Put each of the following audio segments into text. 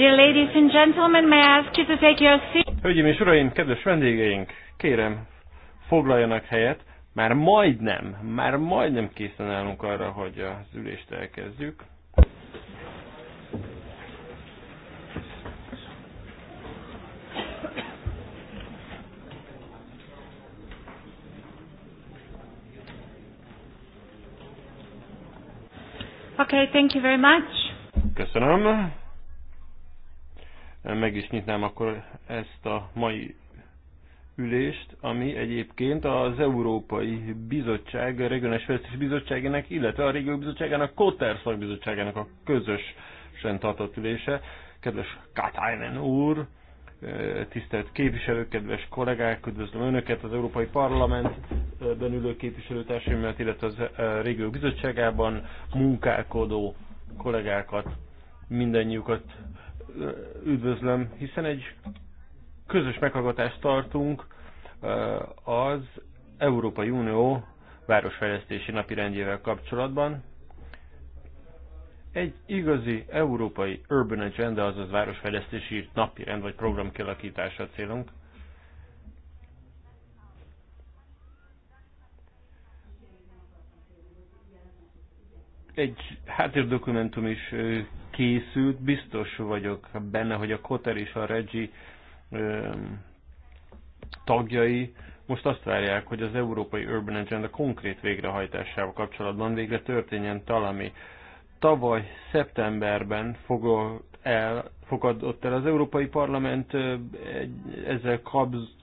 Dear ladies and gentlemen, may I ask you to take your seat? Hölgyeim és uraim, kedves vendégeink, kérem, foglaljanak helyet. Már majdnem, már majdnem készen állunk arra, hogy az ülést elkezdjük. Okay, thank you very much. Köszönöm meg is nyitnám akkor ezt a mai ülést, ami egyébként az Európai Bizottság, a Regionális Fejlesztési Bizottságának, illetve a Régió Bizottságának, Kóter Szakbizottságának a közösen tartott ülése. Kedves Katainen úr, tisztelt képviselők, kedves kollégák, üdvözlöm Önöket az Európai Parlamentben ülő képviselőtársaimat, illetve az e, Régió Bizottságában munkálkodó kollégákat, mindannyiukat üdvözlöm, hiszen egy közös meghallgatást tartunk az Európai Unió városfejlesztési napirendjével kapcsolatban. Egy igazi európai Urban Agenda, azaz városfejlesztési napirend vagy program kialakítása célunk. Egy háttérdokumentum is készült, biztos vagyok benne, hogy a Kotter és a Regi tagjai most azt várják, hogy az Európai Urban Agenda konkrét végrehajtásával kapcsolatban végre történjen talami. Tavaly szeptemberben fogott el, fogadott el az Európai Parlament ezzel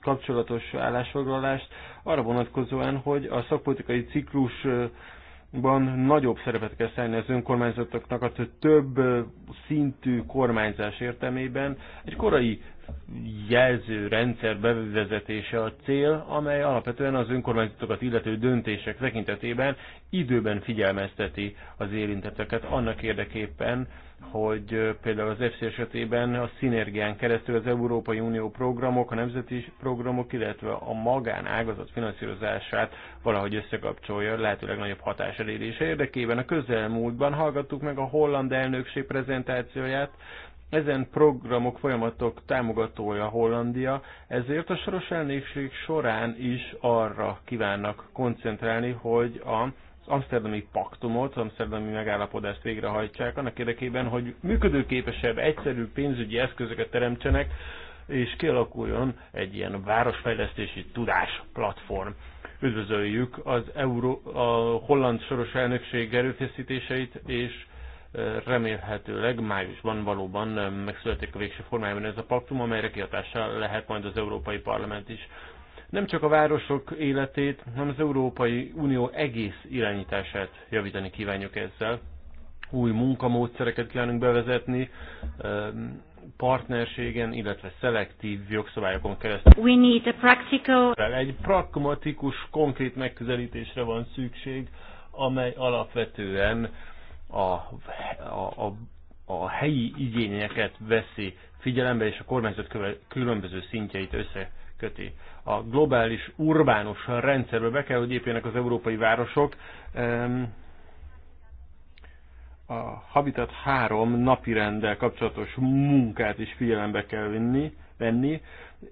kapcsolatos állásfoglalást arra vonatkozóan, hogy a szakpolitikai ciklus ban nagyobb szerepet kell szállni az önkormányzatoknak a több szintű kormányzás értelmében. Egy korai jelzőrendszer bevezetése a cél, amely alapvetően az önkormányzatokat illető döntések tekintetében időben figyelmezteti az érintetteket annak érdekében, hogy például az EFSZ esetében a szinergián keresztül az Európai Unió programok, a nemzeti programok, illetve a magánágazat finanszírozását valahogy összekapcsolja lehetőleg nagyobb hatás elérése érdekében. A közelmúltban hallgattuk meg a holland elnökség prezentációját, ezen programok, folyamatok támogatója Hollandia, ezért a soros elnökség során is arra kívánnak koncentrálni, hogy a Amsterdami paktumot, az Amsterdami megállapodást végrehajtsák annak érdekében, hogy működőképesebb, egyszerűbb pénzügyi eszközöket teremtsenek, és kialakuljon egy ilyen városfejlesztési tudás platform. Üdvözöljük az Euró, a holland soros elnökség erőfeszítéseit, és e, remélhetőleg májusban valóban e, megszületik a végső formájában ez a paktum, amelyre kihatással lehet majd az Európai Parlament is nem csak a városok életét, hanem az Európai Unió egész irányítását javítani kívánjuk ezzel. Új munkamódszereket kívánunk bevezetni, ehm, partnerségen, illetve szelektív jogszabályokon keresztül. We need a practical... Egy pragmatikus, konkrét megközelítésre van szükség, amely alapvetően a, a, a, a helyi igényeket veszi figyelembe, és a kormányzat különböző szintjeit össze köti. A globális urbánus rendszerbe be kell, hogy épjenek az európai városok. A Habitat 3 napirendel kapcsolatos munkát is figyelembe kell vinni, venni,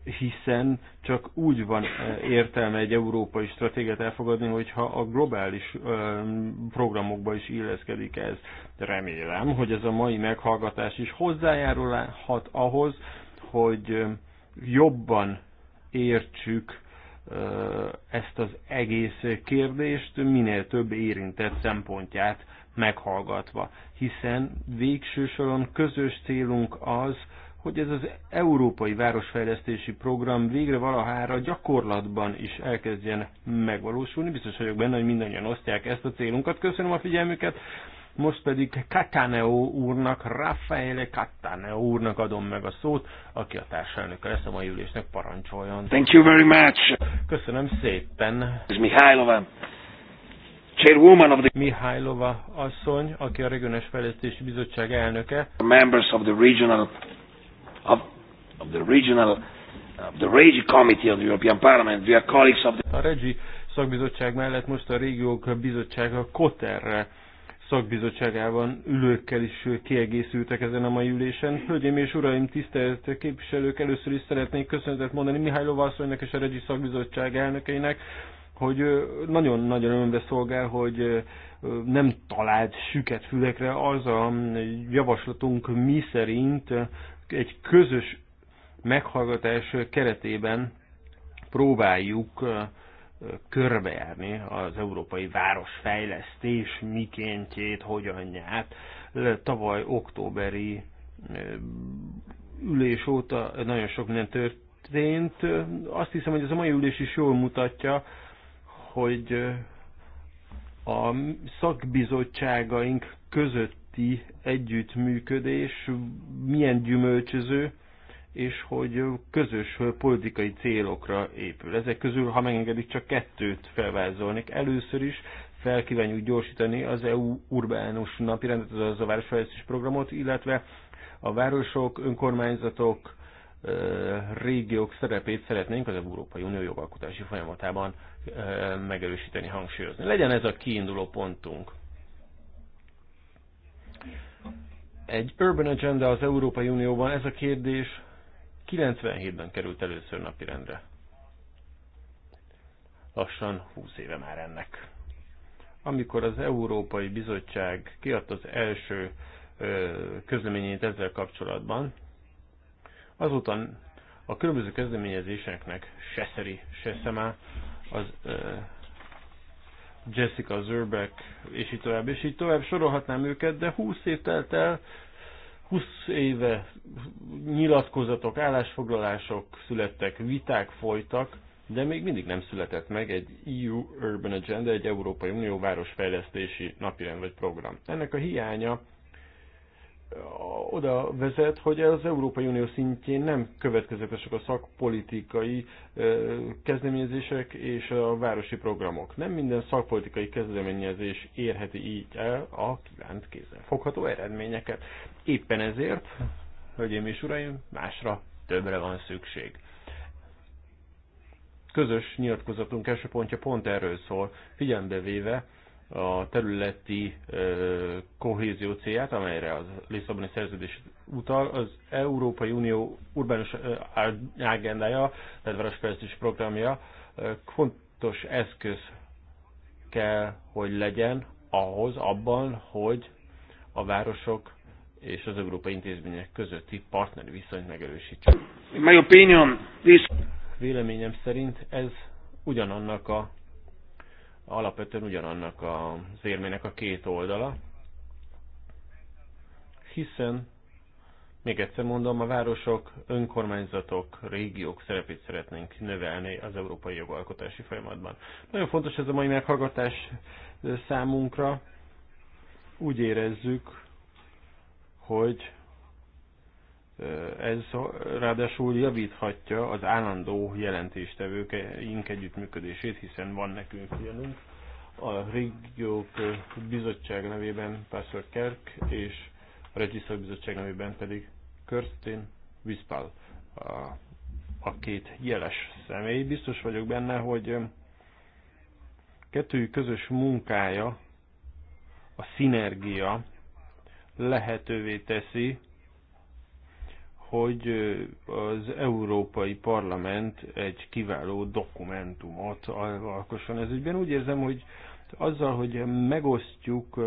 hiszen csak úgy van e, értelme egy európai stratégiát elfogadni, hogyha a globális programokba is illeszkedik ez. Remélem, hogy ez a mai meghallgatás is hozzájárulhat ahhoz, hogy jobban értsük ezt az egész kérdést, minél több érintett szempontját meghallgatva. Hiszen végső soron közös célunk az, hogy ez az Európai Városfejlesztési Program végre valahára gyakorlatban is elkezdjen megvalósulni. Biztos vagyok benne, hogy mindannyian osztják ezt a célunkat. Köszönöm a figyelmüket, most pedig Cataneo úrnak, Raffaele Cataneo úrnak adom meg a szót, aki a társelnöke lesz a mai ülésnek, parancsoljon. Thank you very much. Köszönöm szépen. Ez Mihálylovám. Chairwoman of the Mihailova asszony, aki a Regionális Fejlesztési Bizottság elnöke. Members of the regional of, of the regional of the Regi Committee of the European Parliament, we are colleagues of the A Regi szakbizottság mellett most a régiók a Koterre szakbizottságában ülőkkel is kiegészültek ezen a mai ülésen. Hölgyeim és uraim, tisztelt képviselők, először is szeretnék köszönetet mondani Mihály Lovászonynak és a Regi szakbizottság elnökeinek, hogy nagyon-nagyon önbe szolgál, hogy nem talált süket fülekre az a javaslatunk mi szerint egy közös meghallgatás keretében próbáljuk körbejárni az európai városfejlesztés mikéntjét, hogyanját. Tavaly októberi ülés óta nagyon sok minden történt. Azt hiszem, hogy ez a mai ülés is jól mutatja, hogy a szakbizottságaink közötti együttműködés milyen gyümölcsöző, és hogy közös politikai célokra épül. Ezek közül, ha megengedik, csak kettőt felvázolnék. Először is fel kívánjuk gyorsítani az EU urbánus napirendet, azaz a városfejlesztés programot, illetve a városok, önkormányzatok, régiók szerepét szeretnénk az Európai Unió jogalkotási folyamatában megerősíteni, hangsúlyozni. Legyen ez a kiinduló pontunk. Egy Urban Agenda az Európai Unióban ez a kérdés 97-ben került először napirendre. Lassan 20 éve már ennek. Amikor az Európai Bizottság kiadta az első közleményét ezzel kapcsolatban, azóta a különböző közleményezéseknek se szeri, se szemá, az Jessica Zerbeck, és így tovább, és így tovább sorolhatnám őket, de 20 év telt el, 20 éve nyilatkozatok, állásfoglalások születtek, viták folytak, de még mindig nem született meg egy EU Urban Agenda, egy Európai Unió városfejlesztési napirend vagy program. Ennek a hiánya oda vezet, hogy az Európai Unió szintjén nem következetesek a szakpolitikai kezdeményezések és a városi programok. Nem minden szakpolitikai kezdeményezés érheti így el a kívánt fogható eredményeket. Éppen ezért, hölgyeim és uraim, másra többre van szükség. Közös nyilatkozatunk első pontja pont erről szól, figyelembe véve a területi ö, kohézió célját, amelyre a Lisszaboni szerződés utal, az Európai Unió urbánus agendája, tehát városfejlesztés programja ö, fontos eszköz kell, hogy legyen ahhoz abban, hogy a városok és az európai intézmények közötti partneri viszonyt megerősítsük. my opinion, Véleményem szerint ez ugyanannak a alapvetően ugyanannak az érmének a két oldala, hiszen még egyszer mondom, a városok, önkormányzatok, régiók szerepét szeretnénk növelni az európai jogalkotási folyamatban. Nagyon fontos ez a mai meghallgatás számunkra. Úgy érezzük, hogy ez ráadásul javíthatja az állandó jelentéstevőink együttműködését, hiszen van nekünk ilyenünk. A Régiók Bizottság nevében Pászor Kerk és a Regiszak Bizottság nevében pedig Körstén Viszpál a, a két jeles személy. Biztos vagyok benne, hogy kettőjük közös munkája, a szinergia lehetővé teszi, hogy az Európai Parlament egy kiváló dokumentumot alkosson. Ez ügyben úgy érzem, hogy azzal, hogy megosztjuk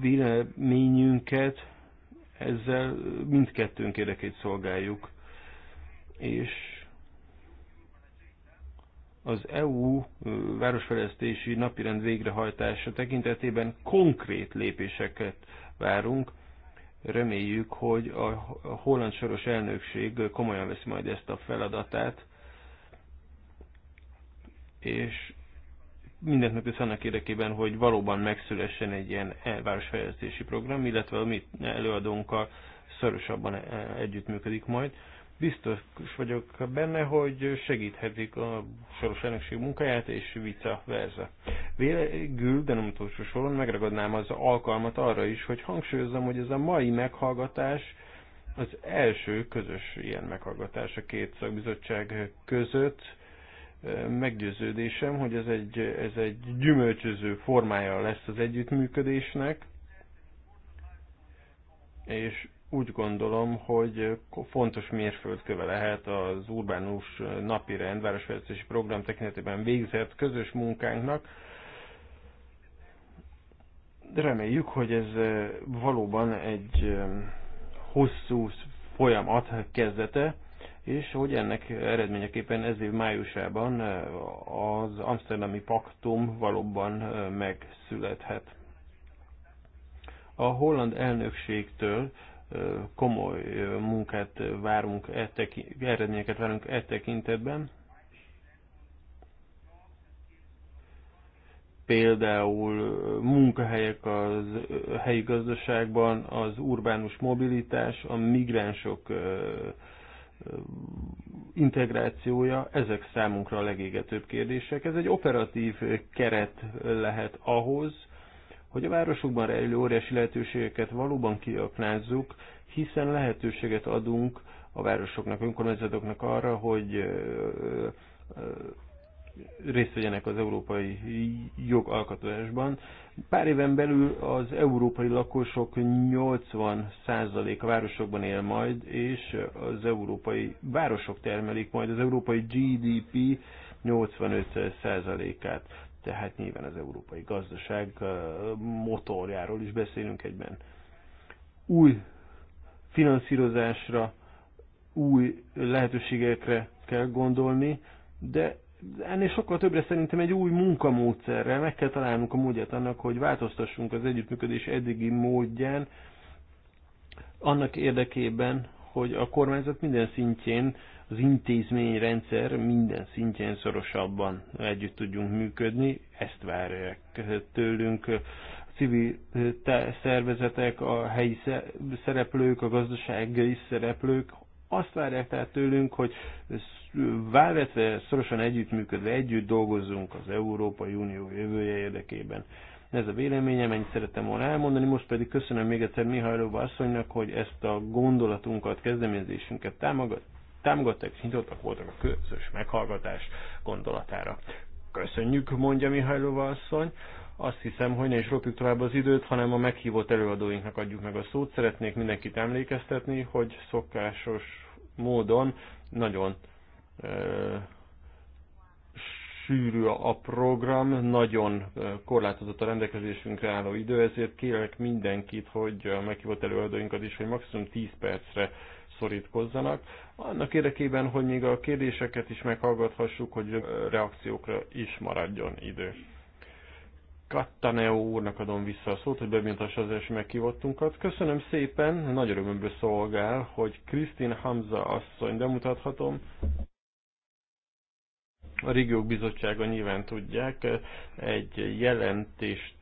véleményünket, ezzel mindkettőnk érdekét szolgáljuk. És az EU városfejlesztési napirend végrehajtása tekintetében konkrét lépéseket várunk. Reméljük, hogy a holland soros elnökség komolyan veszi majd ezt a feladatát, és mindent megtesz annak érdekében, hogy valóban megszülessen egy ilyen e városfejlesztési program, illetve a mi előadónkkal szorosabban e, együttműködik majd. Biztos vagyok benne, hogy segíthetik a soros elnökség munkáját, és vice versa. Végül, de nem utolsó soron megragadnám az alkalmat arra is, hogy hangsúlyozzam, hogy ez a mai meghallgatás az első közös ilyen meghallgatás a két szakbizottság között. Meggyőződésem, hogy ez egy, ez egy gyümölcsöző formája lesz az együttműködésnek, és úgy gondolom, hogy fontos mérföldköve lehet az urbánus napi rend, városfejlesztési program tekintetében végzett közös munkánknak. De reméljük, hogy ez eh, valóban egy eh, hosszú folyamat kezdete, és hogy ennek eredményeképpen ez év májusában eh, az Amsterdami Paktum valóban megszülethet. A holland elnökségtől komoly munkát várunk, e eredményeket várunk e tekintetben. Például munkahelyek az helyi gazdaságban, az urbánus mobilitás, a migránsok integrációja, ezek számunkra a legégetőbb kérdések. Ez egy operatív keret lehet ahhoz, hogy a városokban rejlő óriási lehetőségeket valóban kiaknázzuk, hiszen lehetőséget adunk a városoknak, önkormányzatoknak arra, hogy részt vegyenek az európai jogalkotásban. Pár éven belül az európai lakosok 80% a városokban él majd, és az európai városok termelik majd az európai GDP 85%-át tehát nyilván az európai gazdaság motorjáról is beszélünk egyben. Új finanszírozásra, új lehetőségekre kell gondolni, de ennél sokkal többre szerintem egy új munkamódszerrel meg kell találnunk a módját annak, hogy változtassunk az együttműködés eddigi módján, annak érdekében, hogy a kormányzat minden szintjén az intézményrendszer minden szintjén szorosabban együtt tudjunk működni, ezt várják tőlünk a civil eh, szervezetek, a helyi szereplők, a gazdasági szereplők, azt várják tehát tőlünk, hogy válvetve, szorosan együttműködve, együtt dolgozzunk az Európai Unió jövője érdekében. Ez a véleményem, ennyit szerettem volna elmondani, most pedig köszönöm még egyszer Mihajlóba asszonynak, hogy ezt a gondolatunkat, kezdeményezésünket támogat támogatták, és nyitottak voltak a közös meghallgatás gondolatára. Köszönjük, mondja Mihajlova asszony. Azt hiszem, hogy ne is ropjuk tovább az időt, hanem a meghívott előadóinknak adjuk meg a szót. Szeretnék mindenkit emlékeztetni, hogy szokásos módon nagyon e, sűrű a program, nagyon korlátozott a rendelkezésünkre álló idő, ezért kérek mindenkit, hogy a meghívott előadóinkat is, hogy maximum 10 percre szorítkozzanak, annak érdekében, hogy még a kérdéseket is meghallgathassuk, hogy reakciókra is maradjon idő. Kattaneo úrnak adom vissza a szót, hogy bemutassa az első meghívottunkat. Köszönöm szépen, nagy örömömből szolgál, hogy Krisztin Hamza asszony bemutathatom. A Régiók Bizottsága nyilván tudják, egy jelentést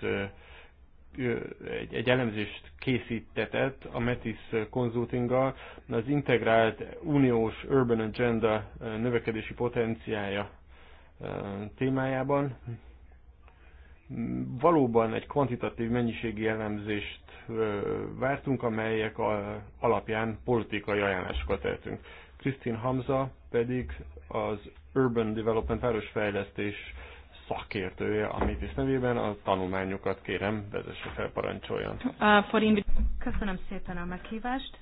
egy, egy elemzést készítetett a Metis consulting az integrált uniós Urban Agenda növekedési potenciája témájában. Valóban egy kvantitatív mennyiségi elemzést vártunk, amelyek alapján politikai ajánlásokat tettünk. Krisztin Hamza pedig az Urban Development városfejlesztés szakértője a MITIS nevében. A tanulmányokat kérem, vezesse fel, parancsoljon. Uh, Köszönöm szépen a meghívást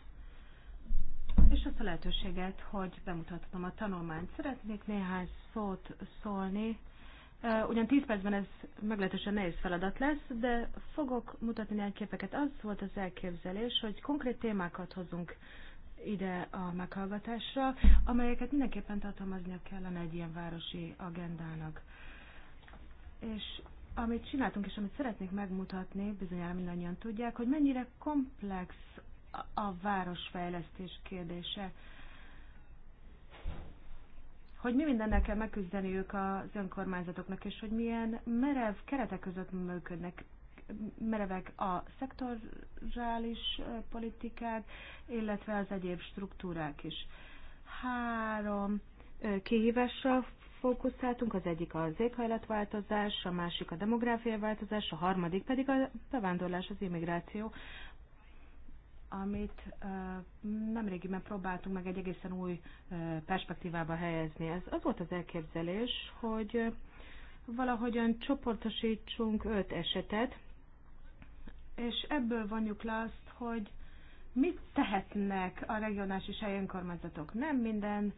és azt a lehetőséget, hogy bemutathatom a tanulmányt. Szeretnék néhány szót szólni. Uh, ugyan 10 percben ez meglehetősen nehéz feladat lesz, de fogok mutatni néhány képeket. Az volt az elképzelés, hogy konkrét témákat hozunk ide a meghallgatásra, amelyeket mindenképpen tartalmaznia kellene egy ilyen városi agendának. És amit csináltunk, és amit szeretnék megmutatni, bizonyára mindannyian tudják, hogy mennyire komplex a városfejlesztés kérdése. Hogy mi mindennel kell megküzdeni ők az önkormányzatoknak, és hogy milyen merev keretek között működnek merevek a szektorális politikák, illetve az egyéb struktúrák is. Három kihívással fókuszáltunk, az egyik az éghajlatváltozás, a másik a demográfiai változás, a harmadik pedig a bevándorlás, az immigráció, amit nemrégiben próbáltunk meg egy egészen új perspektívába helyezni. Ez az volt az elképzelés, hogy valahogyan csoportosítsunk öt esetet, és ebből vonjuk le azt, hogy mit tehetnek a regionális és helyi önkormányzatok. Nem minden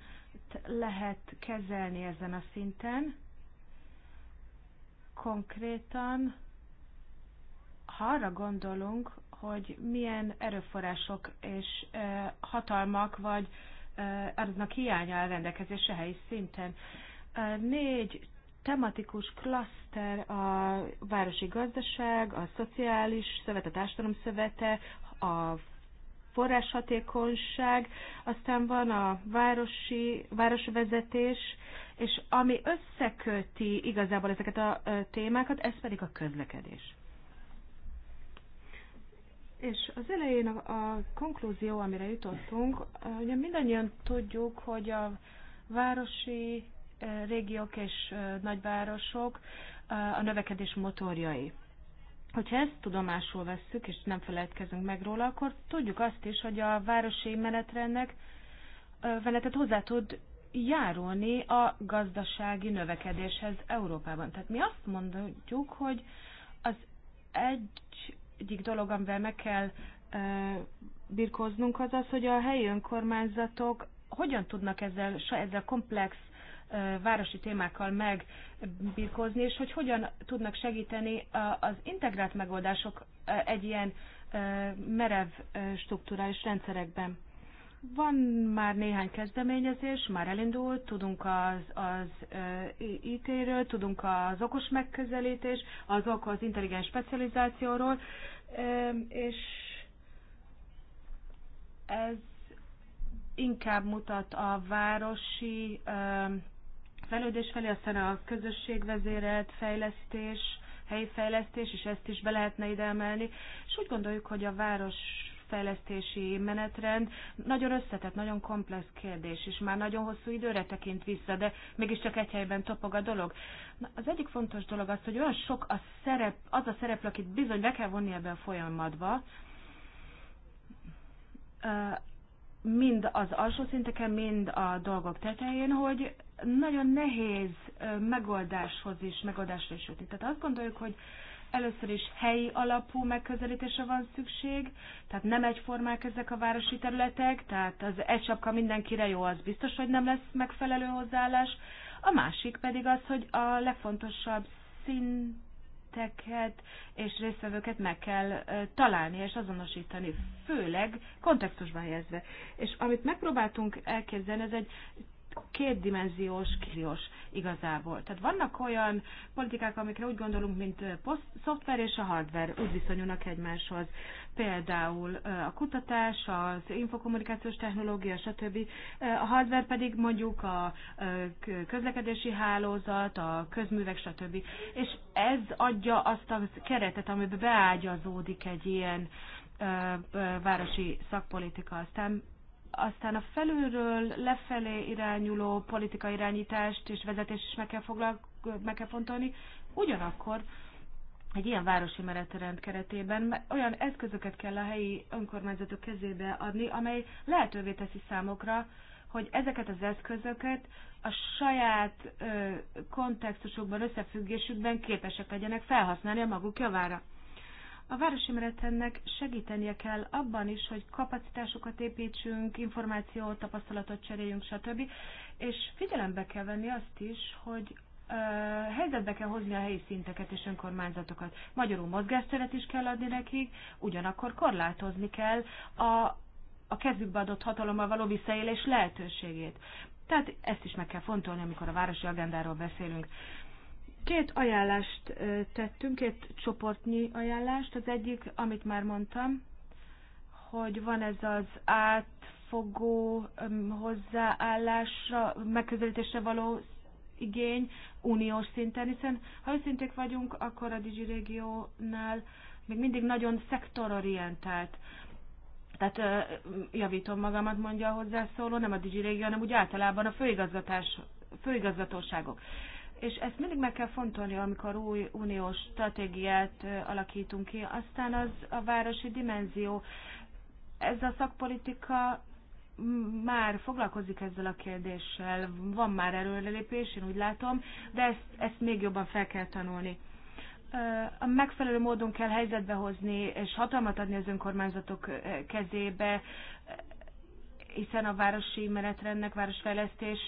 lehet kezelni ezen a szinten. Konkrétan, ha arra gondolunk, hogy milyen erőforrások és hatalmak vagy aznak hiánya a rendelkezésre helyi szinten. Négy tematikus klaszter a városi gazdaság, a szociális szövet, a társadalom szövete, a forráshatékonyság, aztán van a városi, városvezetés, és ami összeköti igazából ezeket a témákat, ez pedig a közlekedés. És az elején a, a konklúzió, amire jutottunk, ugye mindannyian tudjuk, hogy a városi régiók és nagyvárosok a növekedés motorjai. Hogyha ezt tudomásul vesszük, és nem feledkezünk meg róla, akkor tudjuk azt is, hogy a városi menetrendnek veletet hozzá tud járulni a gazdasági növekedéshez Európában. Tehát mi azt mondjuk, hogy az egy, egyik dolog, amivel meg kell e, birkóznunk, az az, hogy a helyi önkormányzatok hogyan tudnak ezzel, ezzel komplex városi témákkal megbirkózni, és hogy hogyan tudnak segíteni az integrált megoldások egy ilyen merev struktúrális rendszerekben. Van már néhány kezdeményezés, már elindult, tudunk az, az IT-ről, tudunk az okos megközelítés, az okos intelligens specializációról, és ez inkább mutat a városi fejlődés felé, aztán a közösségvezérelt fejlesztés, helyi fejlesztés, és ezt is be lehetne ide emelni. És úgy gondoljuk, hogy a város fejlesztési menetrend nagyon összetett, nagyon komplex kérdés, és már nagyon hosszú időre tekint vissza, de mégiscsak egy helyben topog a dolog. Na, az egyik fontos dolog az, hogy olyan sok a szerep, az a szereplő, akit bizony be kell vonni ebbe a folyamatba, mind az alsó szinteken, mind a dolgok tetején, hogy nagyon nehéz megoldáshoz is, megoldásra is jutni. Tehát azt gondoljuk, hogy először is helyi alapú megközelítése van szükség, tehát nem egyformák ezek a városi területek, tehát az egy sapka mindenkire jó, az biztos, hogy nem lesz megfelelő hozzáállás. A másik pedig az, hogy a legfontosabb szint érintetteket és résztvevőket meg kell találni és azonosítani, főleg kontextusban helyezve. És amit megpróbáltunk elképzelni, ez egy kétdimenziós, kiliós igazából. Tehát vannak olyan politikák, amikre úgy gondolunk, mint post, szoftver és a hardware úgy viszonyulnak egymáshoz. Például a kutatás, az infokommunikációs technológia, stb. A hardware pedig mondjuk a közlekedési hálózat, a közművek, stb. És ez adja azt a keretet, amiben beágyazódik egy ilyen városi szakpolitika. Aztán aztán a felülről lefelé irányuló politikai irányítást és vezetést is meg kell, foglal, meg kell fontolni. Ugyanakkor egy ilyen városi meretrend keretében olyan eszközöket kell a helyi önkormányzatok kezébe adni, amely lehetővé teszi számokra, hogy ezeket az eszközöket a saját ö, kontextusokban, összefüggésükben képesek legyenek felhasználni a maguk javára. A városi Meretennek segítenie kell abban is, hogy kapacitásokat építsünk, információt, tapasztalatot cseréljünk, stb. És figyelembe kell venni azt is, hogy helyzetbe kell hozni a helyi szinteket és önkormányzatokat. Magyarul mozgásteret is kell adni nekik, ugyanakkor korlátozni kell a, a kezükbe adott hatalommal való visszaélés lehetőségét. Tehát ezt is meg kell fontolni, amikor a városi agendáról beszélünk. Két ajánlást tettünk, két csoportnyi ajánlást. Az egyik, amit már mondtam, hogy van ez az átfogó hozzáállásra, megközelítésre való igény uniós szinten, hiszen ha őszinték vagyunk, akkor a Digi régiónál még mindig nagyon szektororientált. Tehát javítom magamat, mondja a hozzászóló, nem a Digi régió, hanem úgy általában a főigazgatás, főigazgatóságok és ezt mindig meg kell fontolni, amikor új uniós stratégiát alakítunk ki. Aztán az a városi dimenzió. Ez a szakpolitika már foglalkozik ezzel a kérdéssel, van már előrelépés, én úgy látom, de ezt, ezt még jobban fel kell tanulni. A megfelelő módon kell helyzetbe hozni, és hatalmat adni az önkormányzatok kezébe, hiszen a városi menetrendnek városfejlesztés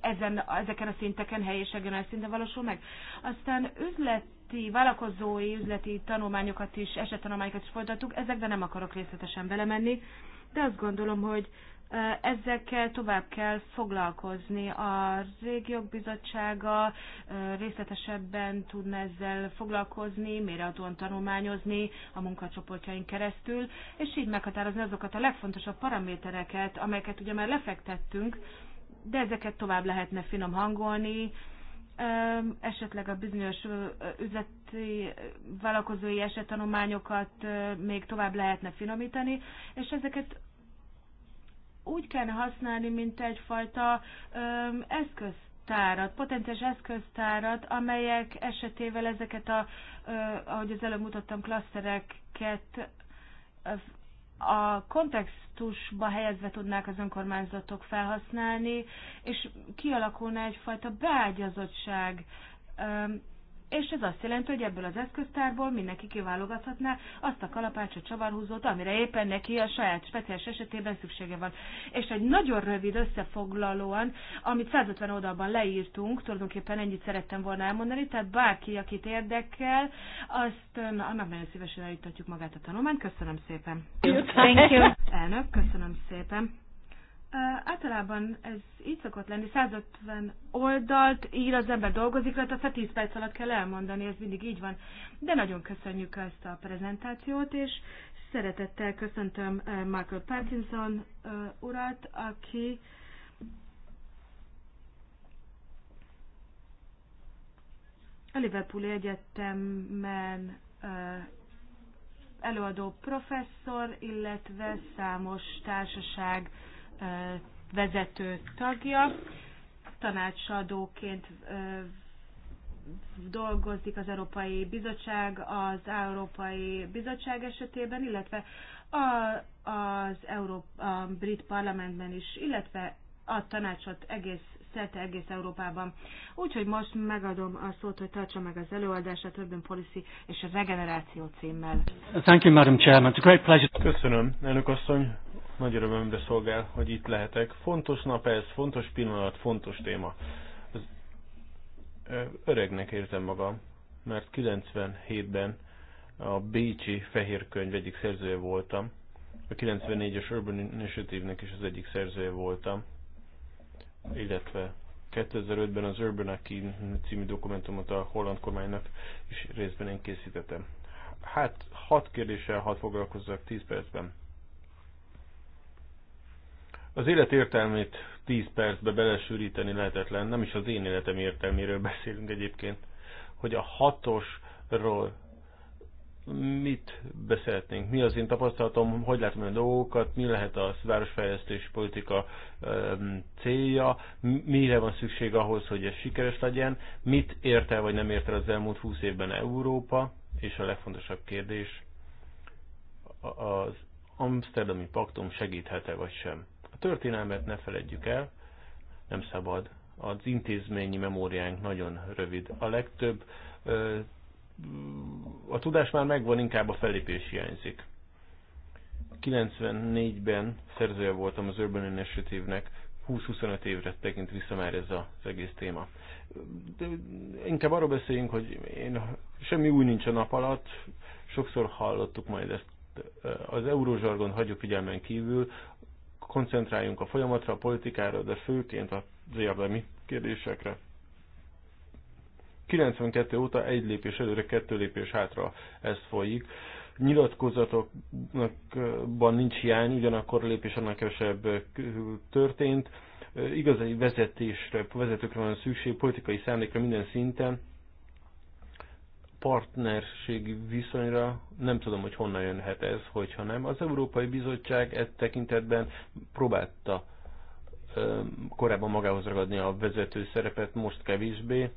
ezen, ezeken a szinteken, helyi és regionális szinten valósul meg. Aztán üzleti, vállalkozói üzleti tanulmányokat is, esettanulmányokat is folytattuk, ezekben nem akarok részletesen belemenni, de azt gondolom, hogy Ezekkel tovább kell foglalkozni. A régiók bizottsága részletesebben tudna ezzel foglalkozni, mérehatóan tanulmányozni a munkacsoportjaink keresztül, és így meghatározni azokat a legfontosabb paramétereket, amelyeket ugye már lefektettünk, de ezeket tovább lehetne finom hangolni, esetleg a bizonyos üzleti vállalkozói esettanulmányokat még tovább lehetne finomítani, és ezeket úgy kellene használni, mint egyfajta öm, eszköztárat, potenciális eszköztárat, amelyek esetével ezeket a, ö, ahogy az előbb mutattam, klasztereket, a kontextusba helyezve tudnák az önkormányzatok felhasználni, és kialakulna egyfajta beágyazottság és ez azt jelenti, hogy ebből az eszköztárból mindenki kiválogathatná azt a kalapácsot, csavarhúzót, amire éppen neki a saját speciális esetében szüksége van. És egy nagyon rövid összefoglalóan, amit 150 oldalban leírtunk, tulajdonképpen ennyit szerettem volna elmondani, tehát bárki, akit érdekel, azt annak nagyon szívesen elítatjuk magát a tanulmányt. Köszönöm szépen. Thank you. Elnök, köszönöm szépen. Általában ez így szokott lenni, 150 oldalt ír az ember dolgozik, azt a 10 perc alatt kell elmondani, ez mindig így van. De nagyon köszönjük ezt a prezentációt, és szeretettel köszöntöm Michael Parkinson urat, aki a Liverpooli Egyetemen előadó professzor, illetve számos társaság vezető tagja, tanácsadóként dolgozik az Európai Bizottság, az Európai Bizottság esetében, illetve a, az Európa, a Brit Parlamentben is, illetve a tanácsot egész szerte egész Európában. Úgyhogy most megadom a szót, hogy tartsa meg az előadását Urban Policy és a Regeneráció címmel. Thank you, Madam Chairman. It's a great pleasure. Köszönöm, elnök asszony. Nagy örömömre szolgál, hogy itt lehetek. Fontos nap ez, fontos pillanat, fontos téma. Az, öregnek érzem magam, mert 97-ben a Bécsi Fehér Könyv egyik szerzője voltam. A 94-es Urban Initiative-nek is az egyik szerzője voltam illetve 2005-ben az Urban Akin című dokumentumot a holland kormánynak is részben én készítettem. Hát, hat kérdéssel hat foglalkozzak 10 percben. Az élet értelmét 10 percbe belesűríteni lehetetlen, nem is az én életem értelméről beszélünk egyébként, hogy a hatosról mit beszélhetnénk, mi az én tapasztalatom, hogy látom a dolgokat, mi lehet a városfejlesztési politika célja, mire van szükség ahhoz, hogy ez sikeres legyen, mit ért el vagy nem ért el az elmúlt húsz évben Európa, és a legfontosabb kérdés, az Amsterdami Paktum segíthet-e vagy sem. A történelmet ne feledjük el, nem szabad. Az intézményi memóriánk nagyon rövid. A legtöbb a tudás már megvan, inkább a felépés hiányzik. 94-ben szerzője voltam az Urban Initiative-nek, 20-25 évre tekint vissza már ez az egész téma. De inkább arról beszéljünk, hogy én, semmi új nincs a nap alatt, sokszor hallottuk majd ezt. Az eurózsargon hagyjuk figyelmen kívül, koncentráljunk a folyamatra, a politikára, de főként a érdemi kérdésekre. 92 óta egy lépés előre, kettő lépés hátra ez folyik. Nyilatkozatokban nincs hiány, ugyanakkor lépés annak kevesebb történt. Igazi vezetésre, vezetőkre van szükség, politikai szándékra minden szinten, partnerségi viszonyra, nem tudom, hogy honnan jönhet ez, hogyha nem. Az Európai Bizottság e tekintetben próbálta korábban magához ragadni a vezető szerepet, most kevésbé.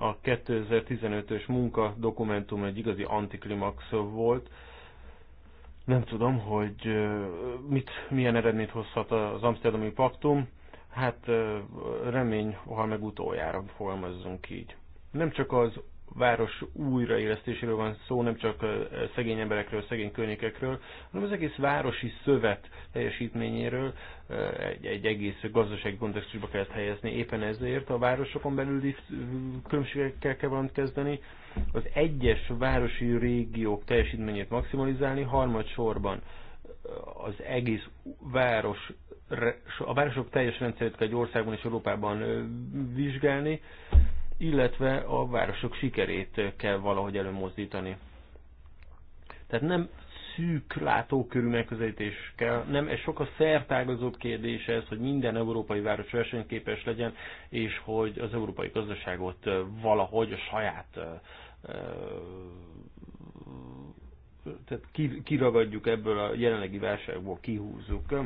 A 2015-ös munka dokumentum egy igazi antiklimax volt. Nem tudom, hogy mit, milyen eredményt hozhat az Amsterdami Paktum. Hát remény, ha meg utoljára fogalmazzunk így. Nem csak az város újraélesztéséről van szó, nem csak szegény emberekről, szegény környékekről, hanem az egész városi szövet teljesítményéről egy, egy egész gazdasági kontextusba kellett helyezni. Éppen ezért a városokon belüli különbségekkel kell valamit kezdeni, az egyes városi régiók teljesítményét maximalizálni, harmadsorban az egész város, a városok teljes rendszerét kell egy országban és Európában vizsgálni, illetve a városok sikerét kell valahogy előmozdítani. Tehát nem szűk látókörű megközelítés kell, nem, ez sokkal szertágazóbb kérdés ez, hogy minden európai város versenyképes legyen, és hogy az európai gazdaságot valahogy a saját tehát kiragadjuk ebből a jelenlegi válságból, kihúzzuk.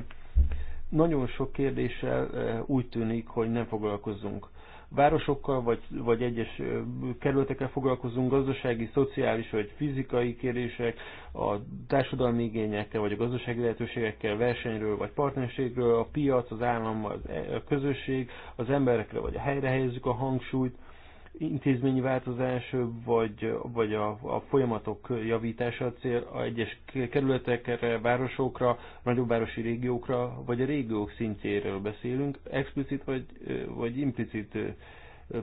Nagyon sok kérdéssel úgy tűnik, hogy nem foglalkozunk városokkal, vagy, vagy egyes kerületekkel foglalkozunk, gazdasági, szociális, vagy fizikai kérdések, a társadalmi igényekkel, vagy a gazdasági lehetőségekkel, versenyről, vagy partnerségről, a piac, az állam, az, a közösség, az emberekre, vagy a helyre helyezzük a hangsúlyt, változás, vagy, vagy a, a folyamatok javítása a cél a egyes kerületekre, városokra, nagyobb városi régiókra, vagy a régiók szintjéről beszélünk, explicit vagy, vagy implicit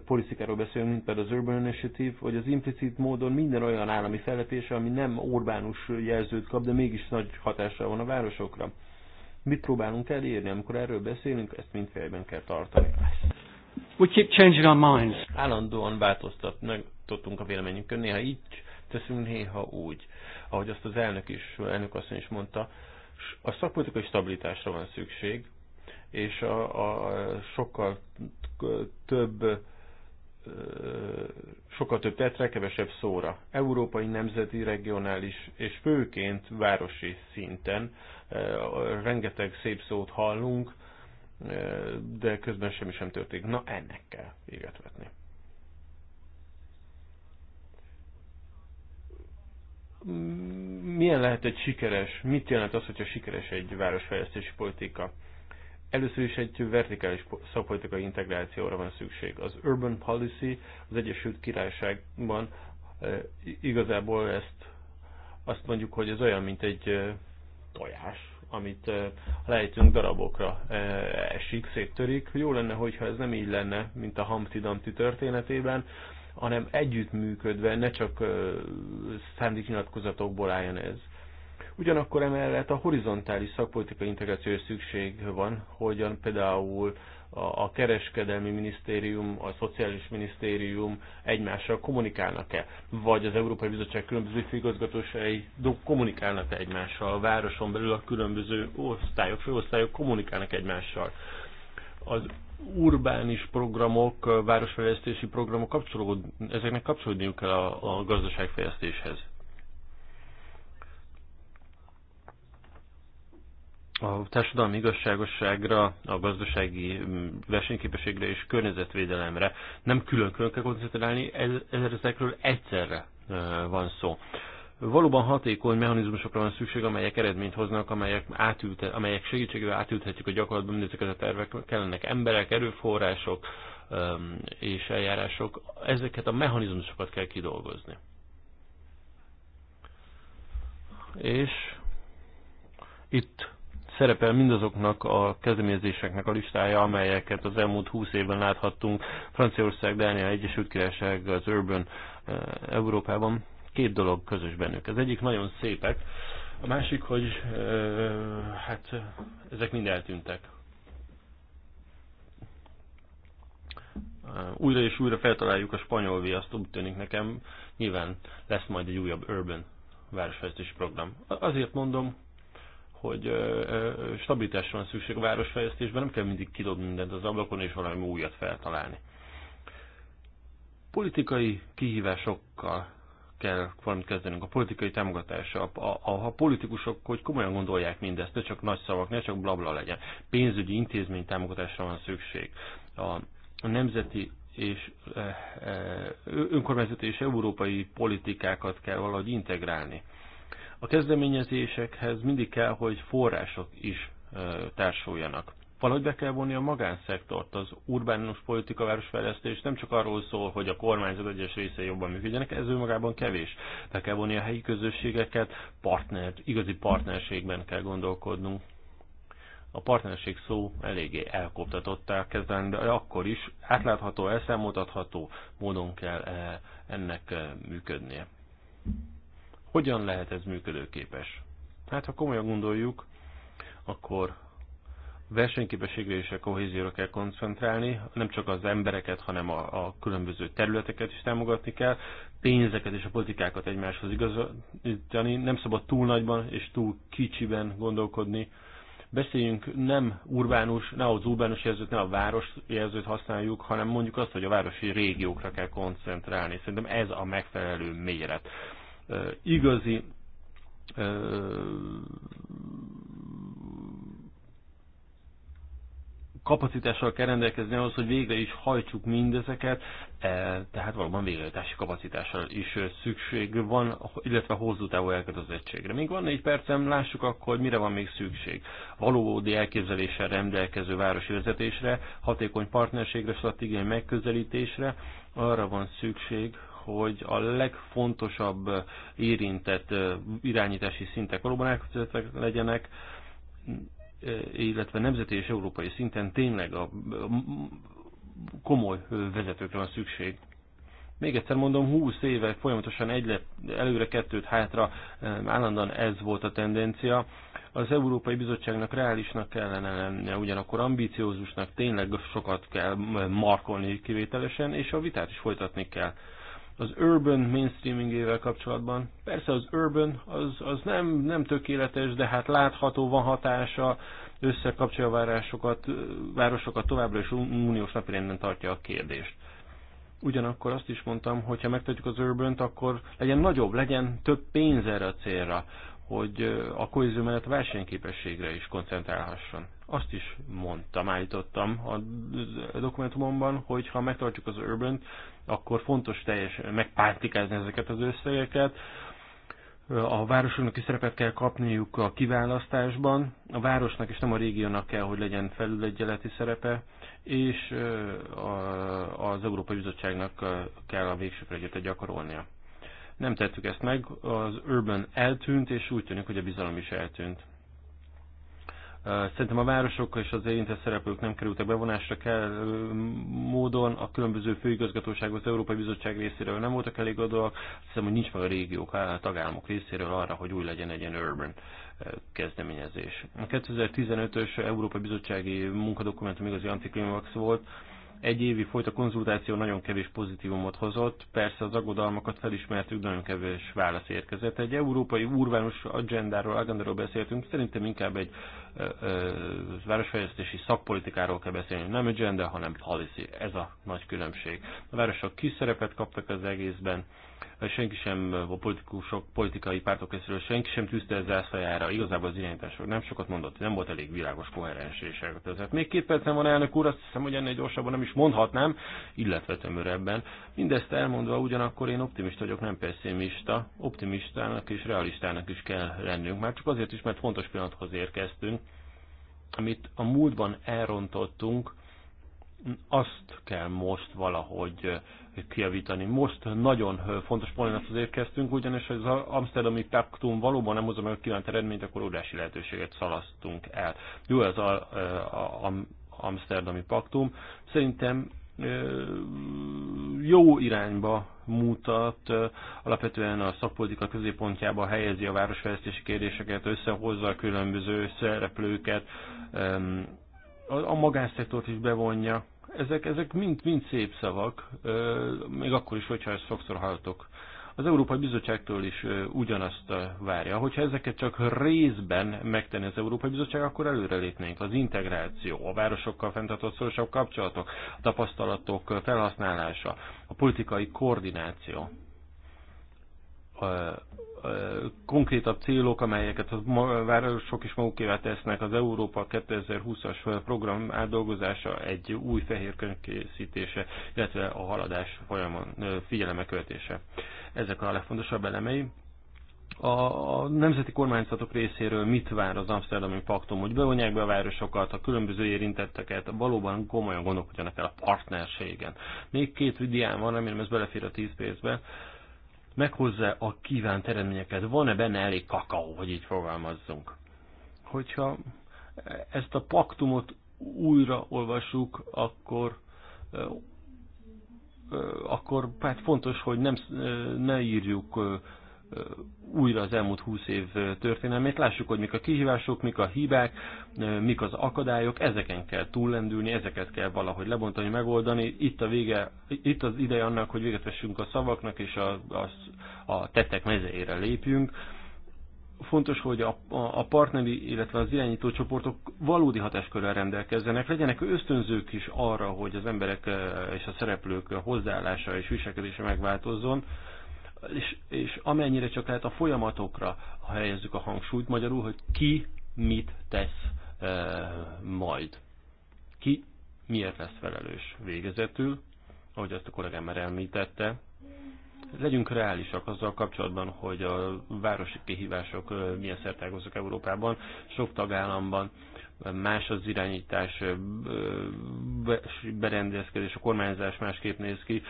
politikáról beszélünk, mint például az Urban Initiative, vagy az implicit módon minden olyan állami felletés, ami nem Orbánus jelzőt kap, de mégis nagy hatással van a városokra. Mit próbálunk elérni, amikor erről beszélünk, ezt mind fejben kell tartani. We keep changing our minds. Állandóan változtattunk a véleményünkön, néha így teszünk, néha úgy. Ahogy azt az elnök is, elnök asszony is mondta, a szakpolitikai stabilitásra van szükség, és a, a sokkal több sokkal több tetre, kevesebb szóra. Európai, nemzeti, regionális és főként városi szinten rengeteg szép szót hallunk, de közben semmi sem történik. Na ennek kell véget vetni. Milyen lehet egy sikeres, mit jelent az, hogyha sikeres egy városfejlesztési politika? Először is egy vertikális szakpolitikai integrációra van szükség. Az Urban Policy az Egyesült Királyságban e, igazából ezt azt mondjuk, hogy ez olyan, mint egy e, tojás, amit lejtünk darabokra esik, széttörik. Jó lenne, hogyha ez nem így lenne, mint a Humpty Dumpty történetében, hanem együttműködve, ne csak szándéknyilatkozatokból álljon ez. Ugyanakkor emellett a horizontális szakpolitikai integráció szükség van, hogyan például a kereskedelmi minisztérium, a szociális minisztérium egymással kommunikálnak-e, vagy az Európai Bizottság különböző főigazgatósai kommunikálnak-e egymással, a városon belül a különböző osztályok, főosztályok kommunikálnak egymással. Az urbánis programok, városfejlesztési programok kapcsolód, ezeknek kapcsolódniuk kell a, a gazdaságfejlesztéshez. a társadalmi igazságosságra, a gazdasági mm, versenyképességre és környezetvédelemre nem külön-külön kell koncentrálni, ezekről egyszerre van szó. Valóban hatékony mechanizmusokra van szükség, amelyek eredményt hoznak, amelyek, átülte, amelyek segítségével átülthetjük a gyakorlatban mindezeket a tervek, kellenek emberek, erőforrások és eljárások. Ezeket a mechanizmusokat kell kidolgozni. És itt szerepel mindazoknak a kezdeményezéseknek a listája, amelyeket az elmúlt 20 évben láthattunk Franciaország, Dánia, Egyesült Királyság, az Urban eh, Európában. Két dolog közös bennük. Az egyik nagyon szépek, a másik, hogy eh, hát ezek mind eltűntek. Eh, újra és újra feltaláljuk a spanyol viaszt, úgy tűnik nekem, nyilván lesz majd egy újabb urban városfejlesztési program. Azért mondom, hogy stabilitásra van szükség a városfejlesztésben, nem kell mindig kidobni mindent az ablakon és valami újat feltalálni. Politikai kihívásokkal kell valamit kezdenünk, a politikai támogatása, a, a, a politikusok, hogy komolyan gondolják mindezt, ne csak nagy szavak, ne csak blabla legyen. Pénzügyi intézmény támogatásra van szükség. A, a nemzeti és e, e, önkormányzati és európai politikákat kell valahogy integrálni. A kezdeményezésekhez mindig kell, hogy források is társuljanak. Valahogy be kell vonni a magánszektort. Az urbánus politika városfejlesztés nem csak arról szól, hogy a kormányzat egyes része jobban működjenek, ez önmagában kevés. Be kell vonni a helyi közösségeket, partner, igazi partnerségben kell gondolkodnunk. A partnerség szó eléggé elkoptatottá kezdeni, de akkor is átlátható, elszámoltatható módon kell eh, ennek eh, működnie. Hogyan lehet ez működőképes? Hát ha komolyan gondoljuk, akkor versenyképességre és a kohézióra kell koncentrálni, nem csak az embereket, hanem a, a különböző területeket is támogatni kell, pénzeket és a politikákat egymáshoz igazítani, nem szabad túl nagyban és túl kicsiben gondolkodni. Beszéljünk nem urbánus, ne az urbánus jelzőt, ne a város jelzőt használjuk, hanem mondjuk azt, hogy a városi régiókra kell koncentrálni. Szerintem ez a megfelelő méret igazi kapacitással kell rendelkezni ahhoz, hogy végre is hajtsuk mindezeket, tehát valóban végrehajtási kapacitással is szükség van, illetve hosszú távú elkötelezettségre. Még van négy percem, lássuk akkor, hogy mire van még szükség. Valódi elképzeléssel rendelkező városi vezetésre, hatékony partnerségre, stratégiai megközelítésre, arra van szükség, hogy a legfontosabb érintett irányítási szintek valóban elkötelezettek legyenek, illetve nemzeti és európai szinten tényleg a komoly vezetőkre van szükség. Még egyszer mondom, 20 éve folyamatosan egy le, előre kettőt hátra állandóan ez volt a tendencia. Az Európai Bizottságnak reálisnak kellene lennie, ugyanakkor ambiciózusnak tényleg sokat kell markolni kivételesen, és a vitát is folytatni kell az urban mainstreamingével kapcsolatban. Persze az urban az, az nem, nem tökéletes, de hát látható van hatása, összekapcsolja a városokat, városokat továbbra is uniós napirenden tartja a kérdést. Ugyanakkor azt is mondtam, hogy ha megtartjuk az urban akkor legyen nagyobb, legyen több pénz erre a célra hogy a kohézió mellett a versenyképességre is koncentrálhasson. Azt is mondtam, állítottam a dokumentumomban, hogy ha megtartjuk az urban akkor fontos teljes megpártikázni ezeket az összegeket, a városoknak is szerepet kell kapniuk a kiválasztásban, a városnak és nem a régiónak kell, hogy legyen felületgyeleti szerepe, és az Európai Bizottságnak kell a végső gyakorolnia. Nem tettük ezt meg, az Urban eltűnt, és úgy tűnik, hogy a bizalom is eltűnt. Szerintem a városok és az érintett szereplők nem kerültek bevonásra kell módon, a különböző főigazgatóságok az Európai Bizottság részéről nem voltak elég adóak, hiszem, hogy nincs meg a régiók, a tagállamok részéről arra, hogy új legyen egy ilyen urban kezdeményezés. A 2015-ös Európai Bizottsági munkadokumentum igazi antiklimax volt, egy évi folyt a konzultáció nagyon kevés pozitívumot hozott, persze az aggodalmakat felismertük, nagyon kevés válasz érkezett. Egy európai urbánus agendáról, agendáról beszéltünk, szerintem inkább egy városfejlesztési szakpolitikáról kell beszélni, nem agenda, hanem policy, ez a nagy különbség. A városok kis szerepet kaptak az egészben, senki sem, a politikusok, politikai pártok részéről senki sem tűzte ez zászlajára. Igazából az irányításról nem sokat mondott, nem volt elég világos, koherens és elkötelezett. Még két percen van elnök úr, azt hiszem, hogy ennél gyorsabban nem is mondhatnám, illetve tömörebben. Mindezt elmondva ugyanakkor én optimista vagyok, nem pessimista. Optimistának és realistának is kell lennünk, már csak azért is, mert fontos pillanathoz érkeztünk, amit a múltban elrontottunk, azt kell most valahogy kiavítani. Most nagyon fontos ponthoz érkeztünk, ugyanis az Amsterdami Paktum valóban nem hozza meg a kívánt eredményt, akkor órási lehetőséget szalasztunk el. Jó ez az Amsterdami Paktum. Szerintem jó irányba mutat, alapvetően a szakpolitika középpontjába helyezi a városfejlesztési kérdéseket, összehozza a különböző szereplőket, a magánszektort is bevonja, ezek, ezek mind, mind szép szavak, még akkor is, hogyha ezt sokszor hallatok. Az Európai Bizottságtól is ugyanazt várja. Hogyha ezeket csak részben megtenni az Európai Bizottság, akkor előrelépnénk. Az integráció, a városokkal fenntartott szorosabb kapcsolatok, a tapasztalatok felhasználása, a politikai koordináció konkrétabb célok, amelyeket a városok is magukével tesznek, az Európa 2020-as program átdolgozása, egy új fehér készítése, illetve a haladás folyamon figyeleme követése. Ezek a legfontosabb elemei. A nemzeti kormányzatok részéről mit vár az Amsterdami Paktum, hogy bevonják be a városokat, a különböző érintetteket, valóban komolyan gondolkodjanak el a partnerségen. Még két vidián van, remélem ez belefér a 10 percbe meghozza a kívánt eredményeket. Van-e benne elég kakaó, hogy így fogalmazzunk? Hogyha ezt a paktumot újra olvassuk, akkor akkor hát fontos, hogy nem, ne írjuk újra az elmúlt 20 év történelmét. Lássuk, hogy mik a kihívások, mik a hibák, mik az akadályok, ezeken kell túllendülni, ezeket kell valahogy lebontani, megoldani. Itt, a vége, itt az ideje annak, hogy véget vessünk a szavaknak és a, a, a tettek mezeére lépjünk. Fontos, hogy a, a partneri, illetve az irányító csoportok valódi hatáskörrel rendelkezzenek, legyenek ösztönzők is arra, hogy az emberek eh, és a szereplők hozzáállása és viselkedése megváltozzon és, és amennyire csak lehet a folyamatokra ha helyezzük a hangsúlyt magyarul, hogy ki mit tesz e, majd. Ki miért lesz felelős végezetül, ahogy ezt a kollégám már említette. Legyünk reálisak azzal kapcsolatban, hogy a városi kihívások e, milyen szertágozók Európában, sok tagállamban más az irányítás, berendezkedés, a kormányzás másképp néz ki.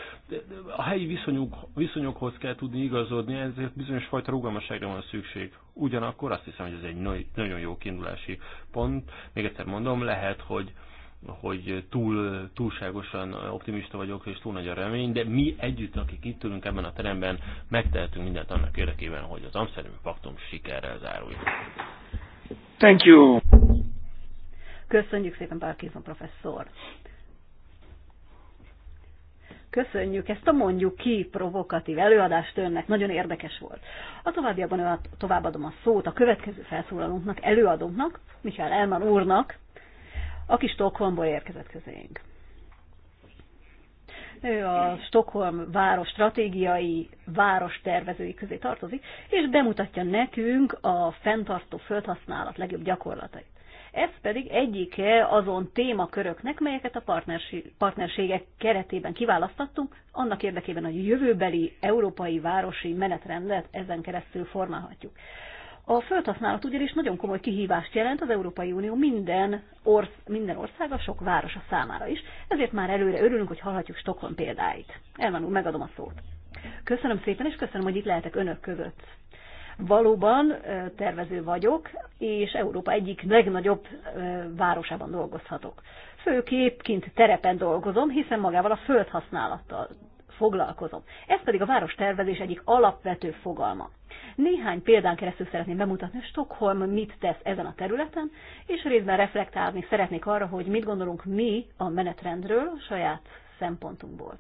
A helyi viszonyok, viszonyokhoz kell tudni igazodni, ezért bizonyos fajta rugalmasságra van szükség. Ugyanakkor azt hiszem, hogy ez egy nagyon jó kiindulási pont. Még egyszer mondom, lehet, hogy hogy túl, túlságosan optimista vagyok, és túl nagy a remény, de mi együtt, akik itt ülünk ebben a teremben, megtehetünk mindent annak érdekében, hogy az Amsterdam Paktum sikerrel záruljon. Thank you. Köszönjük szépen, Parkinson professzor! Köszönjük ezt a mondjuk ki provokatív előadást önnek, nagyon érdekes volt. A továbbiakban továbbadom a szót a következő felszólalónknak, előadónknak, Michael Elman úrnak, aki Stockholmból érkezett közénk. Ő a Stockholm város stratégiai város tervezői közé tartozik, és bemutatja nekünk a fenntartó földhasználat legjobb gyakorlatait. Ez pedig egyike azon témaköröknek, melyeket a partnerségek keretében kiválasztottunk, annak érdekében, hogy a jövőbeli európai városi menetrendet ezen keresztül formálhatjuk. A földhasználat ugyanis nagyon komoly kihívást jelent az Európai Unió minden, orsz, minden országa, sok városa számára is, ezért már előre örülünk, hogy hallhatjuk Stockholm példáit. Elmanul, megadom a szót. Köszönöm szépen, és köszönöm, hogy itt lehetek önök között. Valóban tervező vagyok, és Európa egyik legnagyobb városában dolgozhatok. Főképp kint terepen dolgozom, hiszen magával a földhasználattal foglalkozom. Ez pedig a tervezés egyik alapvető fogalma. Néhány példán keresztül szeretném bemutatni, hogy Stockholm mit tesz ezen a területen, és részben reflektálni szeretnék arra, hogy mit gondolunk mi a menetrendről a saját szempontunkból.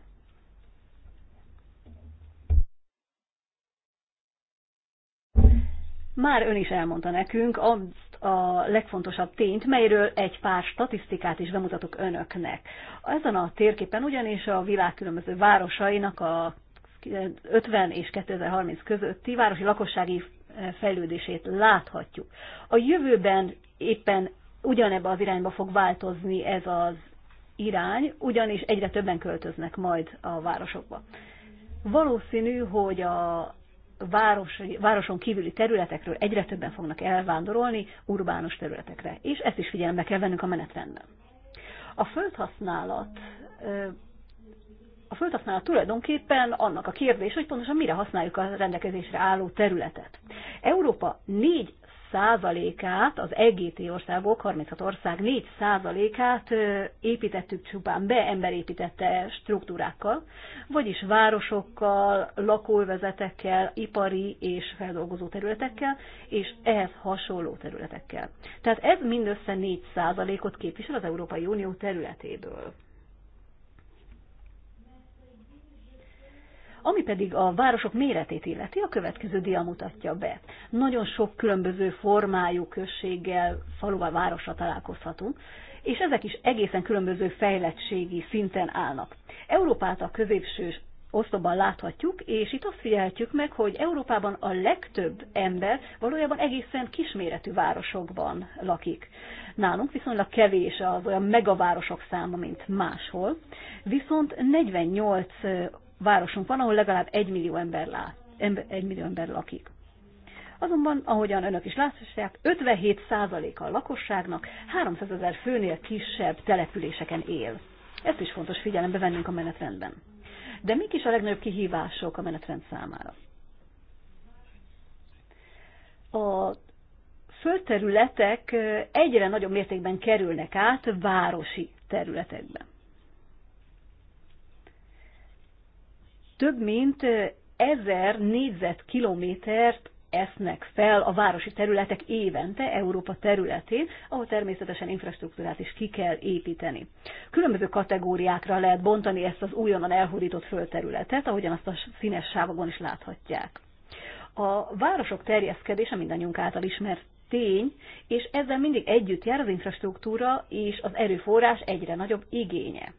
Már ön is elmondta nekünk azt a legfontosabb tényt, melyről egy pár statisztikát is bemutatok önöknek. Ezen a térképen ugyanis a világ különböző városainak a 50 és 2030 közötti városi lakossági eh, fejlődését láthatjuk. A jövőben éppen ugyanebbe az irányba fog változni ez az irány, ugyanis egyre többen költöznek majd a városokba. Valószínű, hogy a város, városon kívüli területekről egyre többen fognak elvándorolni urbánus területekre, és ezt is figyelembe kell vennünk a menetrendben. A földhasználat a földhasználat tulajdonképpen annak a kérdés, hogy pontosan mire használjuk a rendelkezésre álló területet. Európa négy százalékát, az EGT országok, 36 ország 4 százalékát építettük csupán be emberépítette struktúrákkal, vagyis városokkal, lakóövezetekkel, ipari és feldolgozó területekkel, és ehhez hasonló területekkel. Tehát ez mindössze 4 százalékot képvisel az Európai Unió területéből. Ami pedig a városok méretét illeti, a következő dia mutatja be. Nagyon sok különböző formájú községgel, faluval, városra találkozhatunk, és ezek is egészen különböző fejlettségi szinten állnak. Európát a középső oszlopban láthatjuk, és itt azt figyelhetjük meg, hogy Európában a legtöbb ember valójában egészen kisméretű városokban lakik. Nálunk viszonylag kevés az olyan megavárosok száma, mint máshol, viszont 48 városunk van, ahol legalább egy millió ember, lát, ember, egy millió ember lakik. Azonban, ahogyan önök is láthatják, 57%-a a lakosságnak 300 ezer főnél kisebb településeken él. Ezt is fontos figyelembe vennünk a menetrendben. De mik is a legnagyobb kihívások a menetrend számára? A földterületek egyre nagyobb mértékben kerülnek át városi területekbe. több mint ezer négyzetkilométert esznek fel a városi területek évente Európa területén, ahol természetesen infrastruktúrát is ki kell építeni. Különböző kategóriákra lehet bontani ezt az újonnan elhódított földterületet, ahogyan azt a színes sávokon is láthatják. A városok terjeszkedése mindannyiunk által ismert tény, és ezzel mindig együtt jár az infrastruktúra és az erőforrás egyre nagyobb igénye.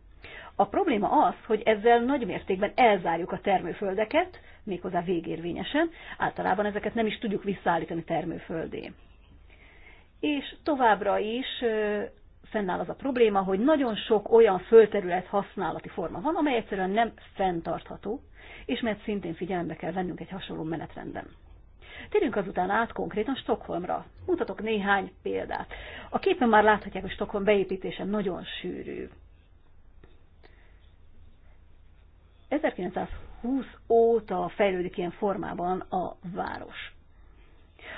A probléma az, hogy ezzel nagy mértékben elzárjuk a termőföldeket, méghozzá végérvényesen, általában ezeket nem is tudjuk visszaállítani termőföldé. És továbbra is fennáll az a probléma, hogy nagyon sok olyan földterület használati forma van, amely egyszerűen nem fenntartható, és mert szintén figyelembe kell vennünk egy hasonló menetrendben. Térjünk azután át konkrétan Stockholmra. Mutatok néhány példát. A képen már láthatják, hogy Stockholm beépítése nagyon sűrű. 1920 óta fejlődik ilyen formában a város.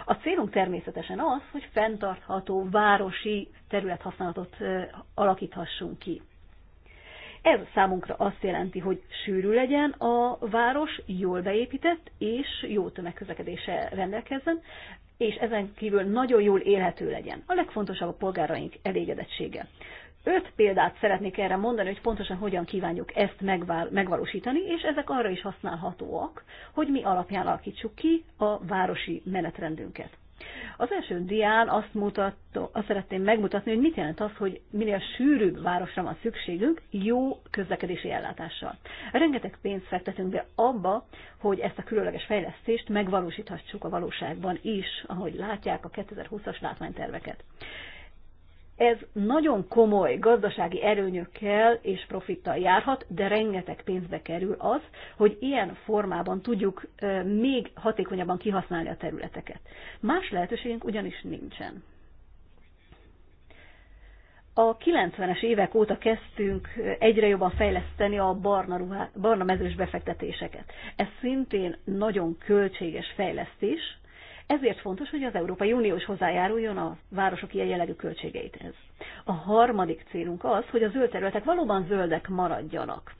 A célunk természetesen az, hogy fenntartható városi területhasználatot alakíthassunk ki. Ez számunkra azt jelenti, hogy sűrű legyen a város, jól beépített és jó tömegközlekedése rendelkezzen, és ezen kívül nagyon jól élhető legyen. A legfontosabb a polgáraink elégedettsége öt példát szeretnék erre mondani, hogy pontosan hogyan kívánjuk ezt megvalósítani, és ezek arra is használhatóak, hogy mi alapján alakítsuk ki a városi menetrendünket. Az első dián azt, mutatta, azt szeretném megmutatni, hogy mit jelent az, hogy minél sűrűbb városra van szükségünk jó közlekedési ellátással. Rengeteg pénzt fektetünk be abba, hogy ezt a különleges fejlesztést megvalósíthassuk a valóságban is, ahogy látják a 2020-as látványterveket ez nagyon komoly gazdasági erőnyökkel és profittal járhat, de rengeteg pénzbe kerül az, hogy ilyen formában tudjuk még hatékonyabban kihasználni a területeket. Más lehetőségünk ugyanis nincsen. A 90-es évek óta kezdtünk egyre jobban fejleszteni a barna, ruhá, barna mezős befektetéseket. Ez szintén nagyon költséges fejlesztés, ezért fontos, hogy az Európai Unió is hozzájáruljon a városok ilyen jellegű költségeithez. A harmadik célunk az, hogy a zöld területek valóban zöldek maradjanak.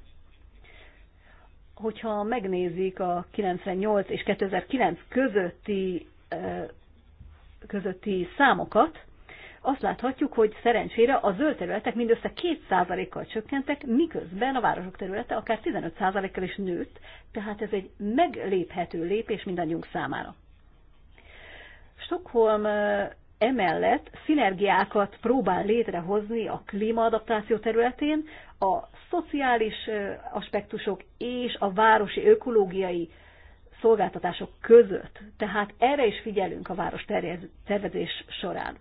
Hogyha megnézik a 98 és 2009 közötti, közötti számokat, azt láthatjuk, hogy szerencsére a zöld területek mindössze 2%-kal csökkentek, miközben a városok területe akár 15%-kal is nőtt, tehát ez egy megléphető lépés mindannyiunk számára. Stockholm emellett szinergiákat próbál létrehozni a klímaadaptáció területén, a szociális aspektusok és a városi ökológiai szolgáltatások között. Tehát erre is figyelünk a város tervezés során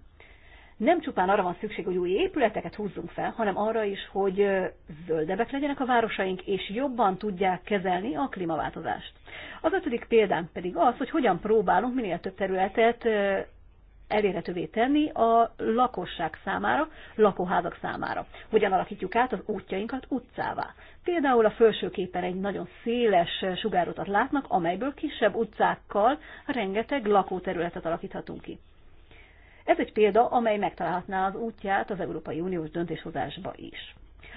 nem csupán arra van szükség, hogy új épületeket húzzunk fel, hanem arra is, hogy zöldebbek legyenek a városaink, és jobban tudják kezelni a klímaváltozást. Az ötödik példánk pedig az, hogy hogyan próbálunk minél több területet elérhetővé tenni a lakosság számára, lakóházak számára. Hogyan alakítjuk át az útjainkat utcává. Például a felső képen egy nagyon széles sugárutat látnak, amelyből kisebb utcákkal rengeteg lakóterületet alakíthatunk ki. Ez egy példa, amely megtalálhatná az útját az Európai Uniós döntéshozásba is.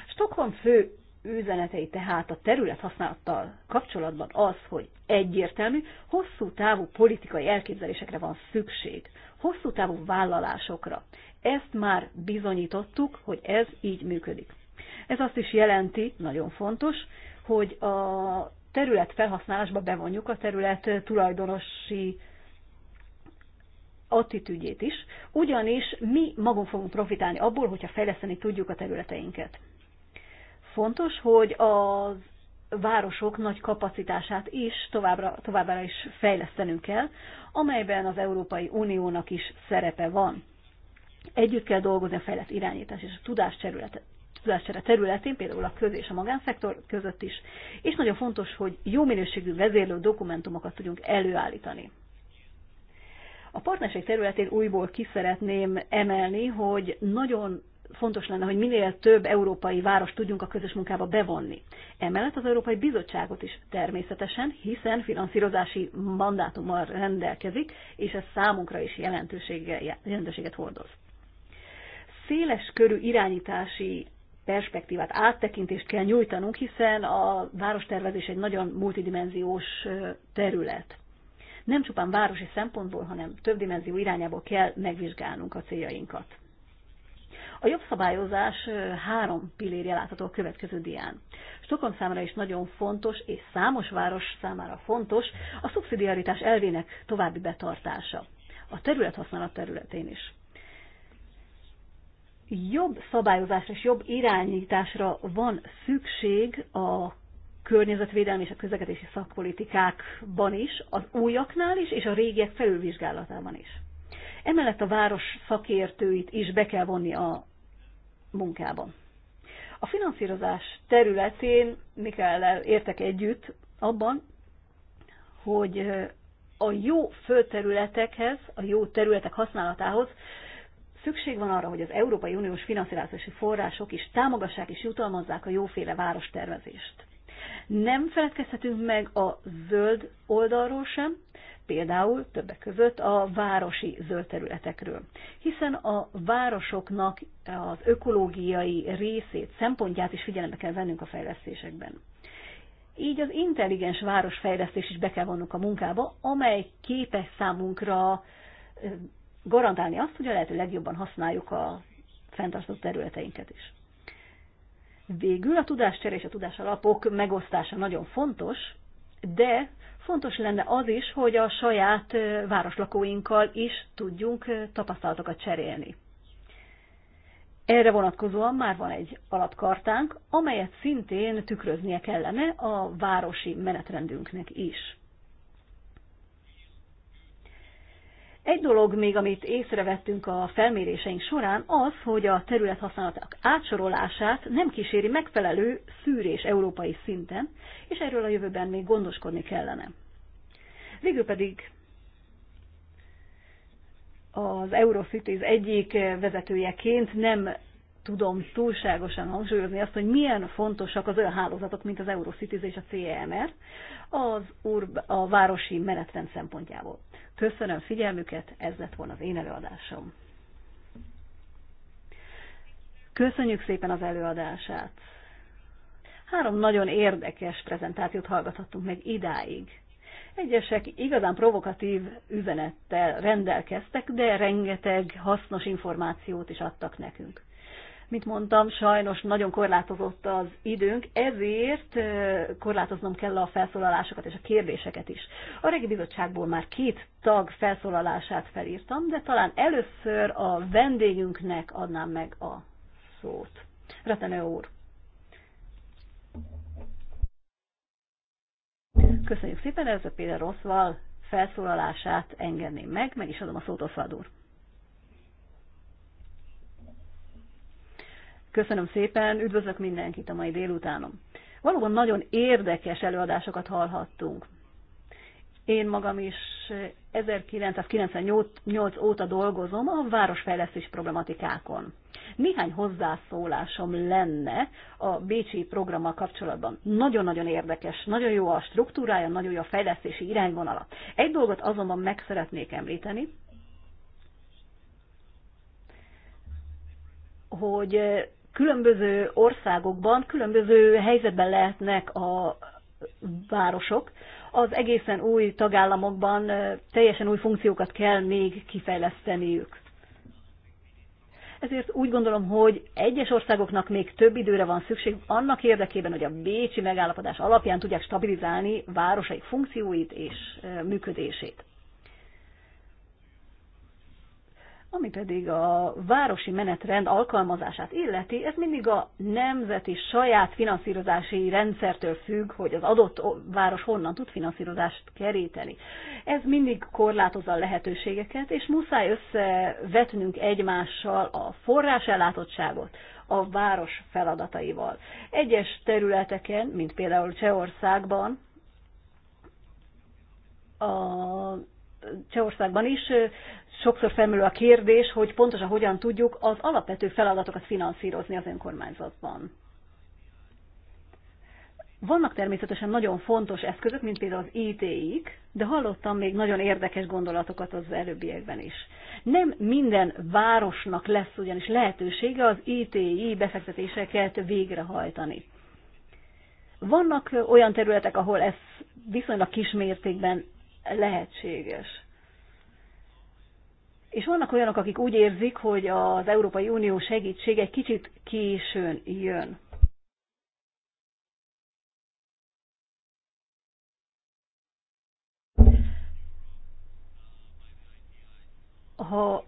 Stockholm fő üzenetei tehát a terület használattal kapcsolatban az, hogy egyértelmű, hosszú távú politikai elképzelésekre van szükség, hosszú távú vállalásokra. Ezt már bizonyítottuk, hogy ez így működik. Ez azt is jelenti, nagyon fontos, hogy a terület felhasználásba bevonjuk a terület tulajdonosi attitűdjét is, ugyanis mi magunk fogunk profitálni abból, hogyha fejleszteni tudjuk a területeinket. Fontos, hogy a városok nagy kapacitását is továbbra, továbbra is fejlesztenünk kell, amelyben az Európai Uniónak is szerepe van. Együtt kell dolgozni a fejlett irányítás és a tudáscsere területén, például a köz és a magánszektor között is, és nagyon fontos, hogy jó minőségű vezérlő dokumentumokat tudjunk előállítani. A partnerség területén újból ki szeretném emelni, hogy nagyon fontos lenne, hogy minél több európai város tudjunk a közös munkába bevonni. Emellett az Európai Bizottságot is természetesen, hiszen finanszírozási mandátummal rendelkezik, és ez számunkra is jelentőséget hordoz. Széles körű irányítási perspektívát, áttekintést kell nyújtanunk, hiszen a várostervezés egy nagyon multidimenziós terület nem csupán városi szempontból, hanem több dimenzió irányából kell megvizsgálnunk a céljainkat. A jobb szabályozás három pillérje látható a következő dián. Stockholm számára is nagyon fontos, és számos város számára fontos a szubszidiaritás elvének további betartása. A terület használat területén is. Jobb szabályozásra és jobb irányításra van szükség a környezetvédelmi és a közlekedési szakpolitikákban is, az újaknál is, és a régiek felülvizsgálatában is. Emellett a város szakértőit is be kell vonni a munkában. A finanszírozás területén Mikellel értek együtt abban, hogy a jó földterületekhez, a jó területek használatához szükség van arra, hogy az Európai Uniós finanszírozási források is támogassák és jutalmazzák a jóféle várostervezést. Nem feledkezhetünk meg a zöld oldalról sem, például többek között a városi zöld területekről, hiszen a városoknak az ökológiai részét, szempontját is figyelembe kell vennünk a fejlesztésekben. Így az intelligens városfejlesztés is be kell vonnunk a munkába, amely képes számunkra eh, garantálni azt, hogy a lehető legjobban használjuk a fenntartott területeinket is. Végül a tudáscsere és a tudásalapok megosztása nagyon fontos, de fontos lenne az is, hogy a saját városlakóinkkal is tudjunk tapasztalatokat cserélni. Erre vonatkozóan már van egy alapkartánk, amelyet szintén tükröznie kellene a városi menetrendünknek is. Egy dolog még, amit észrevettünk a felméréseink során, az, hogy a területhasználatok átsorolását nem kíséri megfelelő szűrés európai szinten, és erről a jövőben még gondoskodni kellene. Végül pedig az Eurocities egyik vezetőjeként nem tudom túlságosan hangsúlyozni azt, hogy milyen fontosak az olyan hálózatok, mint az Eurocities és a CEMR az urb, a városi menetrend szempontjából. Köszönöm figyelmüket, ez lett volna az én előadásom. Köszönjük szépen az előadását. Három nagyon érdekes prezentációt hallgathattunk meg idáig. Egyesek igazán provokatív üzenettel rendelkeztek, de rengeteg hasznos információt is adtak nekünk. Mint mondtam, sajnos nagyon korlátozott az időnk, ezért korlátoznom kell a felszólalásokat és a kérdéseket is. A regi bizottságból már két tag felszólalását felírtam, de talán először a vendégünknek adnám meg a szót. Retenő úr. Köszönjük szépen, ez a Péter Rosszval felszólalását engedném meg, meg is adom a szót Oszvald úr. Köszönöm szépen, üdvözlök mindenkit a mai délutánom. Valóban nagyon érdekes előadásokat hallhattunk. Én magam is 1998 óta dolgozom a városfejlesztés problematikákon. Néhány hozzászólásom lenne a Bécsi programmal kapcsolatban. Nagyon-nagyon érdekes, nagyon jó a struktúrája, nagyon jó a fejlesztési irányvonala. Egy dolgot azonban meg szeretnék említeni, hogy különböző országokban, különböző helyzetben lehetnek a városok. Az egészen új tagállamokban teljesen új funkciókat kell még kifejleszteniük. Ezért úgy gondolom, hogy egyes országoknak még több időre van szükség annak érdekében, hogy a Bécsi megállapodás alapján tudják stabilizálni városai funkcióit és működését. Ami pedig a városi menetrend alkalmazását illeti, ez mindig a nemzeti saját finanszírozási rendszertől függ, hogy az adott város honnan tud finanszírozást keríteni. Ez mindig korlátozza a lehetőségeket, és muszáj összevetnünk egymással a forrásellátottságot, a város feladataival. Egyes területeken, mint például Csehországban, a Csehországban is sokszor felmerül a kérdés, hogy pontosan hogyan tudjuk az alapvető feladatokat finanszírozni az önkormányzatban. Vannak természetesen nagyon fontos eszközök, mint például az ITI-k, de hallottam még nagyon érdekes gondolatokat az előbbiekben is. Nem minden városnak lesz ugyanis lehetősége az ITI befektetéseket végrehajtani. Vannak olyan területek, ahol ez viszonylag kismértékben lehetséges. És vannak olyanok, akik úgy érzik, hogy az Európai Unió segítség egy kicsit későn jön. Ha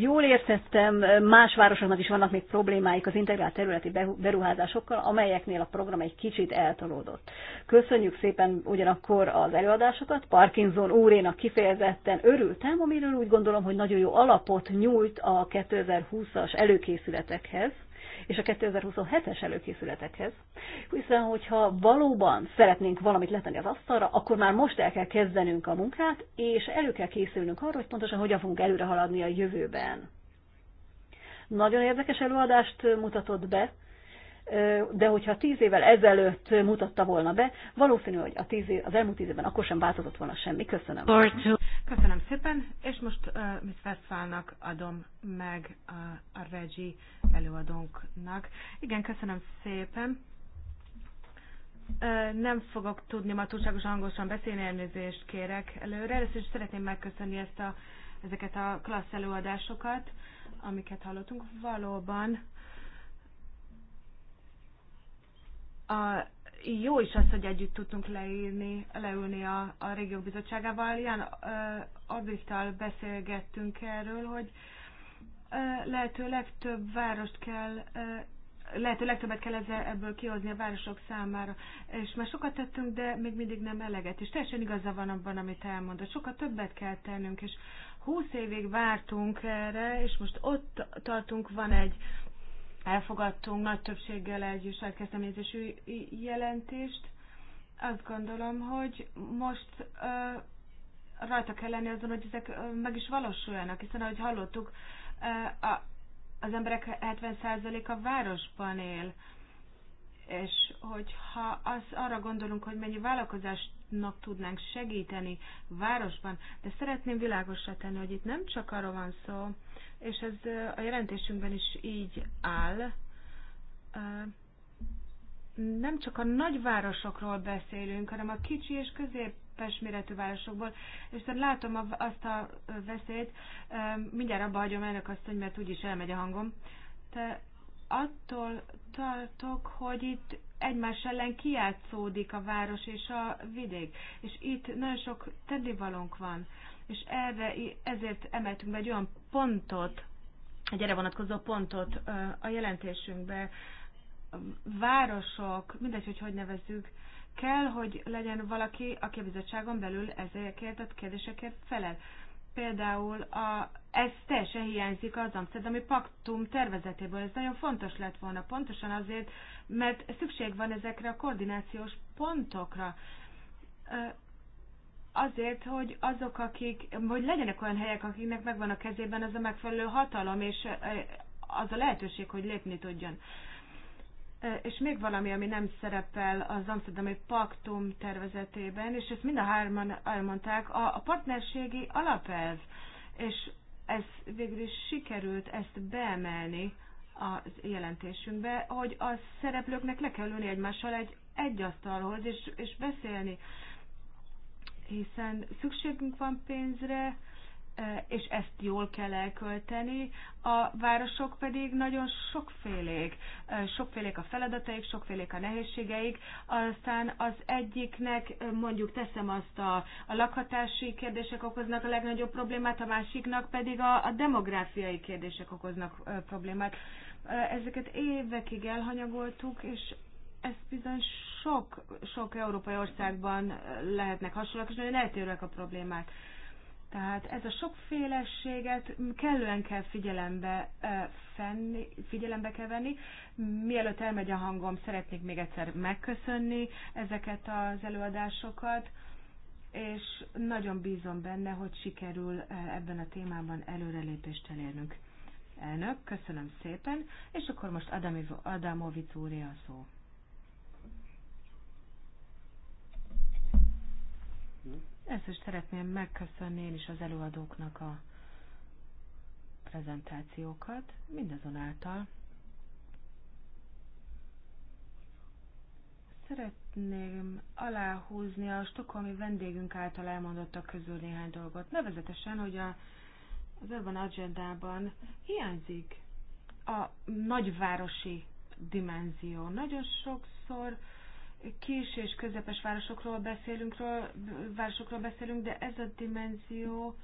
jól értettem, más városoknak is vannak még problémáik az integrált területi beruházásokkal, amelyeknél a program egy kicsit eltolódott. Köszönjük szépen ugyanakkor az előadásokat. Parkinson úrénak kifejezetten örültem, amiről úgy gondolom, hogy nagyon jó alapot nyújt a 2020-as előkészületekhez és a 2027-es előkészületekhez, hiszen hogyha valóban szeretnénk valamit letenni az asztalra, akkor már most el kell kezdenünk a munkát, és elő kell készülnünk arra, hogy pontosan hogyan fogunk előre haladni a jövőben. Nagyon érdekes előadást mutatott be, de hogyha tíz évvel ezelőtt mutatta volna be, valószínű, hogy a tíz év, az elmúlt tíz évben akkor sem változott volna semmi. Köszönöm. Köszönöm szépen, és most uh, Miss Westfalnak adom meg a, a Regi előadónknak. Igen, köszönöm szépen. Uh, nem fogok tudni ma túlságosan hangosan beszélni, elnézést kérek előre. Először is szeretném megköszönni ezt a, ezeket a klassz előadásokat, amiket hallottunk. Valóban a, jó is az, hogy együtt tudtunk leírni, leülni a, a régiók bizottságával. Ilyen Abrittal beszélgettünk erről, hogy lehető legtöbb várost kell, lehető legtöbbet kell ezzel, ebből kihozni a városok számára. És már sokat tettünk, de még mindig nem eleget. És teljesen igaza van abban, amit elmondott. Sokat többet kell tennünk, és húsz évig vártunk erre, és most ott tartunk, van egy elfogadtunk nagy többséggel egy kezdeményezésű jelentést. Azt gondolom, hogy most ö, rajta kell lenni azon, hogy ezek ö, meg is valósuljanak, hiszen ahogy hallottuk, ö, a, az emberek 70%-a városban él, és hogyha az, arra gondolunk, hogy mennyi vállalkozásnak tudnánk segíteni városban, de szeretném világosra tenni, hogy itt nem csak arról van szó, és ez a jelentésünkben is így áll. Nem csak a nagyvárosokról beszélünk, hanem a kicsi és közép közepes méretű városokból, és tehát látom azt a veszélyt, mindjárt abba hagyom azt, hogy mert úgyis elmegy a hangom, Te attól tartok, hogy itt egymás ellen kiátszódik a város és a vidék, és itt nagyon sok tennivalónk van, és erre, ezért emeltünk be egy olyan pontot, egy erre vonatkozó pontot a jelentésünkbe. Városok, mindegy, hogy hogy nevezzük, kell, hogy legyen valaki, aki a bizottságon belül ezekért a kérdésekért felel. Például a, ez teljesen hiányzik az Amsterdami Paktum tervezetéből. Ez nagyon fontos lett volna, pontosan azért, mert szükség van ezekre a koordinációs pontokra azért, hogy azok, akik, hogy legyenek olyan helyek, akiknek megvan a kezében ez a megfelelő hatalom, és az a lehetőség, hogy lépni tudjon. És még valami, ami nem szerepel az Amsterdami Paktum tervezetében, és ezt mind a hárman elmondták, a, a partnerségi alapelv, és ez végül is sikerült ezt beemelni a jelentésünkbe, hogy a szereplőknek le kell ülni egymással egy, egy asztalhoz, és, és beszélni hiszen szükségünk van pénzre, e, és ezt jól kell elkölteni, a városok pedig nagyon sokfélék. E, sokfélék a feladataik, sokfélék a nehézségeik, aztán az egyiknek, e, mondjuk teszem azt a, a lakhatási kérdések okoznak a legnagyobb problémát, a másiknak pedig a, a demográfiai kérdések okoznak problémát. Ezeket évekig elhanyagoltuk, és ez bizony sok, sok európai országban lehetnek hasonlók, és nagyon eltérőek a problémák. Tehát ez a sokféleséget kellően kell figyelembe, fenni, figyelembe kell venni. Mielőtt elmegy a hangom, szeretnék még egyszer megköszönni ezeket az előadásokat, és nagyon bízom benne, hogy sikerül ebben a témában előrelépést elérnünk. Elnök, köszönöm szépen, és akkor most Adamovic úré a szó. Ezt is szeretném megköszönni én is az előadóknak a prezentációkat, mindazonáltal. Szeretném aláhúzni a stokholmi vendégünk által elmondottak közül néhány dolgot. Nevezetesen, hogy a, az Urban Agendában hiányzik a nagyvárosi dimenzió. Nagyon sokszor uh, kis és közepes városokról beszélünk, városokról beszélünk, de ez a dimenzió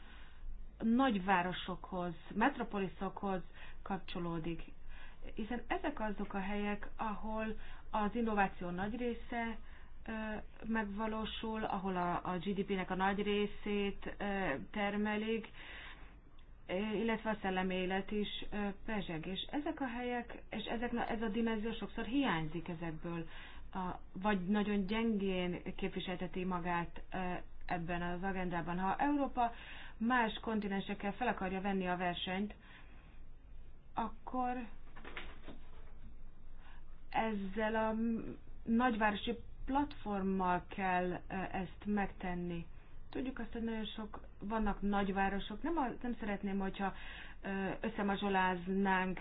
nagy városokhoz, metropoliszokhoz kapcsolódik. Hiszen ezek azok a helyek, ahol az innováció nagy része megvalósul, ahol a, a GDP-nek a nagy részét termelik, illetve a szellemi élet is pezseg. És ezek a helyek, és ezek, ez a dimenzió sokszor hiányzik ezekből a vagy nagyon gyengén képviselteti magát ebben az agendában. Ha Európa más kontinensekkel fel akarja venni a versenyt, akkor ezzel a nagyvárosi platformmal kell ezt megtenni. Tudjuk azt, hogy nagyon sok, vannak nagyvárosok, nem, a, nem szeretném, hogyha összemazsoláznánk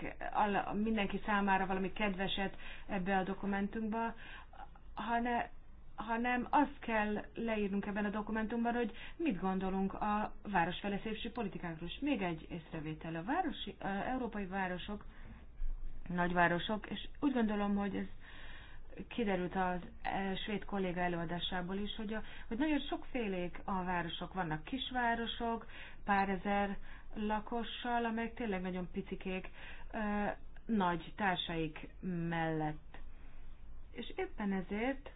mindenki számára valami kedveset ebbe a dokumentumba, hanem hanem azt kell leírnunk ebben a dokumentumban, hogy mit gondolunk a városfejlesztési politikákról. És még egy észrevétel. A, városi, a európai városok, nagyvárosok, és úgy gondolom, hogy ez kiderült a e, svéd kolléga előadásából is, hogy, a, hogy nagyon sokfélék a városok. Vannak kisvárosok, pár ezer lakossal, amelyek tényleg nagyon picikék, nagy társaik mellett. És éppen ezért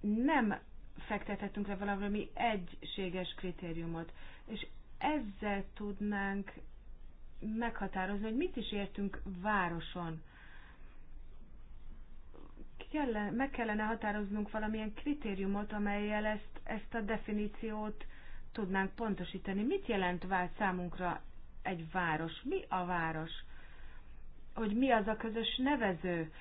nem fektethetünk le valami egységes kritériumot, és ezzel tudnánk meghatározni, hogy mit is értünk városon. Kellen, meg kellene határoznunk valamilyen kritériumot, amelyel ezt, ezt a definíciót tudnánk pontosítani, mit jelent vált számunkra egy város, mi a város, hogy mi az a közös nevező,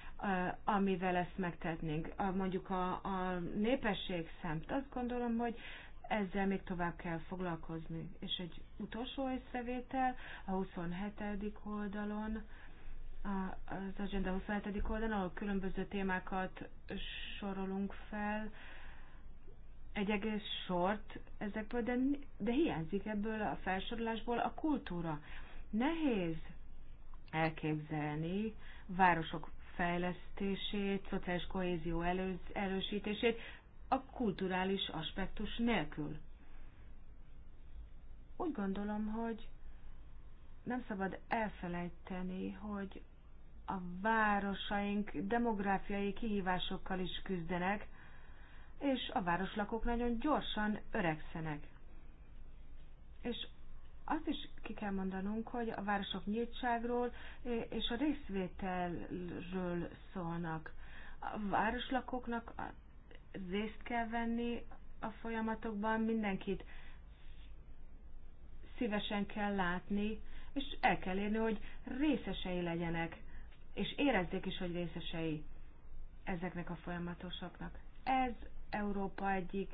amivel ezt megtetnénk. Mondjuk a, a népesség szemt, azt gondolom, hogy ezzel még tovább kell foglalkozni. És egy utolsó észrevétel a 27. oldalon, az Agenda 27. oldalon, ahol különböző témákat sorolunk fel, egy egész sort ezekből, de, de hiányzik ebből a felsorolásból a kultúra. Nehéz elképzelni városok fejlesztését, szociális kohézió elő, erősítését a kulturális aspektus nélkül. Úgy gondolom, hogy nem szabad elfelejteni, hogy a városaink demográfiai kihívásokkal is küzdenek, és a városlakók nagyon gyorsan öregszenek. És azt is ki kell mondanunk, hogy a városok nyíltságról és a részvételről szólnak. A városlakóknak részt kell venni a folyamatokban, mindenkit szívesen kell látni, és el kell érni, hogy részesei legyenek, és érezzék is, hogy részesei ezeknek a folyamatosoknak. Ez Európa egyik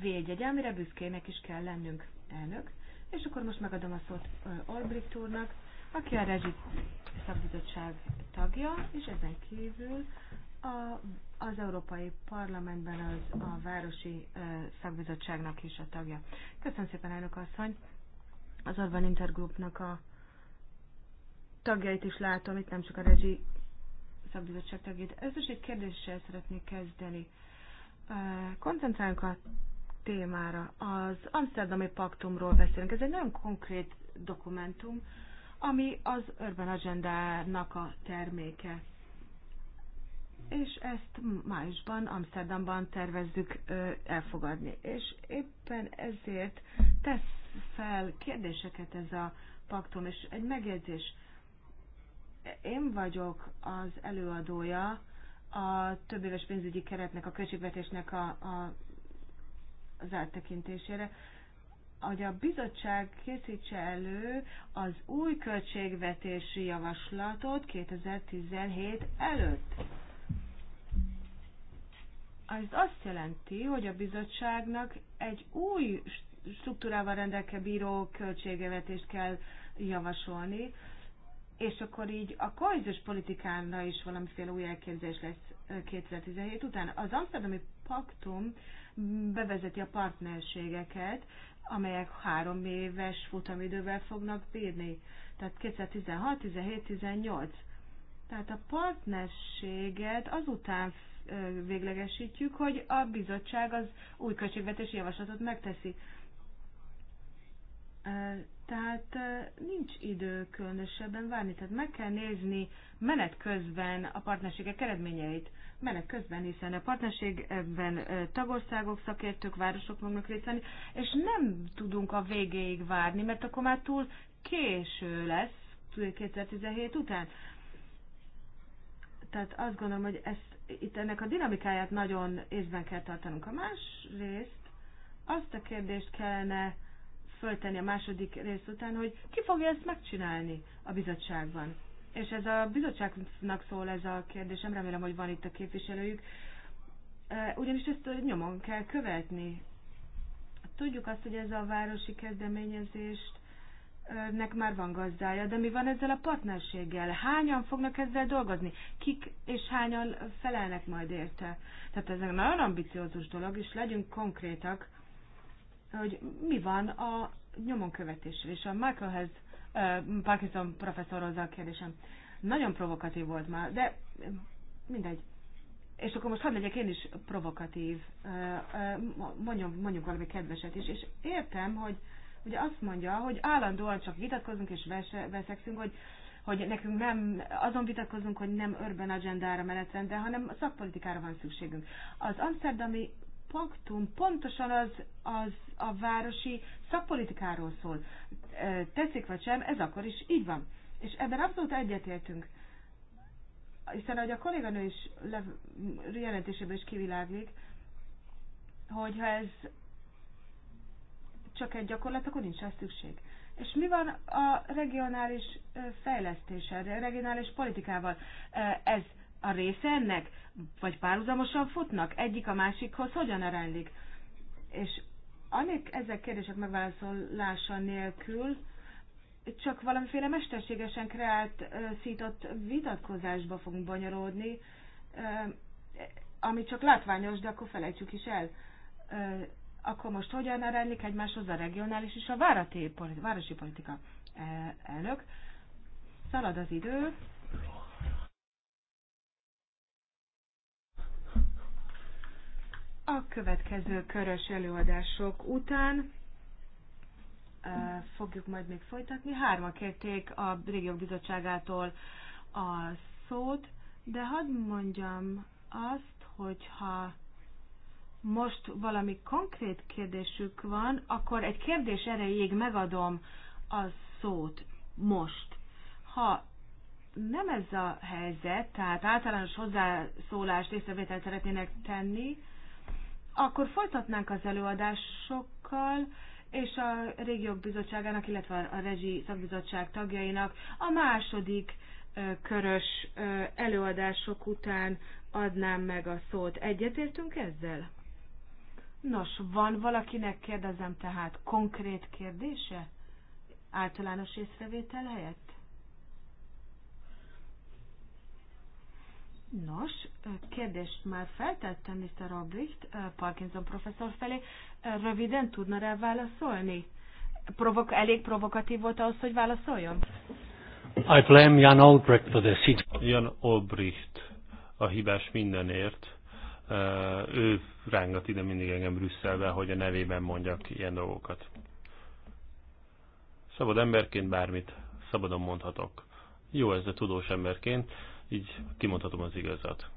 védjegye, amire büszkének is kell lennünk, elnök. És akkor most megadom a szót Olbricht úrnak, aki a rezsit szakbizottság tagja, és ezen kívül a, az Európai Parlamentben az a Városi ö, Szakbizottságnak is a tagja. Köszönöm szépen, elnök asszony! Az Orbán Intergroupnak a tagjait is látom, itt nem csak a Regi Szakbizottság tagjait. Először egy kérdéssel szeretnék kezdeni. Uh, koncentráljunk a témára. Az Amsterdami Paktumról beszélünk. Ez egy nagyon konkrét dokumentum, ami az Urban Agenda-nak a terméke. És ezt májusban Amsterdamban tervezzük elfogadni. És éppen ezért tesz fel kérdéseket ez a paktum, és egy megjegyzés. Én vagyok az előadója a több éves pénzügyi keretnek, a költségvetésnek a, a, az áttekintésére, hogy a bizottság készítse elő az új költségvetési javaslatot 2017 előtt. Ez azt jelenti, hogy a bizottságnak egy új struktúrával rendelke bíró költségvetést kell javasolni, és akkor így a kohéziós politikára is valamiféle új elképzelés lesz 2017 után. Az Amsterdami Paktum bevezeti a partnerségeket, amelyek három éves futamidővel fognak bírni. Tehát 2016, 17, 18. Tehát a partnerséget azután véglegesítjük, hogy a bizottság az új költségvetési javaslatot megteszi tehát nincs idő különösebben várni, tehát meg kell nézni menet közben a partnerségek eredményeit. Menet közben, hiszen a partnerségben tagországok, szakértők, városok fognak részt venni, és nem tudunk a végéig várni, mert akkor már túl késő lesz 2017 után. Tehát azt gondolom, hogy ezt, itt ennek a dinamikáját nagyon észben kell tartanunk. A másrészt azt a kérdést kellene föltenni a második rész után, hogy ki fogja ezt megcsinálni a bizottságban. És ez a bizottságnak szól ez a kérdésem, remélem, hogy van itt a képviselőjük, ugyanis ezt nyomon kell követni. Tudjuk azt, hogy ez a városi kezdeményezést nek már van gazdája, de mi van ezzel a partnerséggel? Hányan fognak ezzel dolgozni? Kik és hányan felelnek majd érte? Tehát ez egy nagyon ambiciózus dolog, és legyünk konkrétak hogy mi van a követéssel, És a Michaelhez, uh, Parkinson professzorhoz a kérdésem. Nagyon provokatív volt már, de mindegy. És akkor most hadd legyek én is provokatív. mondjuk, mondjuk valami kedveset is. És értem, hogy ugye azt mondja, hogy állandóan csak vitatkozunk és veszekszünk, hogy hogy nekünk nem azon vitatkozunk, hogy nem urban agendára de hanem szakpolitikára van szükségünk. Az amsterdami paktum pontosan az, az a városi szakpolitikáról szól. Teszik vagy sem, ez akkor is így van. És ebben abszolút egyetértünk. Hiszen ahogy a kolléganő is jelentéséből is kiviláglik, hogyha ez csak egy gyakorlat, akkor nincs rá szükség. És mi van a regionális fejlesztéssel, a regionális politikával? Ez a része ennek? Vagy párhuzamosan futnak? Egyik a másikhoz hogyan aránylik? És amik ezek kérdések megválaszolása nélkül csak valamiféle mesterségesen kreált, szított vitatkozásba fogunk bonyolódni, ami csak látványos, de akkor felejtsük is el. Akkor most hogyan aránylik egymáshoz a regionális és a városi politika? Elnök, szalad az idő. A következő körös előadások után fogjuk majd még folytatni. Hárma kérték a Régiók Bizottságától a szót, de hadd mondjam azt, hogyha most valami konkrét kérdésük van, akkor egy kérdés erejéig megadom a szót most. Ha nem ez a helyzet, tehát általános hozzászólást, észrevételt szeretnének tenni, akkor folytatnánk az előadásokkal, és a régiók bizottságának, illetve a rezsi szakbizottság tagjainak a második körös előadások után adnám meg a szót. Egyetértünk ezzel? Nos, van valakinek, kérdezem tehát, konkrét kérdése? Általános észrevétel helyett? Nos, kérdést már feltettem Mr. Robricht Parkinson professzor felé. Röviden tudna rá válaszolni? Provok- elég provokatív volt ahhoz, hogy válaszoljon? I blame Jan Albrecht for this. Jan Albrecht a hibás mindenért. Ő rángat ide mindig engem Brüsszelbe, hogy a nevében mondjak ilyen dolgokat. Szabad emberként bármit szabadon mondhatok. Jó ez a tudós emberként így kimondhatom az igazat.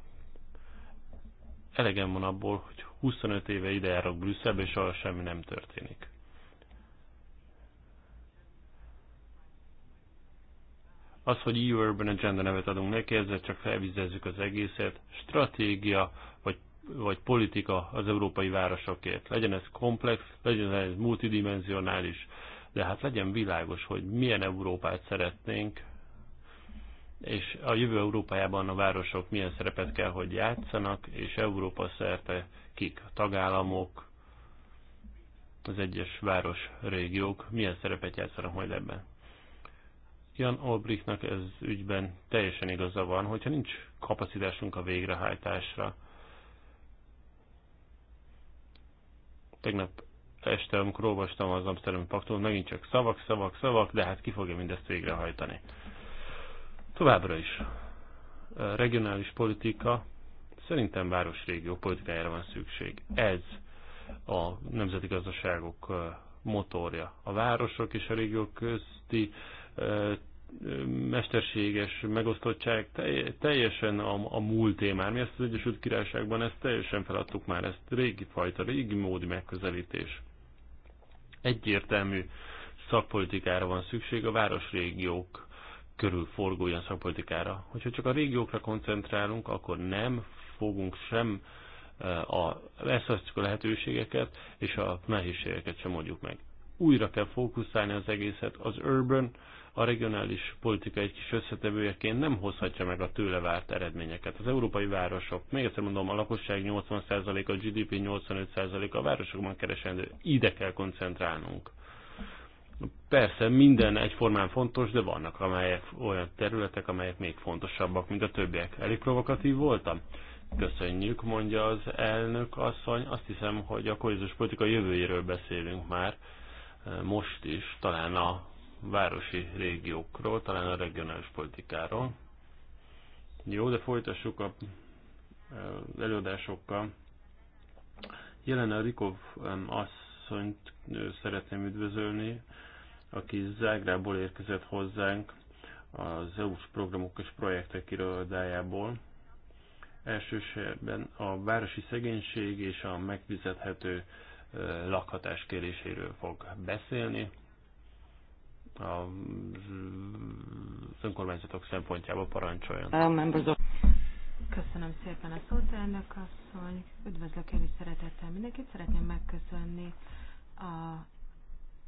Elegem van abból, hogy 25 éve ide járok Brüsszelbe, és arra semmi nem történik. Az, hogy EU Urban Agenda nevet adunk neki, ezzel csak felvizezzük az egészet. Stratégia vagy, vagy politika az európai városokért. Legyen ez komplex, legyen ez multidimensionális, de hát legyen világos, hogy milyen Európát szeretnénk, és a jövő Európájában a városok milyen szerepet kell, hogy játszanak, és Európa szerte kik a tagállamok, az egyes város régiók milyen szerepet játszanak majd ebben. Jan Olbrichtnak ez ügyben teljesen igaza van, hogyha nincs kapacitásunk a végrehajtásra. Tegnap este, amikor olvastam az Amsterdam Paktumot, megint csak szavak, szavak, szavak, de hát ki fogja mindezt végrehajtani. Továbbra is a regionális politika szerintem városrégió politikájára van szükség. Ez a nemzeti gazdaságok motorja. A városok és a régiók közti mesterséges megosztottság teljesen a, a múlt már. Mi ezt az Egyesült Királyságban ezt teljesen feladtuk már, ezt régi fajta, régi módi megközelítés. Egyértelmű szakpolitikára van szükség a városrégiók körül forgó ilyen szakpolitikára. Hogyha csak a régiókra koncentrálunk, akkor nem fogunk sem eh, a elszasztjuk a lehetőségeket, és a nehézségeket sem mondjuk meg. Újra kell fókuszálni az egészet. Az urban, a regionális politika egy kis összetevőjeként nem hozhatja meg a tőle várt eredményeket. Az európai városok, még egyszer mondom, a lakosság 80%-a, a GDP 85%-a a városokban keresendő. Ide kell koncentrálnunk. Persze minden egyformán fontos, de vannak amelyek, olyan területek, amelyek még fontosabbak, mint a többiek. Elég provokatív voltam? Köszönjük, mondja az elnök asszony. Azt hiszem, hogy a kohéziós politika jövőjéről beszélünk már e, most is, talán a városi régiókról, talán a regionális politikáról. Jó, de folytassuk a e, előadásokkal. Jelen a Rikov asszonyt szeretném üdvözölni, aki Zágrából érkezett hozzánk az EU-s programok és projektek irodájából. Elsősorban a városi szegénység és a megfizethető lakhatás kéréséről fog beszélni. A önkormányzatok szempontjából parancsoljon. Köszönöm szépen a szót, elnök asszony. Üdvözlök én is szeretettel mindenkit. Szeretném megköszönni a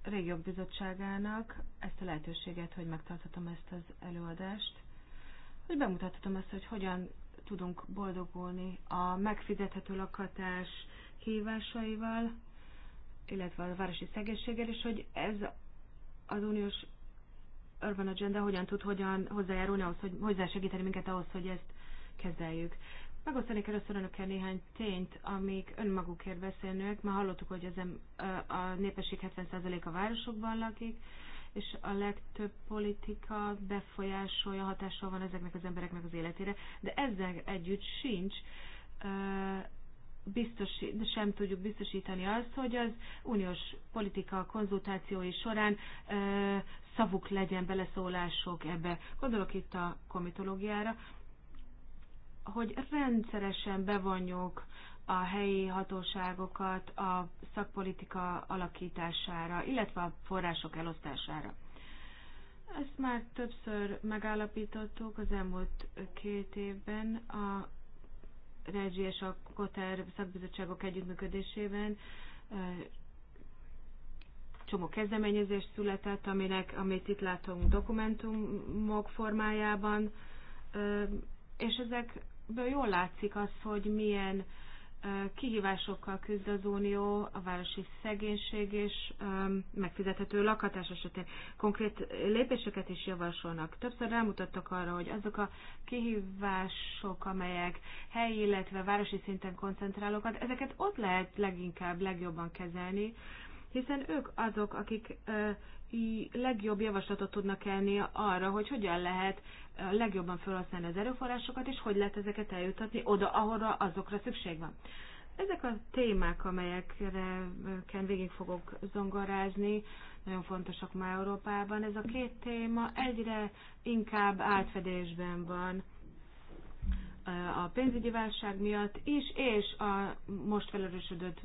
régiók bizottságának ezt a lehetőséget, hogy megtarthatom ezt az előadást, hogy bemutathatom azt, hogy hogyan tudunk boldogulni a megfizethető lakhatás kihívásaival, illetve a városi szegénységgel, és hogy ez az uniós Urban Agenda hogyan tud hogyan hozzájárulni ahhoz, hogy hozzásegíteni minket ahhoz, hogy ezt kezeljük. Megosztanék először önökkel néhány tényt, amik önmagukért beszélnek. Már hallottuk, hogy az a népesség 70% a városokban lakik, és a legtöbb politika befolyásolja, hatással van ezeknek az embereknek az életére, de ezzel együtt sincs biztos, de sem tudjuk biztosítani azt, hogy az uniós politika konzultációi során szavuk legyen beleszólások ebbe. Gondolok itt a komitológiára, hogy rendszeresen bevonjuk a helyi hatóságokat a szakpolitika alakítására, illetve a források elosztására. Ezt már többször megállapítottuk az elmúlt két évben a Regi és a Koter szakbizottságok együttműködésében csomó kezdeményezés született, aminek, amit itt látunk dokumentumok formájában, és ezek ebből jól látszik az, hogy milyen kihívásokkal küzd az Unió a városi szegénység és megfizethető lakhatás esetén. Konkrét lépéseket is javasolnak. Többször rámutattak arra, hogy azok a kihívások, amelyek helyi, illetve városi szinten koncentrálók, ezeket ott lehet leginkább, legjobban kezelni, hiszen ők azok, akik legjobb javaslatot tudnak elni arra, hogy hogyan lehet legjobban felhasználni az erőforrásokat, és hogy lehet ezeket eljutatni oda, ahorra azokra szükség van. Ezek a témák, amelyekre végig fogok zongorázni, nagyon fontosak már Európában. Ez a két téma egyre inkább átfedésben van a pénzügyi válság miatt is, és a most felerősödött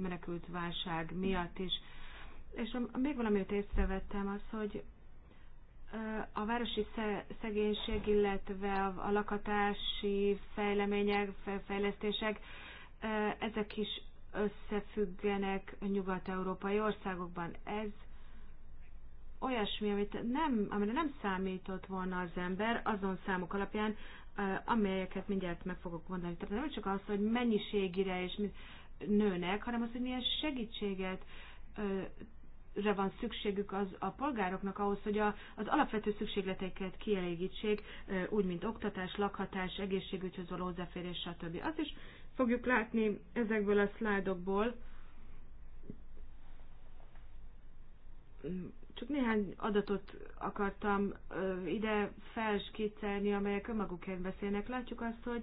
menekült válság miatt is és még valamit észrevettem az, hogy a városi szegénység, illetve a lakatási fejlemények, fejlesztések, ezek is összefüggenek nyugat-európai országokban. Ez olyasmi, amit nem, amire nem számított volna az ember azon számok alapján, amelyeket mindjárt meg fogok mondani. Tehát nem csak az, hogy mennyiségire és nőnek, hanem az, hogy milyen segítséget re van szükségük az a polgároknak ahhoz, hogy a, az alapvető szükségleteiket kielégítsék, úgy, mint oktatás, lakhatás, egészségügyhöz való hozzáférés, stb. Azt is fogjuk látni ezekből a szlájdokból, csak néhány adatot akartam ide felskicelni, amelyek önmagukért beszélnek. Látjuk azt, hogy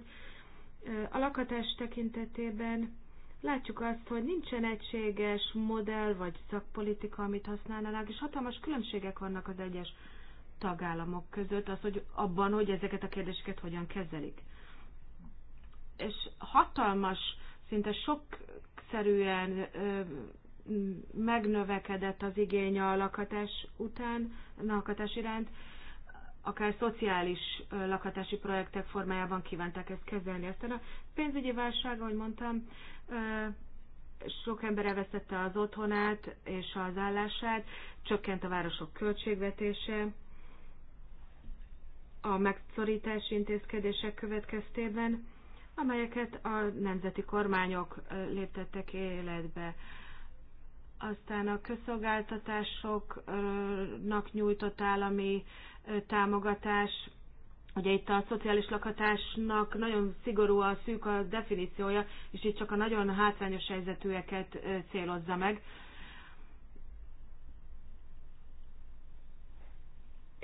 a lakhatás tekintetében látjuk azt, hogy nincsen egységes modell vagy szakpolitika, amit használnának, és hatalmas különbségek vannak az egyes tagállamok között, az, hogy abban, hogy ezeket a kérdéseket hogyan kezelik. És hatalmas, szinte sokszerűen ö, megnövekedett az igény a lakhatás után, a lakhatás iránt, akár szociális lakhatási projektek formájában kívánták ezt kezelni. Aztán a pénzügyi válság, ahogy mondtam, sok ember elvesztette az otthonát és az állását, csökkent a városok költségvetése, a megszorítási intézkedések következtében, amelyeket a nemzeti kormányok léptettek életbe aztán a közszolgáltatásoknak nyújtott állami támogatás, ugye itt a szociális lakhatásnak nagyon szigorú a szűk a definíciója, és itt csak a nagyon hátrányos helyzetűeket célozza meg.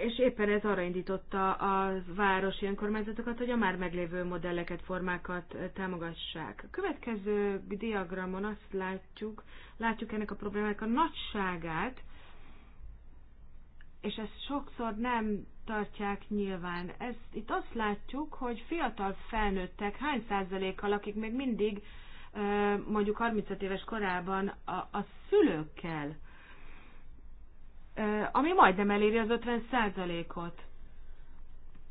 és éppen ez arra indította a városi önkormányzatokat, hogy a már meglévő modelleket, formákat támogassák. A következő diagramon azt látjuk, látjuk ennek a problémának a nagyságát, és ezt sokszor nem tartják nyilván. Ez, itt azt látjuk, hogy fiatal felnőttek hány százalékkal, akik még mindig mondjuk 35 éves korában a, a szülőkkel ami majdnem eléri az 50 százalékot.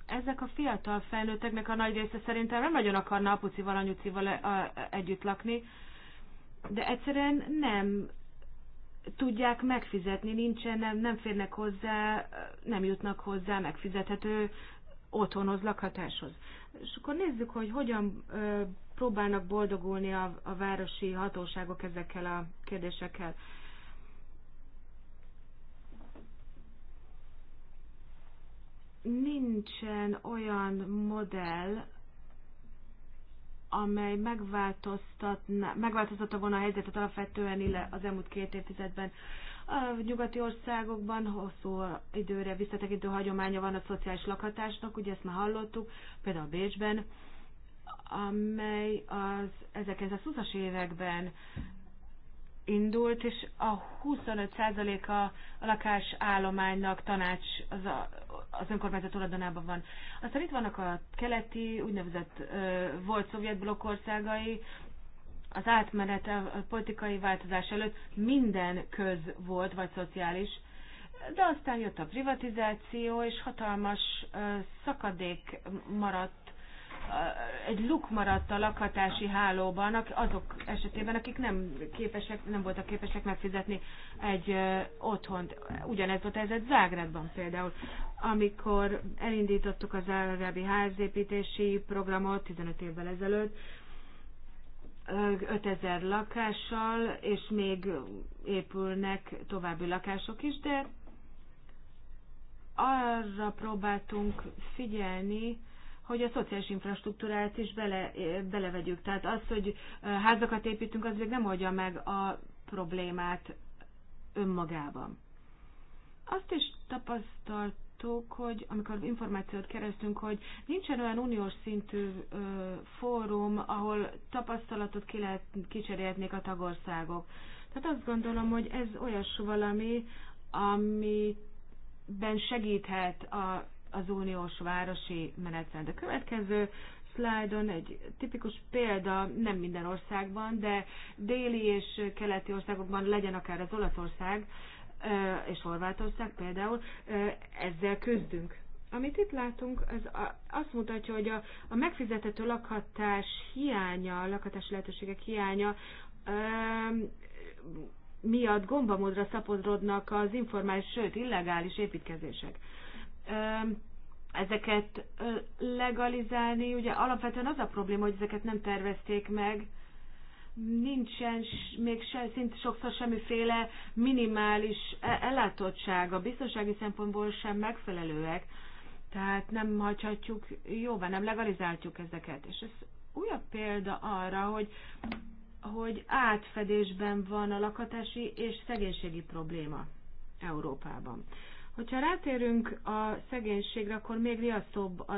Ezek a fiatal felnőtteknek a nagy része szerintem nem nagyon akarna apucival, anyucival e, együtt lakni, de egyszerűen nem tudják megfizetni, nincsen, nem, nem férnek hozzá, nem jutnak hozzá megfizethető otthonhoz, lakhatáshoz. És akkor nézzük, hogy hogyan ö, próbálnak boldogulni a, a városi hatóságok ezekkel a kérdésekkel. Ö, nincsen olyan modell, amely megváltoztatna, megváltoztatta volna a helyzetet alapvetően az elmúlt két évtizedben. A nyugati országokban hosszú időre visszatekintő hagyománya van a szociális lakhatásnak, ugye ezt már hallottuk, például Bécsben, amely az 1920-as években indult, és a 25%-a a lakásállománynak tanács, az a az önkormányzat tulajdonában van. Aztán itt vannak a keleti, úgynevezett ö, volt szovjet blokk országai, az átmenet a politikai változás előtt minden köz volt, vagy szociális, de aztán jött a privatizáció, és hatalmas szakadék maradt egy luk maradt a lakhatási hálóban azok esetében, akik nem, képesek, nem voltak képesek megfizetni egy otthont. Ugyanez volt ez egy Zágrádban például, amikor elindítottuk az zágrábi házépítési programot 15 évvel ezelőtt, 5000 lakással, és még épülnek további lakások is, de arra próbáltunk figyelni, hogy a szociális infrastruktúrát is bele, eh, belevegyük. Tehát az, hogy eh, házakat építünk, az még nem oldja meg a problémát önmagában. Azt is tapasztaltuk, hogy amikor információt kerestünk, hogy nincsen olyan uniós szintű ö, fórum, ahol tapasztalatot ki lehet, kicserélhetnék a tagországok. Tehát azt gondolom, hogy ez olyas valami, amiben segíthet a az uniós városi menetrend. A következő szlájdon egy tipikus példa, nem minden országban, de déli és keleti országokban legyen akár az Olaszország és Horvátország például, ezzel küzdünk. Amit itt látunk, az azt mutatja, hogy a, a megfizethető lakhatás hiánya, a lakhatási lehetőségek hiánya miatt gombamódra szaporodnak az informális, sőt illegális építkezések ezeket legalizálni, ugye alapvetően az a probléma, hogy ezeket nem tervezték meg, nincsen még se, szinte sokszor semmiféle minimális e, ellátottsága, biztonsági szempontból sem megfelelőek, tehát nem hagyhatjuk jóvá, nem legalizáltjuk ezeket. És ez újabb példa arra, hogy, hogy átfedésben van a lakhatási és szegénységi probléma Európában. Hogyha rátérünk a szegénységre, akkor még riasztóbb a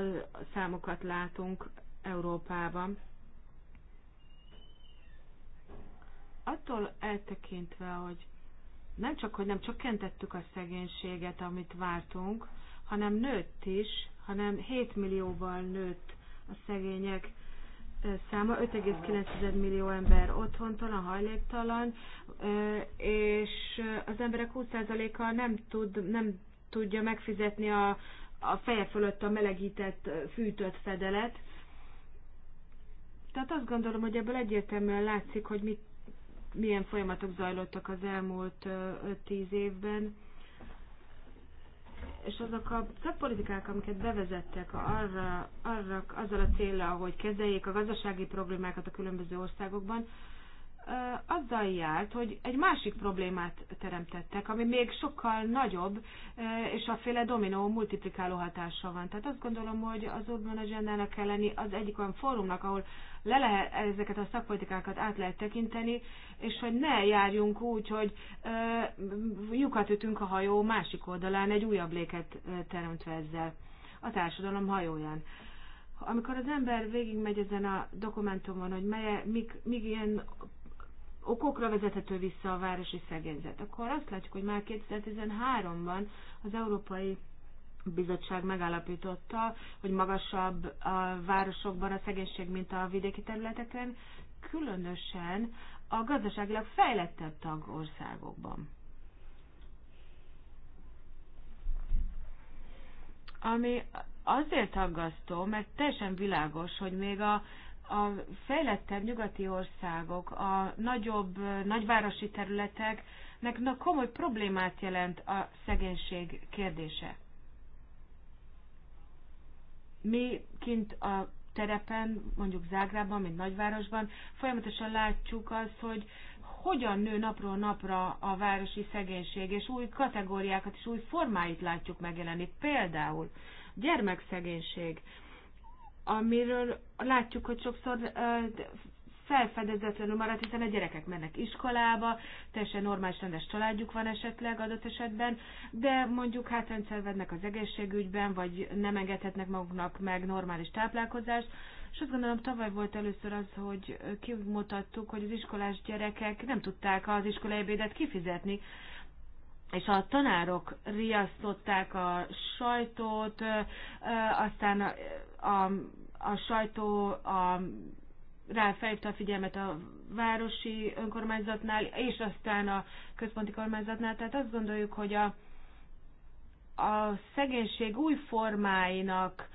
számokat látunk Európában. Attól eltekintve, hogy nem csak, hogy nem csökkentettük a szegénységet, amit vártunk, hanem nőtt is, hanem 7 millióval nőtt a szegények száma 5,9 millió ember otthontalan, hajléktalan, és az emberek 20%-a nem, tud, nem tudja megfizetni a, a feje fölött a melegített, fűtött fedelet. Tehát azt gondolom, hogy ebből egyértelműen látszik, hogy mit, milyen folyamatok zajlottak az elmúlt 5-10 évben és azok a szakpolitikák, amiket bevezettek arra, arra, azzal a célra, hogy kezeljék a gazdasági problémákat a különböző országokban, azzal járt, hogy egy másik problémát teremtettek, ami még sokkal nagyobb, és a féle dominó multiplikáló hatása van. Tehát azt gondolom, hogy az Urban Agendának kell lenni az egyik olyan fórumnak, ahol le lehet, ezeket a szakpolitikákat át lehet tekinteni, és hogy ne járjunk úgy, hogy ö, lyukat ütünk a hajó másik oldalán, egy újabb léket teremtve ezzel a társadalom hajóján amikor az ember végigmegy ezen a dokumentumon, hogy mely, mik, mik ilyen okokra vezethető vissza a városi szegényzet. Akkor azt látjuk, hogy már 2013-ban az Európai Bizottság megállapította, hogy magasabb a városokban a szegénység, mint a vidéki területeken, különösen a gazdaságilag fejlettebb tagországokban. Ami azért aggasztó, mert teljesen világos, hogy még a a fejlettebb nyugati országok, a nagyobb, nagyvárosi területeknek na, komoly problémát jelent a szegénység kérdése. Mi kint a terepen, mondjuk Zágrában, mint nagyvárosban, folyamatosan látjuk azt, hogy hogyan nő napról napra a városi szegénység, és új kategóriákat és új formáit látjuk megjelenni. Például gyermekszegénység, amiről látjuk, hogy sokszor felfedezetlenül maradt, hiszen a gyerekek mennek iskolába, teljesen normális rendes családjuk van esetleg adott esetben, de mondjuk hátrányt szenvednek az egészségügyben, vagy nem engedhetnek maguknak meg normális táplálkozást. És azt gondolom, tavaly volt először az, hogy kimutattuk, hogy az iskolás gyerekek nem tudták az iskolai ebédet kifizetni, és a tanárok riasztották a sajtót, aztán a, a sajtó a, rá felhívta a figyelmet a városi önkormányzatnál, és aztán a központi kormányzatnál. Tehát azt gondoljuk, hogy a, a szegénység új formáinak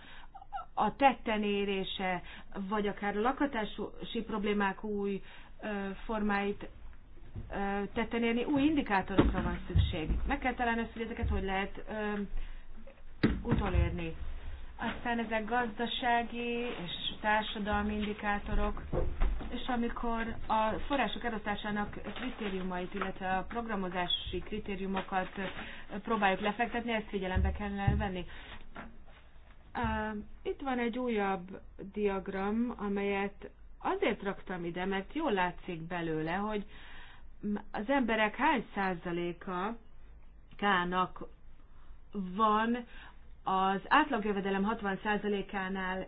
a tetten érése, vagy akár a lakatási problémák új ö, formáit ö, tetten érni, új indikátorokra van szükség. Meg kell találni ezt, hogy ezeket hogy lehet ö, utolérni. Aztán ezek gazdasági és társadalmi indikátorok, és amikor a források elosztásának kritériumait, illetve a programozási kritériumokat próbáljuk lefektetni, ezt figyelembe kellene venni. Itt van egy újabb diagram, amelyet azért raktam ide, mert jól látszik belőle, hogy az emberek hány százaléka kának van az átlagjövedelem 60%-ánál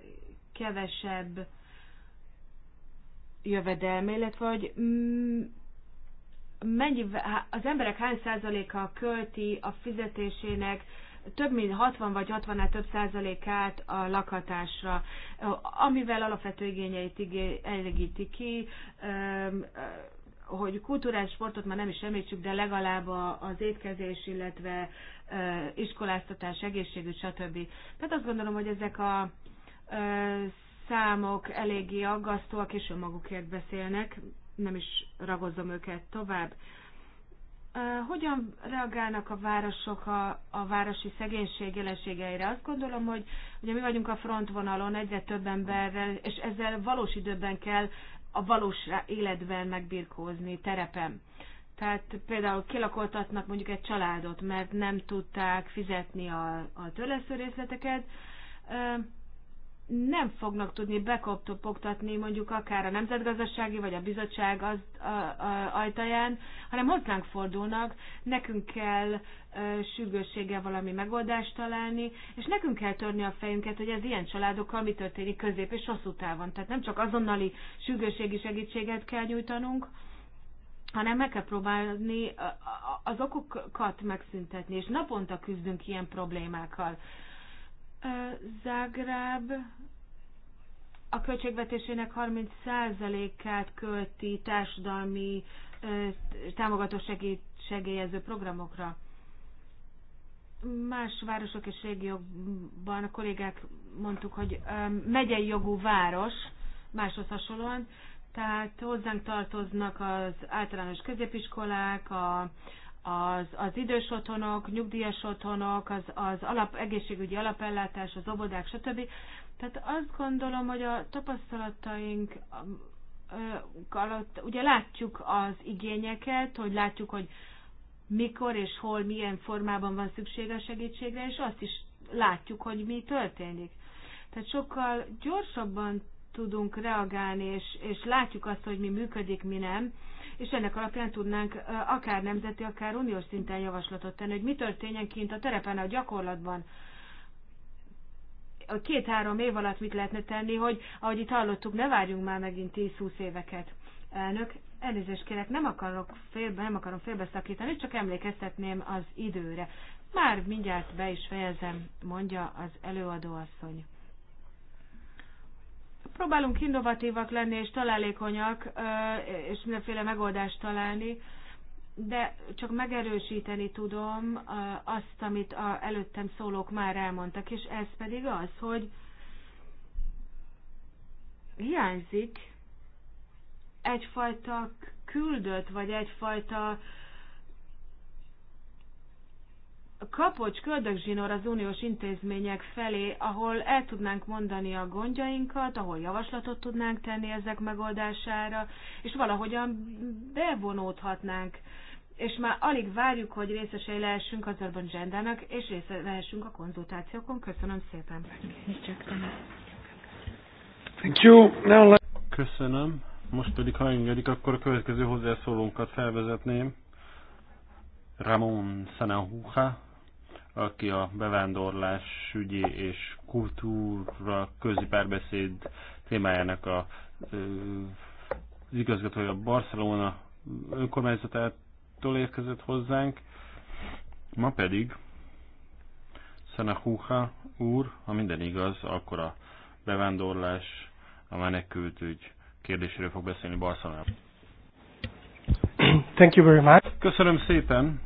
kevesebb jövedelme, illetve hogy mennyi, az emberek hány százaléka költi a fizetésének több mint 60 vagy 60-nál több százalékát a lakhatásra, amivel alapvető igényeit elégíti ki, hogy kulturális sportot már nem is említsük, de legalább az étkezés, illetve iskoláztatás, egészségügy, stb. Tehát azt gondolom, hogy ezek a számok eléggé aggasztóak, és önmagukért beszélnek, nem is ragozom őket tovább. Hogyan reagálnak a városok a, a városi szegénység jelenségeire? Azt gondolom, hogy ugye mi vagyunk a frontvonalon, egyre több emberrel, és ezzel valós időben kell a valós életben megbirkózni terepen. Tehát például kilakoltatnak mondjuk egy családot, mert nem tudták fizetni a, a törlesztő részleteket, nem fognak tudni bekoptopogtatni mondjuk akár a nemzetgazdasági vagy a bizottság az, a, a, ajtaján, hanem hozzánk fordulnak, nekünk kell e, sürgősséggel valami megoldást találni, és nekünk kell törni a fejünket, hogy ez ilyen családokkal mi történik közép és hosszú távon. Tehát nem csak azonnali sürgősségi segítséget kell nyújtanunk, hanem meg kell próbálni az okokat megszüntetni, és naponta küzdünk ilyen problémákkal Zágráb a költségvetésének 30%-át költi társadalmi támogató segélyező programokra. Más városok és régiókban a kollégák mondtuk, hogy megyei jogú város, máshoz hasonlóan, tehát hozzánk tartoznak az általános középiskolák, a, az, az idős otthonok, nyugdíjas otthonok, az, az alap, egészségügyi alapellátás, az obodák, stb. Tehát azt gondolom, hogy a tapasztalataink um, alatt ugye látjuk az igényeket, hogy látjuk, hogy mikor és hol, milyen formában van szüksége a segítségre, és azt is látjuk, hogy mi történik. Tehát sokkal gyorsabban tudunk reagálni, és, és látjuk azt, hogy mi működik, mi nem és ennek alapján tudnánk akár nemzeti, akár uniós szinten javaslatot tenni, hogy mi történjen kint a terepen, a gyakorlatban. A két-három év alatt mit lehetne tenni, hogy ahogy itt hallottuk, ne várjunk már megint 10-20 éveket. Elnök, elnézést kérek, nem, akarok félbe, nem akarom félbeszakítani, csak emlékeztetném az időre. Már mindjárt be is fejezem, mondja az előadóasszony. Próbálunk innovatívak lenni és találékonyak, és mindenféle megoldást találni, de csak megerősíteni tudom azt, amit a előttem szólók már elmondtak, és ez pedig az, hogy hiányzik egyfajta küldött, vagy egyfajta kapocs, köldögzsinór az uniós intézmények felé, ahol el tudnánk mondani a gondjainkat, ahol javaslatot tudnánk tenni ezek megoldására, és valahogyan bevonódhatnánk. És már alig várjuk, hogy részesei lehessünk az Urban Gendernek, és része lehessünk a konzultációkon. Köszönöm szépen. Thank you. Now Köszönöm. Most pedig, ha engedik, akkor a következő hozzászólónkat felvezetném. Ramon Sanahuja, aki a bevándorlás ügyi és kultúra közi párbeszéd témájának a, az igazgatója Barcelona önkormányzatától érkezett hozzánk. Ma pedig Szenahuha úr, ha minden igaz, akkor a bevándorlás, a menekült ügy kérdéséről fog beszélni Barcelona. Thank you very much. Köszönöm szépen.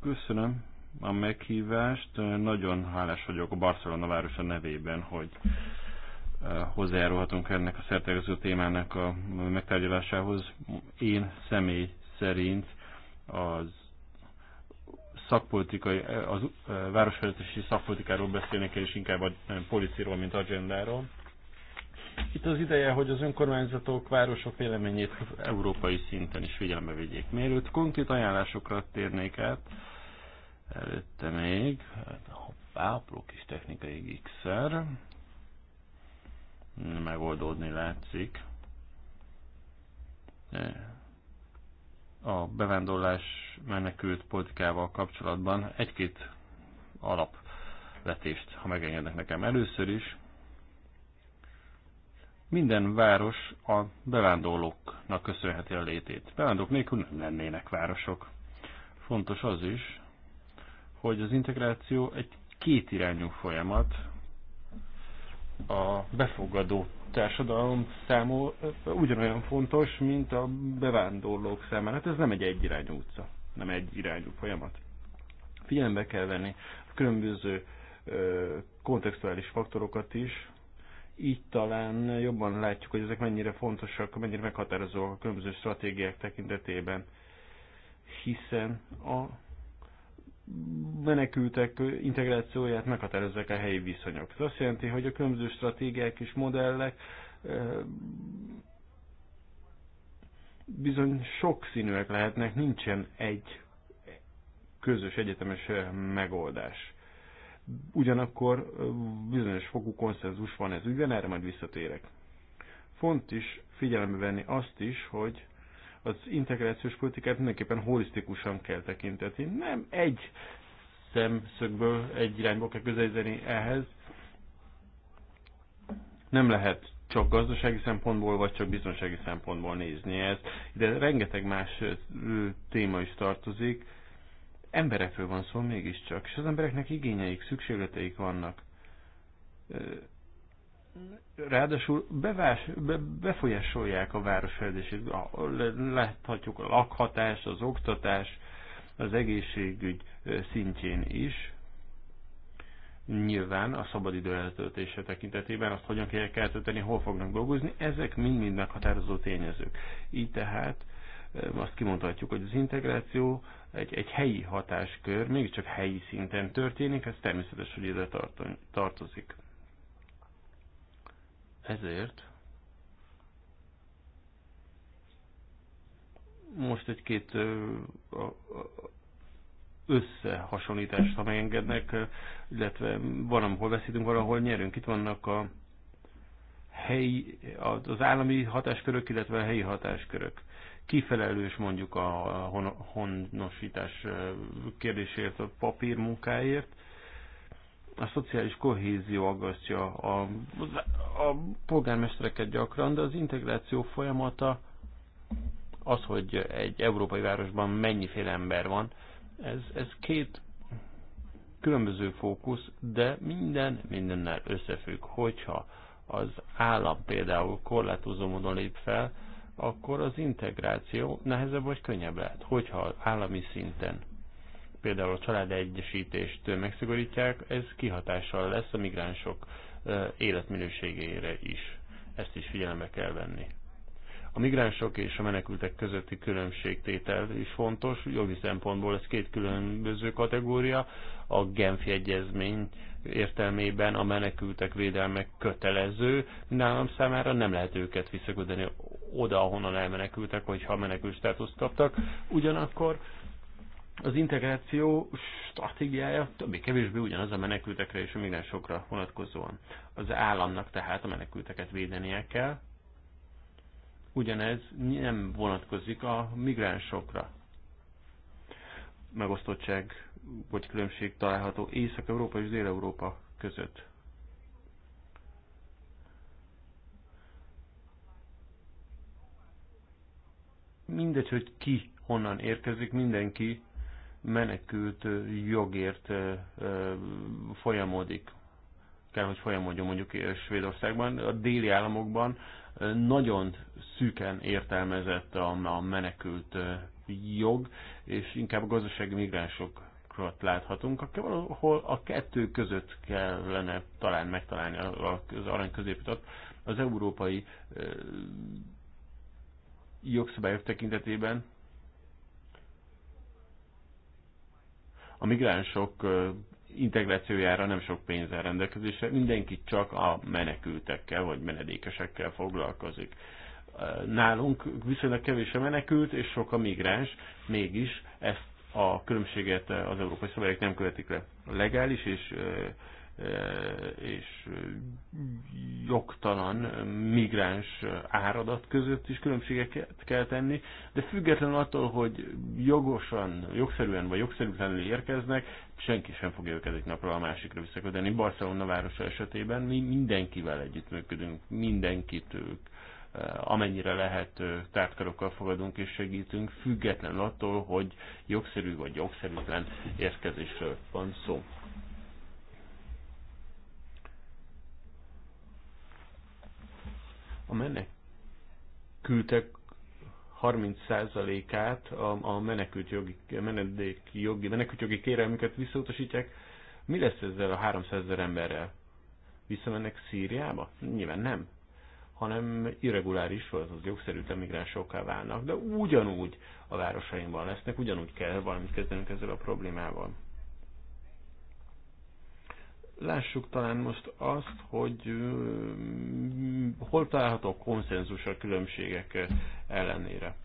Köszönöm a meghívást. Nagyon hálás vagyok a Barcelona városa nevében, hogy eh, hozzájárulhatunk ennek a szertegező témának a megtárgyalásához. Én személy szerint az szakpolitikai, eh, az eh, városfejlesztési szakpolitikáról beszélnék, és inkább a policiról, mint agendáról. Itt az ideje, hogy az önkormányzatok, városok véleményét európai szinten is figyelme vegyék. Mielőtt konkrét ajánlásokra térnék át, Előtte még, hát, hoppá, apró kis technikai gigszer. Megoldódni látszik. E, a bevándorlás menekült politikával kapcsolatban egy-két alapvetést, ha megengednek nekem először is, minden város a bevándorlóknak köszönheti a létét. Bevándorlók nélkül nem lennének városok. Fontos az is, hogy az integráció egy kétirányú folyamat. A befogadó társadalom számú ugyanolyan fontos, mint a bevándorlók számára. Hát ez nem egy egyirányú utca, nem egy irányú folyamat. Figyelembe kell venni a különböző kontextuális faktorokat is, így talán jobban látjuk, hogy ezek mennyire fontosak, mennyire meghatározóak a különböző stratégiák tekintetében, hiszen a menekültek integrációját meghatározzák a helyi viszonyok. Ez azt jelenti, hogy a különböző stratégiák és modellek bizony sokszínűek lehetnek, nincsen egy közös egyetemes megoldás. Ugyanakkor bizonyos fokú konszenzus van ez ügyben, erre majd visszatérek. Font is figyelembe venni azt is, hogy az integrációs politikát mindenképpen holisztikusan kell tekinteni. Nem egy szemszögből, egy irányból kell közelíteni ehhez. Nem lehet csak gazdasági szempontból, vagy csak biztonsági szempontból nézni ezt. Ide rengeteg más téma is tartozik. Emberekről van szó mégiscsak, és az embereknek igényeik, szükségleteik vannak ráadásul bevás, be, befolyásolják a városfejlődését. Láthatjuk a lakhatás, az oktatás, az egészségügy szintjén is. Nyilván a szabadidő eltöltése tekintetében azt hogyan kell eltölteni, hol fognak dolgozni, ezek mind-mind meghatározó tényezők. Így tehát azt kimondhatjuk, hogy az integráció egy, egy helyi hatáskör, mégiscsak helyi szinten történik, ez természetes, hogy ide tartozik. Ezért most egy-két összehasonlítást, ha megengednek, illetve van, ahol veszítünk, valahol nyerünk. Itt vannak a helyi, az állami hatáskörök, illetve a helyi hatáskörök. Kifelelős mondjuk a honosítás kérdéséért, a papírmunkáért, a szociális kohézió aggasztja a, a polgármestereket gyakran, de az integráció folyamata az, hogy egy európai városban mennyiféle ember van, ez, ez két különböző fókusz, de minden mindennel összefügg. Hogyha az állam például korlátozó módon lép fel, akkor az integráció nehezebb vagy könnyebb lehet, hogyha állami szinten például a család egyesítést megszigorítják, ez kihatással lesz a migránsok életminőségére is. Ezt is figyelembe kell venni. A migránsok és a menekültek közötti különbségtétel is fontos, jogi szempontból ez két különböző kategória. A Genfi Egyezmény értelmében a menekültek védelme kötelező, nálam számára nem lehet őket visszaküldeni oda, ahonnan elmenekültek, hogyha menekült státuszt kaptak. Ugyanakkor az integráció stratégiája többé-kevésbé ugyanaz a menekültekre és a migránsokra vonatkozóan. Az államnak tehát a menekülteket védenie kell, ugyanez nem vonatkozik a migránsokra. Megosztottság vagy különbség található Észak-Európa és Dél-Európa között. Mindegy, hogy ki honnan érkezik, mindenki menekült jogért folyamodik, kell, hogy folyamodjon mondjuk Svédországban. A déli államokban nagyon szűken értelmezett a menekült jog, és inkább a gazdasági migránsok láthatunk, ahol a kettő között kellene talán megtalálni az arany középutat. Az európai jogszabályok tekintetében a migránsok integrációjára nem sok pénzzel rendelkezésre, mindenki csak a menekültekkel vagy menedékesekkel foglalkozik. Nálunk viszonylag kevés a menekült és sok a migráns, mégis ezt a különbséget az európai szabályok nem követik le. A legális és Eh, és eh, jogtalan eh, migráns áradat között is különbségeket kell tenni, de független attól, hogy jogosan, jogszerűen vagy jogszerűtlenül érkeznek, senki sem fogja őket egy napról a másikra visszaködni. Barcelona városa esetében mi mindenkivel együttműködünk, mindenkit ők amennyire lehet tártkarokkal fogadunk és segítünk, független attól, hogy jogszerű vagy jogszerűtlen érkezésről van szó. a menekültek 30%-át a, a menekült jogi, menedék jogi, menekült jogi kérelmüket visszautasítják. Mi lesz ezzel a 300 ezer emberrel? Visszamennek Szíriába? Nyilván nem hanem irreguláris, az az jogszerűtlen migránsokká válnak, de ugyanúgy a városainkban lesznek, ugyanúgy kell valamit kezdenünk ezzel a problémával. Lássuk talán most azt, hogy hol található konszenzus a különbségek ellenére.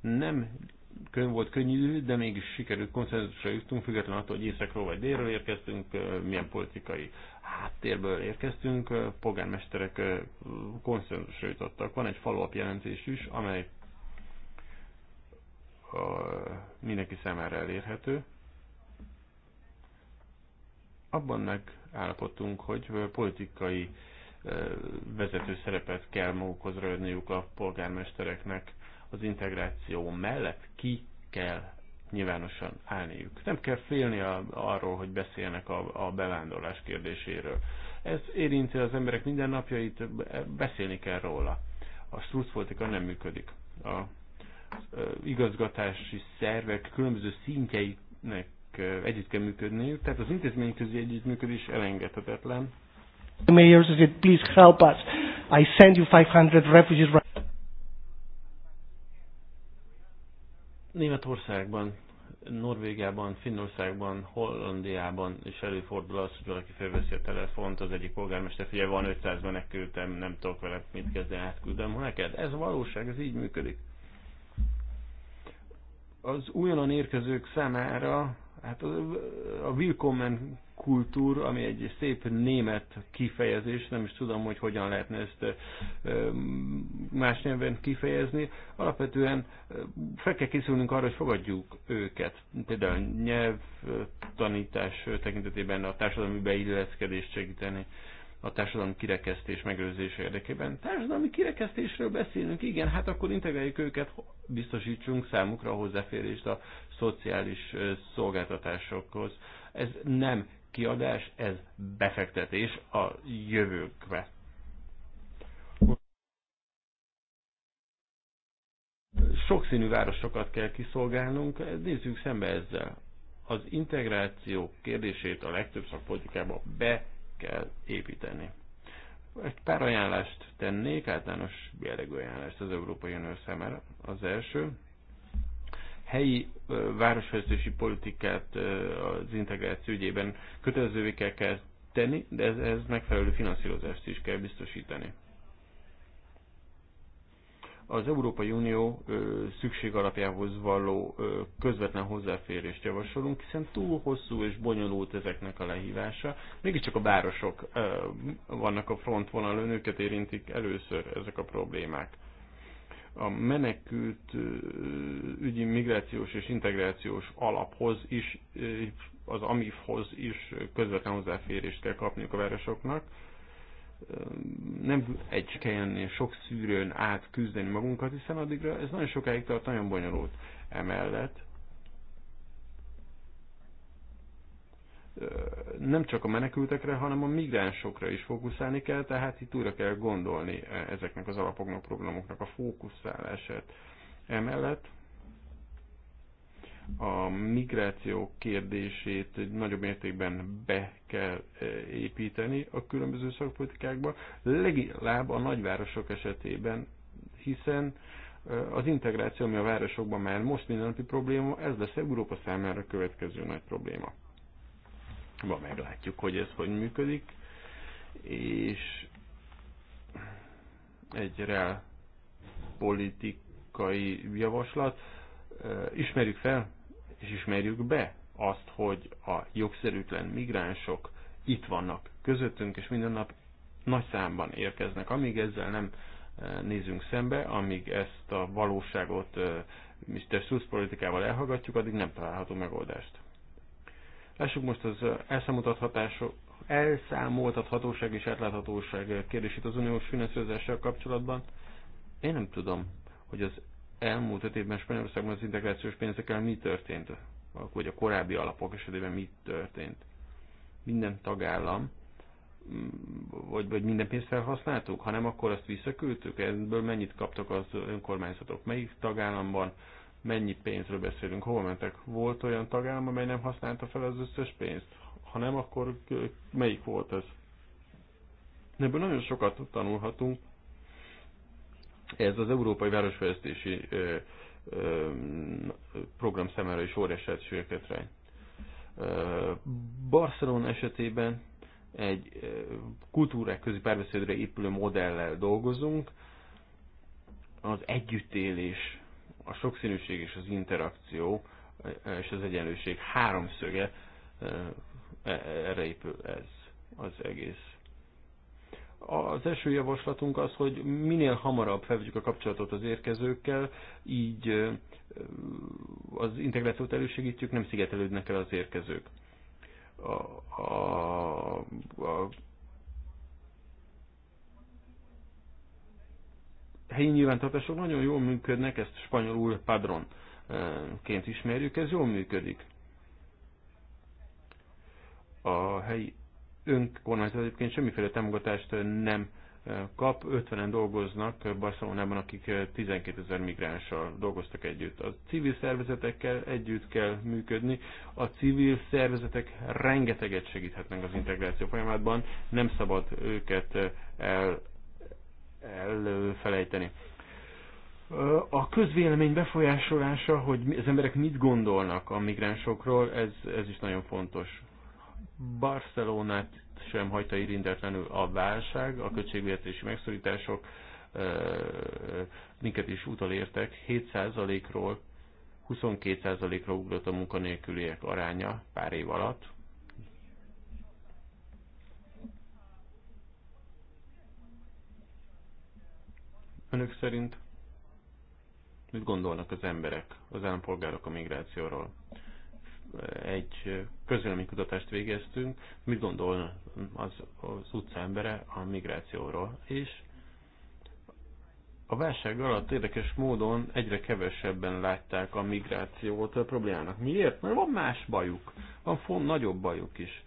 Nem könyv volt könnyű, de mégis sikerült konszenzusra jutunk, függetlenül attól, hogy északról vagy délről érkeztünk, milyen politikai háttérből érkeztünk, polgármesterek konszenzusra jutottak. Van egy follow-up jelentés is, amely a, mindenki számára elérhető. Abban megállapodtunk, hogy politikai vezető szerepet kell magukhoz ragadniuk a polgármestereknek az integráció mellett ki kell nyilvánosan állniuk. Nem kell félni a, arról, hogy beszélnek a, a bevándorlás kérdéséről. Ez érinti az emberek mindennapjait, beszélni kell róla. A strutzpolitika nem működik. A igazgatási szervek különböző szintjeinek együtt kell működniük, tehát az közé együttműködés elengedhetetlen. The mayor said, please help us. I send you 500 refugees. Németországban, Norvégiában, Finnországban, Hollandiában is előfordul az, hogy valaki felveszi a telefont, az egyik polgármester, hogy van 500 menekültem, nem tudok vele mit kezdeni, átküldöm neked. Ez a valóság, ez így működik az újonnan érkezők számára hát a, a Willkommen kultúr, ami egy szép német kifejezés, nem is tudom, hogy hogyan lehetne ezt más nyelven kifejezni. Alapvetően fel kell készülnünk arra, hogy fogadjuk őket. Például nyelvtanítás tekintetében a társadalmi beilleszkedést segíteni a társadalmi kirekesztés megőrzése érdekében. Társadalmi kirekesztésről beszélünk, igen, hát akkor integráljuk őket, biztosítsunk számukra a hozzáférést a szociális szolgáltatásokhoz. Ez nem kiadás, ez befektetés a jövőkbe. Sokszínű városokat kell kiszolgálnunk, nézzük szembe ezzel. Az integráció kérdését a legtöbb szakpolitikában be kell építeni. Egy pár ajánlást tennék, általános jellegű ajánlást az Európai Unió számára. Az első, helyi városfejlesztési politikát az integráció ügyében kötelezővé kell tenni, de ez, ez megfelelő finanszírozást is kell biztosítani az Európai Unió szükség alapjához való közvetlen hozzáférést javasolunk, hiszen túl hosszú és bonyolult ezeknek a lehívása. Mégiscsak a városok vannak a frontvonalon, őket érintik először ezek a problémák. A menekült ügyi migrációs és integrációs alaphoz is, az AMIF-hoz is közvetlen hozzáférést kell kapniuk a városoknak nem egy helyen sok szűrőn át küzdeni magunkat, hiszen addigra ez nagyon sokáig tart, nagyon bonyolult. Emellett nem csak a menekültekre, hanem a migránsokra is fókuszálni kell, tehát itt újra kell gondolni ezeknek az alapoknak, programoknak a fókuszálását. Emellett a migráció kérdését nagyobb mértékben be kell e, építeni a különböző szakpolitikákba, legalább a nagyvárosok esetében, hiszen e, az integráció, ami a városokban már most mindennapi probléma, ez lesz Európa számára a következő nagy probléma. Ma meglátjuk, hogy ez hogy működik, és egy reál politikai javaslat. E, ismerjük fel, és ismerjük be azt, hogy a jogszerűtlen migránsok itt vannak közöttünk, és minden nap nagy számban érkeznek. Amíg ezzel nem eh, nézünk szembe, amíg ezt a valóságot eh, Mr. Seuss politikával elhallgatjuk, addig nem található megoldást. Lássuk most az eh, elszámoltathatások elszámoltathatóság és átláthatóság kérdését az uniós finanszírozással kapcsolatban. Én nem tudom, hogy az elmúlt öt évben Spanyolországban az integrációs pénzekkel mi történt, vagy a korábbi alapok esetében mi történt. Minden tagállam, mm, vagy, vagy minden pénzt felhasználtuk, ha nem, akkor azt visszaküldtük, ebből mennyit kaptak az önkormányzatok, melyik tagállamban, mennyi pénzről beszélünk, hol mentek. Volt olyan tagállam, amely nem használta fel az összes pénzt? Ha nem, akkor melyik volt ez? Ebből nagyon sokat tanulhatunk, ez az Európai Városfejlesztési program szemére is óriási lehetőséget rejt. Barcelona esetében egy kultúrák közi párbeszédre épülő modellel dolgozunk. Az együttélés, a sokszínűség és az interakció és az egyenlőség háromszöge, e, erre épül ez az egész. Az első javaslatunk az, hogy minél hamarabb felvegyük a kapcsolatot az érkezőkkel, így az integrációt elősegítjük, nem szigetelődnek el az érkezők. A, a, a helyi nyilvántartások nagyon jól működnek, ezt spanyolul padronként ismerjük, ez jól működik. A helyi önkormányzat egyébként semmiféle támogatást nem kap. 50-en dolgoznak Barcelonában, akik 12 ezer migránssal dolgoztak együtt. A civil szervezetekkel együtt kell működni. A civil szervezetek rengeteget segíthetnek az integráció folyamatban, nem szabad őket el, elfelejteni. A közvélemény befolyásolása, hogy az emberek mit gondolnak a migránsokról, ez, ez is nagyon fontos. Barcelonát sem hagyta érintetlenül a válság, a költségvetési megszorítások minket is utalértek, 7%-ról 22%-ra ugrott a munkanélküliek aránya pár év alatt. Önök szerint mit gondolnak az emberek, az állampolgárok a migrációról? egy kutatást végeztünk, mit gondol az, az utca embere a migrációról, és a válság alatt érdekes módon egyre kevesebben látták a migrációt a problémának. Miért? Mert van más bajuk, van font nagyobb bajuk is.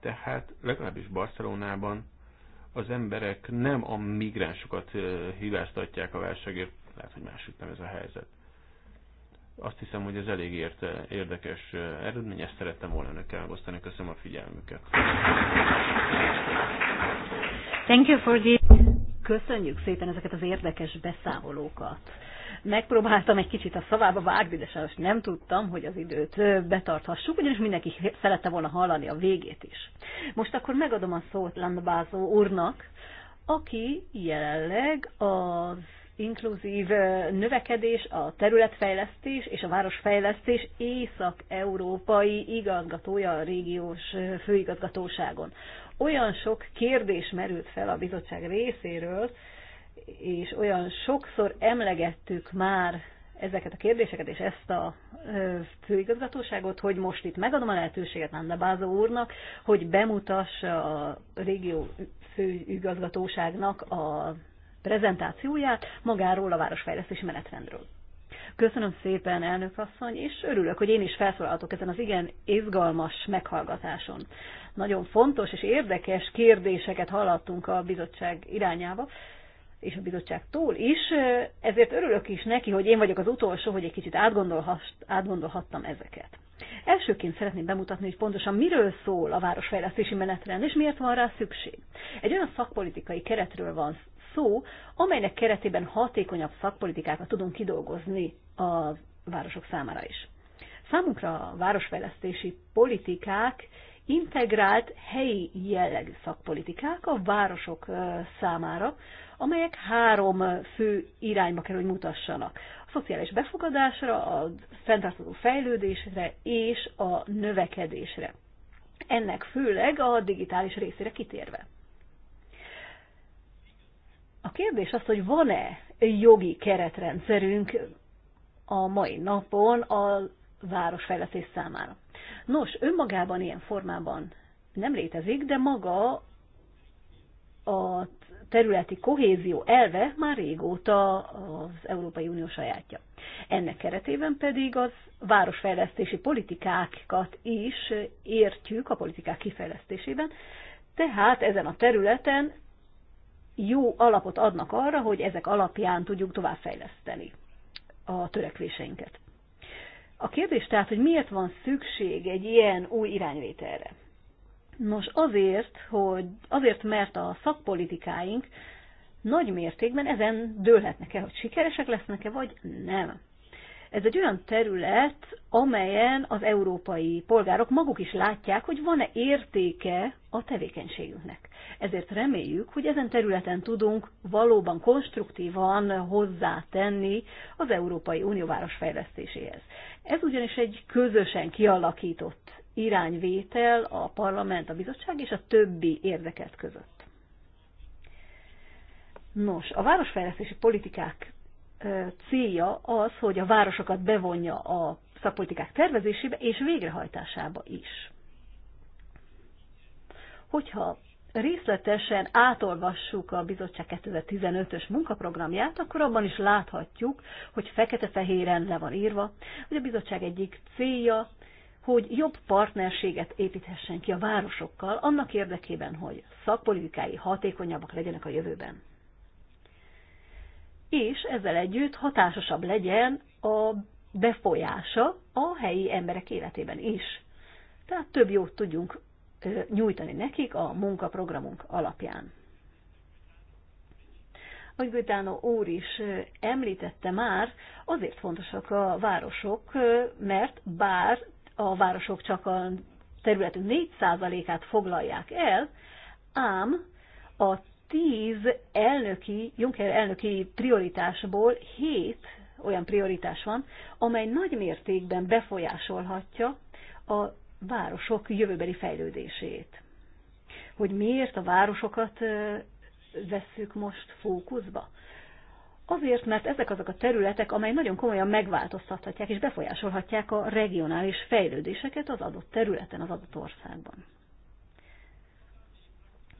Tehát legalábbis Barcelonában az emberek nem a migránsokat eh, hibáztatják a válságért, lehet, hogy másik nem ez a helyzet. Azt hiszem, hogy ez elég érte, érdekes eredmény, ezt szerettem volna önök elosztani. Köszönöm a figyelmüket. Thank you for the... Köszönjük szépen ezeket az érdekes beszámolókat. Megpróbáltam egy kicsit a szavába vágni, de sajnos nem tudtam, hogy az időt betarthassuk, ugyanis mindenki szerette volna hallani a végét is. Most akkor megadom a szót Landbázó úrnak, aki jelenleg az inkluzív növekedés, a területfejlesztés és a városfejlesztés észak-európai igazgatója a régiós főigazgatóságon. Olyan sok kérdés merült fel a bizottság részéről, és olyan sokszor emlegettük már ezeket a kérdéseket és ezt a főigazgatóságot, hogy most itt megadom a lehetőséget Nanda Bázó úrnak, hogy bemutassa a régió főigazgatóságnak a prezentációját magáról a városfejlesztési menetrendről. Köszönöm szépen, elnök asszony, és örülök, hogy én is felszólaltok ezen az igen izgalmas meghallgatáson. Nagyon fontos és érdekes kérdéseket hallattunk a bizottság irányába, és a bizottságtól is, ezért örülök is neki, hogy én vagyok az utolsó, hogy egy kicsit átgondolhattam ezeket. Elsőként szeretném bemutatni, hogy pontosan miről szól a városfejlesztési menetrend, és miért van rá szükség. Egy olyan szakpolitikai keretről van szó, amelynek keretében hatékonyabb szakpolitikákat tudunk kidolgozni a városok számára is. Számunkra a városfejlesztési politikák integrált helyi jellegű szakpolitikák a városok számára, amelyek három fő irányba kell, hogy mutassanak. A szociális befogadásra, a fenntartható fejlődésre és a növekedésre. Ennek főleg a digitális részére kitérve. A kérdés az, hogy van-e jogi keretrendszerünk a mai napon a városfejlesztés számára. Nos, önmagában ilyen formában nem létezik, de maga a területi kohézió elve már régóta az Európai Unió sajátja. Ennek keretében pedig az városfejlesztési politikákat is értjük a politikák kifejlesztésében, tehát ezen a területen jó alapot adnak arra, hogy ezek alapján tudjuk továbbfejleszteni a törekvéseinket. A kérdés tehát, hogy miért van szükség egy ilyen új irányvételre? Nos, azért, hogy, azért mert a szakpolitikáink nagy mértékben ezen dőlhetnek el, hogy sikeresek lesznek-e, vagy nem ez egy olyan terület, amelyen az európai polgárok maguk is látják, hogy van-e értéke a tevékenységünknek. Ezért reméljük, hogy ezen területen tudunk valóban konstruktívan hozzátenni az Európai Unió városfejlesztéséhez. Ez ugyanis egy közösen kialakított irányvétel a parlament, a bizottság és a többi érdeket között. Nos, a városfejlesztési politikák célja az, hogy a városokat bevonja a szakpolitikák tervezésébe és végrehajtásába is. Hogyha részletesen átolvassuk a bizottság 2015-ös munkaprogramját, akkor abban is láthatjuk, hogy fekete-fehéren le van írva, hogy a bizottság egyik célja, hogy jobb partnerséget építhessen ki a városokkal, annak érdekében, hogy szakpolitikái hatékonyabbak legyenek a jövőben és ezzel együtt hatásosabb legyen a befolyása a helyi emberek életében is. Tehát több jót tudjunk nyújtani nekik a munkaprogramunk alapján. Ahogy Gőtánó úr is említette már, azért fontosak a városok, mert bár a városok csak a területünk 4%-át foglalják el, ám a tíz elnöki, Juncker elnöki prioritásból hét olyan prioritás van, amely nagy mértékben befolyásolhatja a városok jövőbeli fejlődését. Hogy miért a városokat vesszük most fókuszba? Azért, mert ezek azok a területek, amely nagyon komolyan megváltoztathatják és befolyásolhatják a regionális fejlődéseket az adott területen, az adott országban.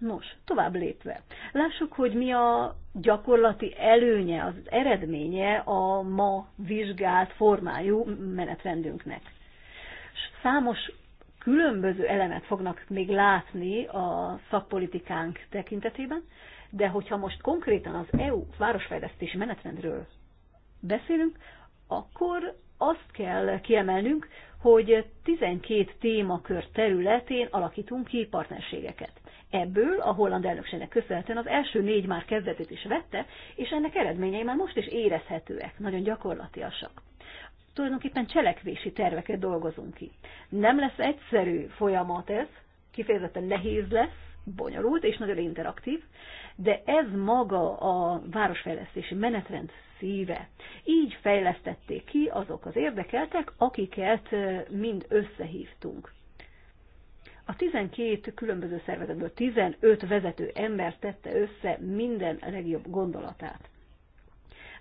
Nos, tovább lépve. Lássuk, hogy mi a gyakorlati előnye, az eredménye a ma vizsgált formájú menetrendünknek. Számos különböző elemet fognak még látni a szakpolitikánk tekintetében, de hogyha most konkrétan az EU városfejlesztési menetrendről beszélünk, akkor azt kell kiemelnünk, hogy 12 témakör területén alakítunk ki partnerségeket. Ebből a holland elnökségnek köszönhetően az első négy már kezdetét is vette, és ennek eredményei már most is érezhetőek, nagyon gyakorlatiasak. Tulajdonképpen cselekvési terveket dolgozunk ki. Nem lesz egyszerű folyamat ez, kifejezetten nehéz lesz, bonyolult és nagyon interaktív, de ez maga a városfejlesztési menetrend szíve. Így fejlesztették ki azok az érdekeltek, akiket mind összehívtunk. A 12 különböző szervezetből 15 vezető ember tette össze minden legjobb gondolatát.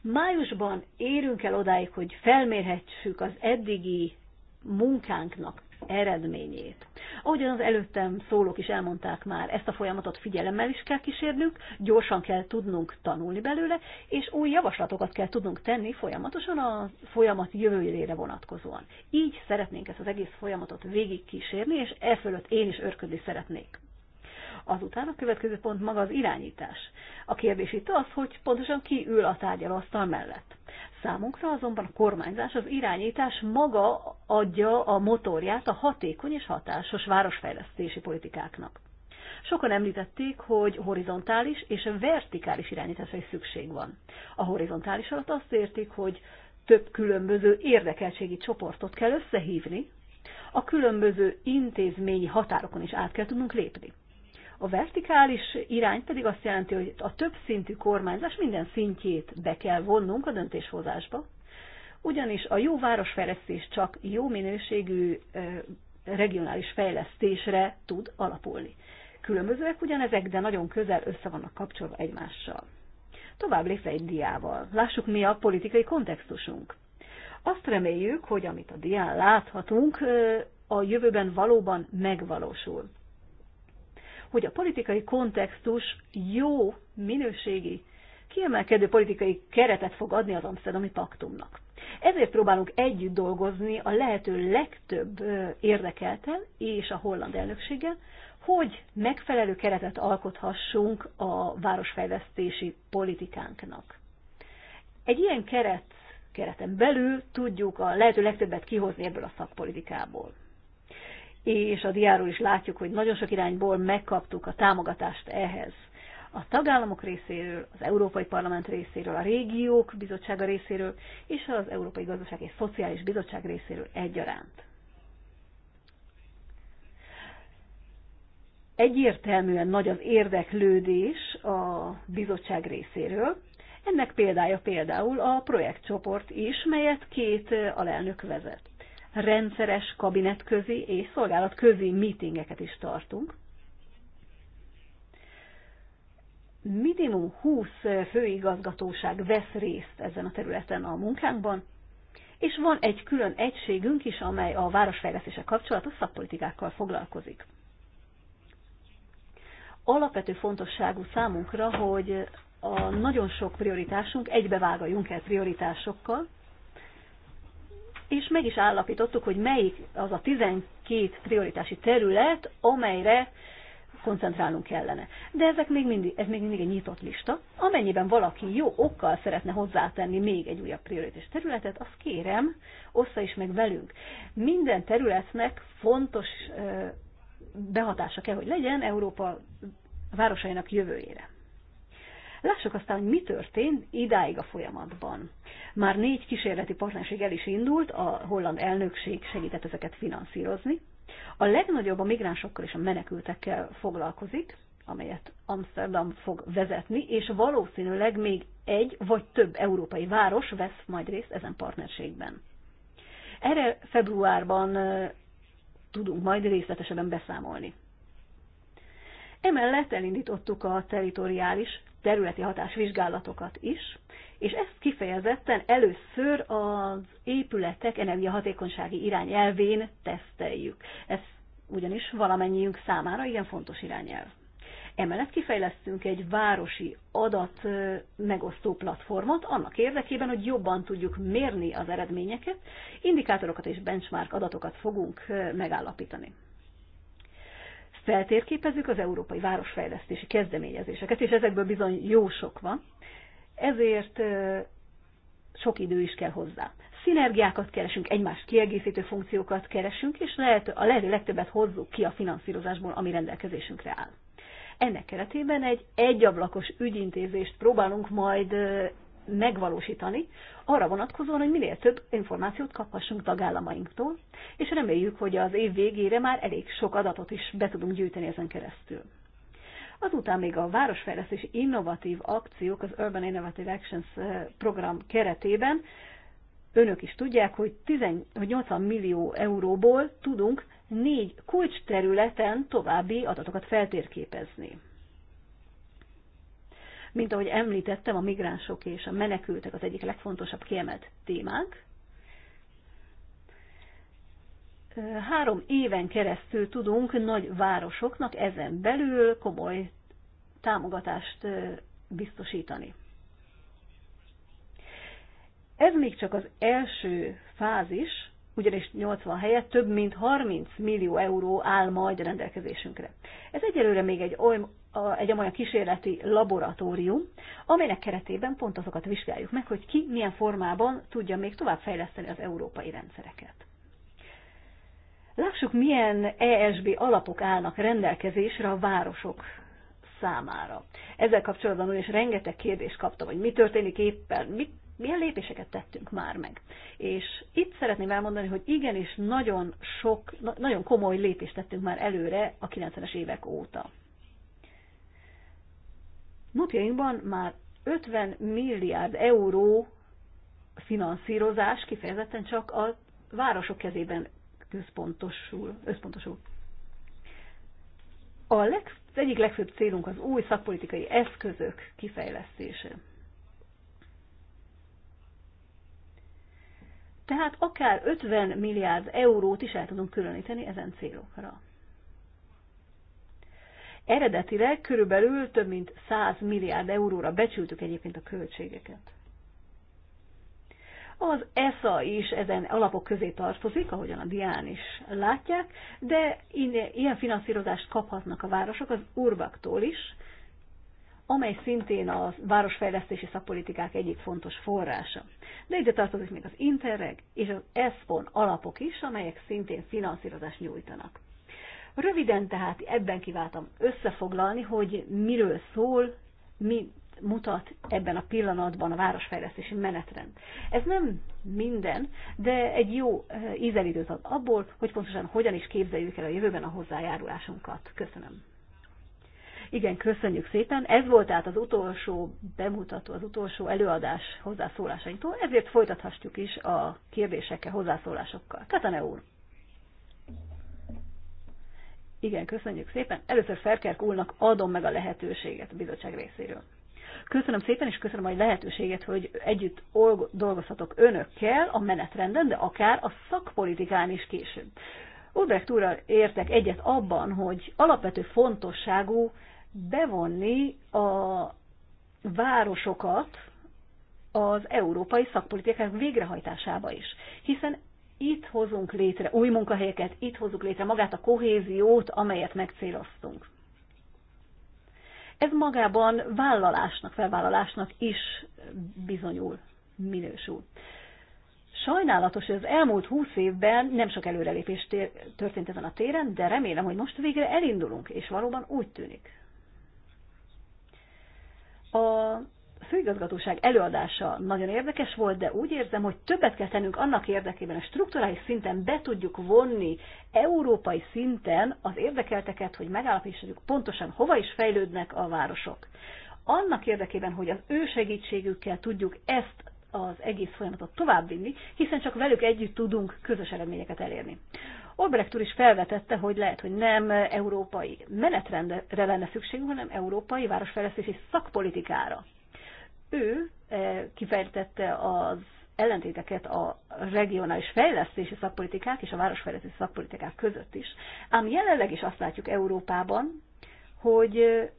Májusban érünk el odáig, hogy felmérhetjük az eddigi munkánknak eredményét. Ahogyan az előttem szólók is elmondták már, ezt a folyamatot figyelemmel is kell kísérnünk, gyorsan kell tudnunk tanulni belőle, és új javaslatokat kell tudnunk tenni folyamatosan a folyamat jövőjére vonatkozóan. Így szeretnénk ezt az egész folyamatot végig kísérni, és e fölött én is örködni szeretnék. Azután a következő pont maga az irányítás. A kérdés itt az, hogy pontosan ki ül a tárgyalóasztal mellett. Számunkra azonban a kormányzás, az irányítás maga adja a motorját a hatékony és hatásos városfejlesztési politikáknak. Sokan említették, hogy horizontális és vertikális irányításra is szükség van. A horizontális alatt azt értik, hogy több különböző érdekeltségi csoportot kell összehívni, a különböző intézményi határokon is át kell tudnunk lépni. A vertikális irány pedig azt jelenti, hogy a többszintű kormányzás minden szintjét be kell vonnunk a döntéshozásba, ugyanis a jó városfejlesztés csak jó minőségű regionális fejlesztésre tud alapulni. Különbözőek ugyanezek, de nagyon közel össze vannak kapcsolva egymással. Tovább lépve egy diával. Lássuk, mi a politikai kontextusunk. Azt reméljük, hogy amit a dián láthatunk, a jövőben valóban megvalósul hogy a politikai kontextus jó minőségi kiemelkedő politikai keretet fog adni az Amsterdami Paktumnak. Ezért próbálunk együtt dolgozni a lehető legtöbb érdekeltel és a holland elnökséggel, hogy megfelelő keretet alkothassunk a városfejlesztési politikánknak. Egy ilyen keret, kereten belül tudjuk a lehető legtöbbet kihozni ebből a szakpolitikából és a diáról is látjuk, hogy nagyon sok irányból megkaptuk a támogatást ehhez. A tagállamok részéről, az Európai Parlament részéről, a régiók bizottsága részéről és az Európai Gazdaság és Szociális Bizottság részéről egyaránt. Egyértelműen nagy az érdeklődés a bizottság részéről. Ennek példája például a projektcsoport is, melyet két alelnök vezet rendszeres kabinetközi és szolgálatközi meetingeket is tartunk. Minimum 20 főigazgatóság vesz részt ezen a területen a munkánkban, és van egy külön egységünk is, amely a városfejlesztése kapcsolatos szakpolitikákkal foglalkozik. Alapvető fontosságú számunkra, hogy a nagyon sok prioritásunk egybevág a Juncker prioritásokkal, és meg is állapítottuk, hogy melyik az a 12 prioritási terület, amelyre koncentrálnunk kellene. De ezek még mindig, ez még mindig egy nyitott lista. Amennyiben valaki jó okkal szeretne hozzátenni még egy újabb prioritás területet, azt kérem, ossza is meg velünk. Minden területnek fontos behatása kell, hogy legyen Európa városainak jövőjére. Lássuk aztán, hogy mi történt idáig a folyamatban. Már négy kísérleti partnerség el is indult, a holland elnökség segített ezeket finanszírozni. A legnagyobb a migránsokkal és a menekültekkel foglalkozik, amelyet Amsterdam fog vezetni, és valószínűleg még egy vagy több európai város vesz majd részt ezen partnerségben. Erre februárban tudunk majd részletesebben beszámolni. Emellett elindítottuk a teritoriális területi hatásvizsgálatokat is, és ezt kifejezetten először az épületek energiahatékonysági irányelvén teszteljük. Ez ugyanis valamennyiünk számára igen fontos irányelv. Emellett kifejlesztünk egy városi adat megosztó platformot annak érdekében, hogy jobban tudjuk mérni az eredményeket, indikátorokat és benchmark adatokat fogunk megállapítani feltérképezzük az európai városfejlesztési kezdeményezéseket, és ezekből bizony jó sok van, ezért sok idő is kell hozzá. Szinergiákat keresünk, egymást kiegészítő funkciókat keresünk, és lehet, a lehető legtöbbet hozzuk ki a finanszírozásból, ami rendelkezésünkre áll. Ennek keretében egy egyablakos ügyintézést próbálunk majd megvalósítani, arra vonatkozóan, hogy minél több információt kaphassunk tagállamainktól, és reméljük, hogy az év végére már elég sok adatot is be tudunk gyűjteni ezen keresztül. Azután még a Városfejlesztés Innovatív Akciók, az Urban Innovative Actions eh, program keretében önök is tudják, hogy, 80 millió euróból tudunk négy területen további adatokat feltérképezni. Mint ahogy említettem, a migránsok és a menekültek az egyik legfontosabb kiemelt témák. Három éven keresztül tudunk nagy városoknak ezen belül komoly támogatást biztosítani. Ez még csak az első fázis ugyanis 80 helyett több mint 30 millió euró áll majd rendelkezésünkre. Ez egyelőre még egy olyan, egy olyan kísérleti laboratórium, amelynek keretében pont azokat vizsgáljuk meg, hogy ki milyen formában tudja még továbbfejleszteni az európai rendszereket. Lássuk, milyen ESB alapok állnak rendelkezésre a városok számára. Ezzel kapcsolatban is rengeteg kérdést kaptam, hogy mi történik éppen, mit milyen lépéseket tettünk már meg. És itt szeretném elmondani, hogy igenis nagyon sok, nagyon komoly lépést tettünk már előre a 90-es évek óta. Napjainkban már 50 milliárd euró finanszírozás kifejezetten csak a városok kezében központosul, összpontosul. A leg, egyik legfőbb célunk az új szakpolitikai eszközök kifejlesztése. Tehát akár 50 milliárd eurót is el tudunk különíteni ezen célokra. Eredetileg körülbelül több mint 100 milliárd euróra becsültük egyébként a költségeket. Az ESA is ezen alapok közé tartozik, ahogyan a dián is látják, de ilyen finanszírozást kaphatnak a városok az urbaktól is, amely szintén a városfejlesztési szakpolitikák egyik fontos forrása. De ide tartozik még az Interreg és az ESPON alapok is, amelyek szintén finanszírozást nyújtanak. Röviden tehát ebben kiváltam összefoglalni, hogy miről szól, mi mutat ebben a pillanatban a városfejlesztési menetrend. Ez nem minden, de egy jó eh, ízelítőt ad abból, hogy pontosan hogyan is képzeljük el a jövőben a hozzájárulásunkat. Köszönöm. Igen, köszönjük szépen. Ez volt tehát az utolsó bemutató, az utolsó előadás hozzászólásaitól, ezért folytathatjuk is a kérdésekkel, hozzászólásokkal. Katane úr! Igen, köszönjük szépen. Először Ferkerk úrnak adom meg a lehetőséget a bizottság részéről. Köszönöm szépen, és köszönöm a lehetőséget, hogy együtt dolgozhatok önökkel a menetrenden, de akár a szakpolitikán is később. Ulbrecht úrral értek egyet abban, hogy alapvető fontosságú bevonni a városokat az európai szakpolitikák végrehajtásába is. Hiszen itt hozunk létre új munkahelyeket, itt hozunk létre magát a kohéziót, amelyet megcéloztunk. Ez magában vállalásnak, felvállalásnak is bizonyul, minősül. Sajnálatos, hogy az elmúlt húsz évben nem sok előrelépés történt ezen a téren, de remélem, hogy most végre elindulunk, és valóban úgy tűnik. A főigazgatóság előadása nagyon érdekes volt, de úgy érzem, hogy többet kell tennünk annak érdekében, hogy strukturális szinten be tudjuk vonni európai szinten az érdekelteket, hogy megállapítsuk pontosan hova is fejlődnek a városok. Annak érdekében, hogy az ő segítségükkel tudjuk ezt az egész folyamatot továbbvinni, hiszen csak velük együtt tudunk közös eredményeket elérni. Albrecht úr is felvetette, hogy lehet, hogy nem európai menetrendre lenne szükségünk, hanem európai városfejlesztési szakpolitikára. Ő eh, kifejtette az ellentéteket a regionális fejlesztési szakpolitikák és a városfejlesztési szakpolitikák között is. Ám jelenleg is azt látjuk Európában, hogy eh,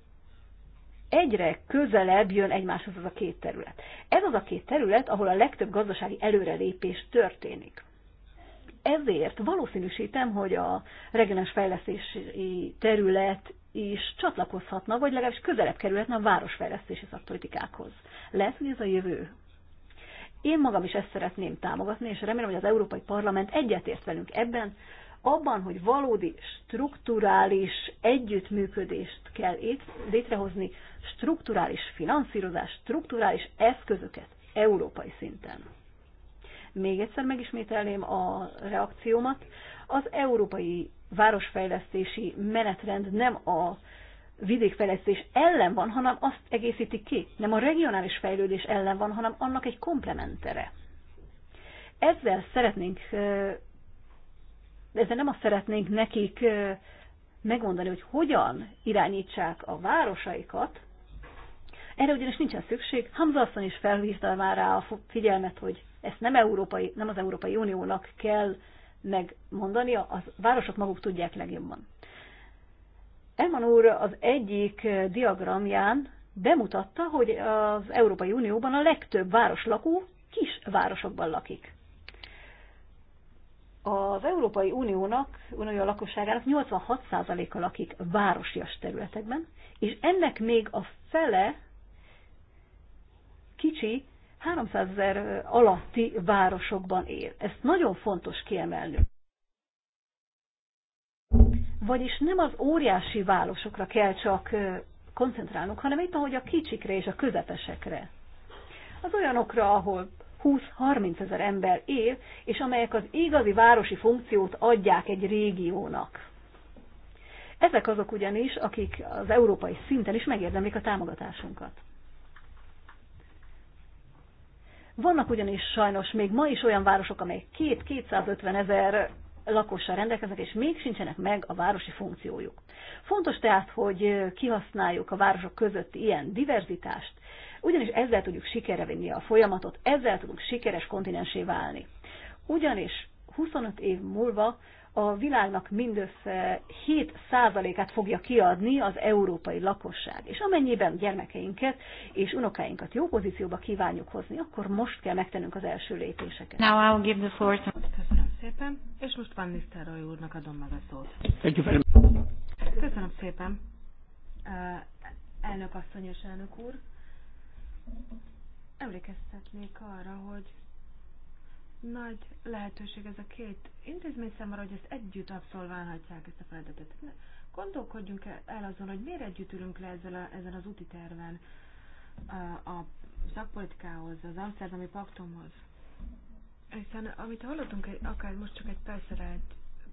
egyre közelebb jön egymáshoz az a két terület. Ez az a két terület, ahol a legtöbb gazdasági előrelépés történik ezért valószínűsítem, hogy a regionális fejlesztési terület is csatlakozhatna, vagy legalábbis közelebb kerülhetne a városfejlesztési szakpolitikákhoz. Lehet, hogy ez a jövő. Én magam is ezt szeretném támogatni, és remélem, hogy az Európai Parlament egyetért velünk ebben, abban, hogy valódi strukturális együttműködést kell létrehozni, strukturális finanszírozás, strukturális eszközöket európai szinten még egyszer megismételném a reakciómat. Az európai városfejlesztési menetrend nem a vidékfejlesztés ellen van, hanem azt egészíti ki. Nem a regionális fejlődés ellen van, hanem annak egy komplementere. Ezzel szeretnénk, ezzel nem azt szeretnénk nekik megmondani, hogy hogyan irányítsák a városaikat, erre ugyanis nincsen szükség. Hamza asszony is felhívta már rá a figyelmet, hogy ezt nem, európai, nem az Európai Uniónak kell megmondania, a városok maguk tudják legjobban. Elman úr az egyik diagramján bemutatta, hogy az Európai Unióban a legtöbb városlakó kis városokban lakik. Az Európai Uniónak, Unió lakosságának 86%-a lakik városias területekben, és ennek még a fele kicsi 300 ezer alatti városokban él. Ezt nagyon fontos kiemelni. Vagyis nem az óriási városokra kell csak koncentrálnunk, hanem itt, ahogy a kicsikre és a közepesekre. Az olyanokra, ahol 20-30 ezer ember él, és amelyek az igazi városi funkciót adják egy régiónak. Ezek azok ugyanis, akik az európai szinten is megérdemlik a támogatásunkat. Vannak ugyanis sajnos még ma is olyan városok, amelyek két 250 ezer lakossal rendelkeznek, és még sincsenek meg a városi funkciójuk. Fontos tehát, hogy kihasználjuk a városok között ilyen diverzitást, ugyanis ezzel tudjuk sikerre vinni a folyamatot, ezzel tudunk sikeres kontinensé válni. Ugyanis 25 év múlva a világnak mindössze 7%-át fogja kiadni az európai lakosság. És amennyiben gyermekeinket és unokáinkat jó pozícióba kívánjuk hozni, akkor most kell megtennünk az első lépéseket. Now I'll give the floor to... Köszönöm szépen, és most Van Nisztároly úrnak adom meg a szót. Thank you very much. Köszönöm szépen, uh, elnök asszony és elnök úr. Emlékeztetnék arra, hogy nagy lehetőség ez a két intézmény számára, hogy ezt együtt abszolválhatják ezt a feladatot. Gondolkodjunk el azon, hogy miért együtt ülünk le ezzel a, ezen az úti terven a szakpolitikához, az Amsterdami Paktumhoz. Hiszen amit hallottunk, akár most csak egy perccel, egy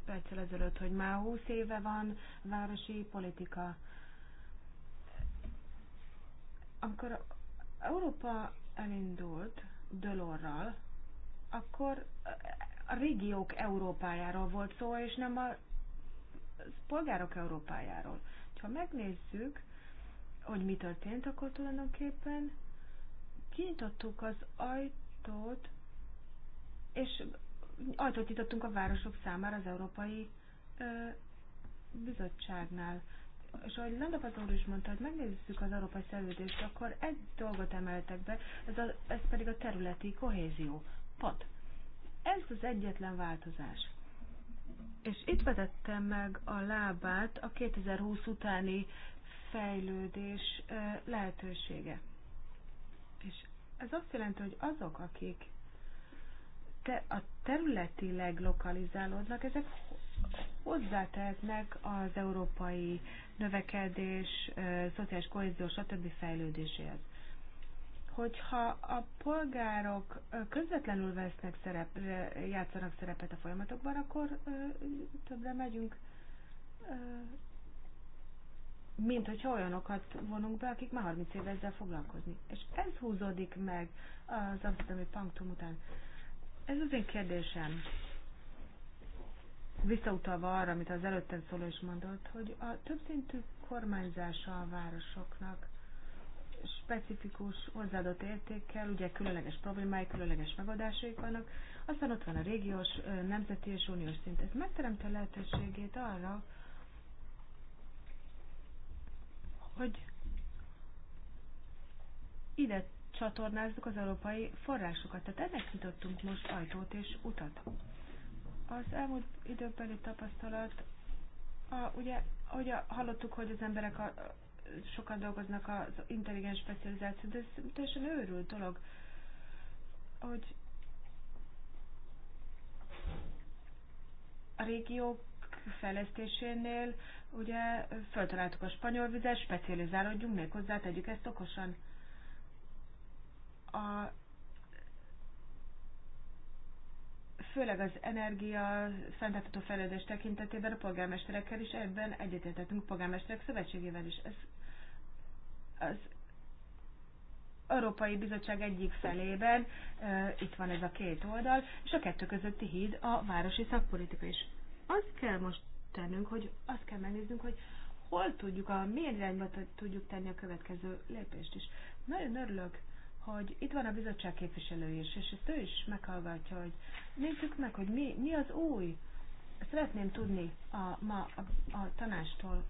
perccel ezelőtt, hogy már 20 éve van városi politika. Amikor Európa elindult Delorral, akkor a régiók Európájáról volt szó, és nem a polgárok Európájáról. Ha megnézzük, hogy mi történt, akkor tulajdonképpen kinyitottuk az ajtót, és ajtót nyitottunk a városok számára az Európai ö, Bizottságnál. És ahogy Landapaz úr is mondta, hogy megnézzük az európai szerződést, akkor egy dolgot emeltek be, ez, a, ez pedig a területi kohézió. Pont. Ez az egyetlen változás. És itt vetettem meg a lábát a 2020 utáni fejlődés lehetősége. És ez azt jelenti, hogy azok, akik te, a területileg lokalizálódnak, ezek hozzátehetnek az európai növekedés, szociális kohézió, stb. fejlődéséhez hogyha a polgárok közvetlenül vesznek szerep, játszanak szerepet a folyamatokban, akkor többre megyünk, mint hogyha olyanokat vonunk be, akik már 30 éve ezzel foglalkozni. És ez húzódik meg az amsterdami punktum után. Ez az én kérdésem. Visszautalva arra, amit az előttem szóló is mondott, hogy a többszintű kormányzása a városoknak specifikus hozzáadott értékkel, ugye különleges problémái, különleges megoldásaik vannak, aztán ott van a régiós, nemzeti és uniós szint. Ez megteremti a lehetőségét arra, hogy ide csatornázzuk az európai forrásokat. Tehát ennek nyitottunk most ajtót és utat. Az elmúlt időbeli tapasztalat, a, ugye, ugye hallottuk, hogy az emberek a, sokan dolgoznak az intelligens specializáció, de ez teljesen őrült dolog, hogy a régiók fejlesztésénél ugye föltaláltuk a spanyol vizet, specializálódjunk, hozzá, tegyük ezt okosan. A főleg az energia fenntartató fejlődés tekintetében a polgármesterekkel is ebben egyetértettünk polgármesterek szövetségével is. Ez az Európai Bizottság egyik felében e, itt van ez a két oldal, és a kettő közötti híd a városi szakpolitika is. Azt kell most tennünk, hogy azt kell megnéznünk, hogy hol tudjuk, a mi irányba tudjuk tenni a következő lépést is. Nagyon örülök, hogy itt van a bizottság képviselő is, és ezt ő is meghallgatja, hogy nézzük meg, hogy mi, mi az új. Szeretném tudni a, ma a, a tanástól,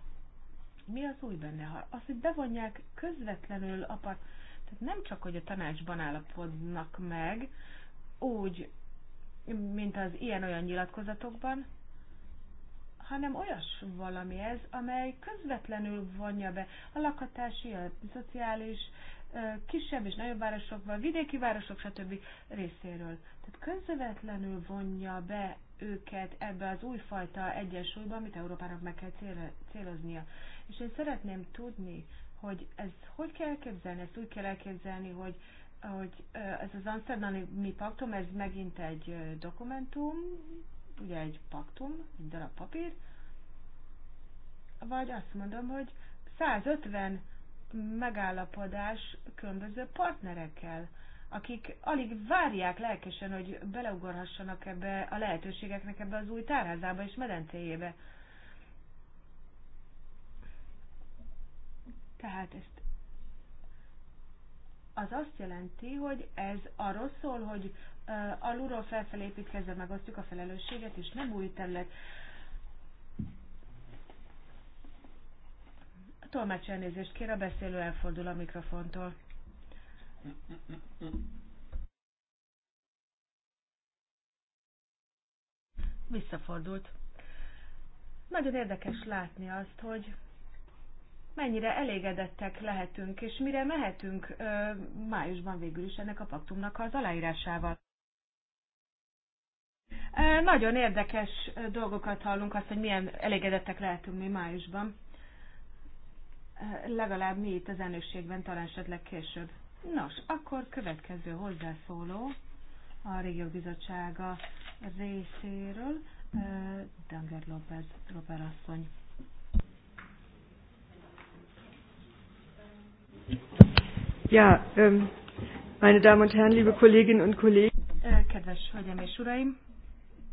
mi az új benne. Ha azt, hogy bevonják közvetlenül a part, tehát nem csak, hogy a tanácsban állapodnak meg, úgy, mint az ilyen-olyan nyilatkozatokban, hanem olyas valami ez, amely közvetlenül vonja be a lakhatási, a szociális kisebb és nagyobb városokban, vidéki városok, stb. részéről. Tehát közvetlenül vonja be őket ebbe az újfajta egyensúlyba, amit Európának meg kell céloznia. És én szeretném tudni, hogy ez hogy kell elképzelni, ezt úgy kell elképzelni, hogy hogy ez az Amsterdami paktum, ez megint egy dokumentum, ugye egy paktum, egy darab papír, vagy azt mondom, hogy 150 megállapodás különböző partnerekkel, akik alig várják lelkesen, hogy beleugorhassanak ebbe a lehetőségeknek ebbe az új tárházába és medencéjébe. Tehát ezt az azt jelenti, hogy ez arról szól, hogy alulról felfelé építkezve megosztjuk a felelősséget, és nem új terület. tolmács elnézést kér, a beszélő elfordul a mikrofontól. Visszafordult. Nagyon érdekes látni azt, hogy mennyire elégedettek lehetünk, és mire mehetünk ö, májusban végül is ennek a paktumnak az aláírásával. Nagyon érdekes dolgokat hallunk, azt, hogy milyen elégedettek lehetünk mi májusban legalább mi itt az elnökségben, talán esetleg később. Nos, akkor következő hozzászóló a Régió Bizottsága részéről, Danger López, Robert asszony. Ja, um, meine Damen und Herren, liebe Kolleginnen und Kollegen. Kedves hölgyeim és uraim,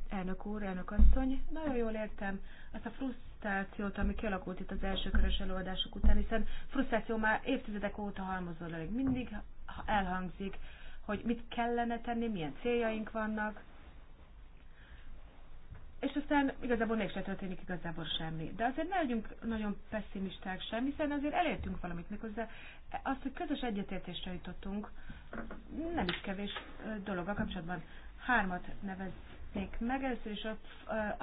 elnök úr, elnök asszony, nagyon jól értem azt a frusztrációt, frusztrációt, ami kialakult itt az körös előadások után, hiszen frusztráció már évtizedek óta elég. Mindig elhangzik, hogy mit kellene tenni, milyen céljaink vannak, és aztán igazából mégse történik igazából semmi. De azért ne legyünk nagyon pessimisták sem, hiszen azért elértünk valamit, méghozzá azt, hogy közös egyetértésre jutottunk, nem is kevés dolog a kapcsolatban. Hármat nevez, még meg. Először is a,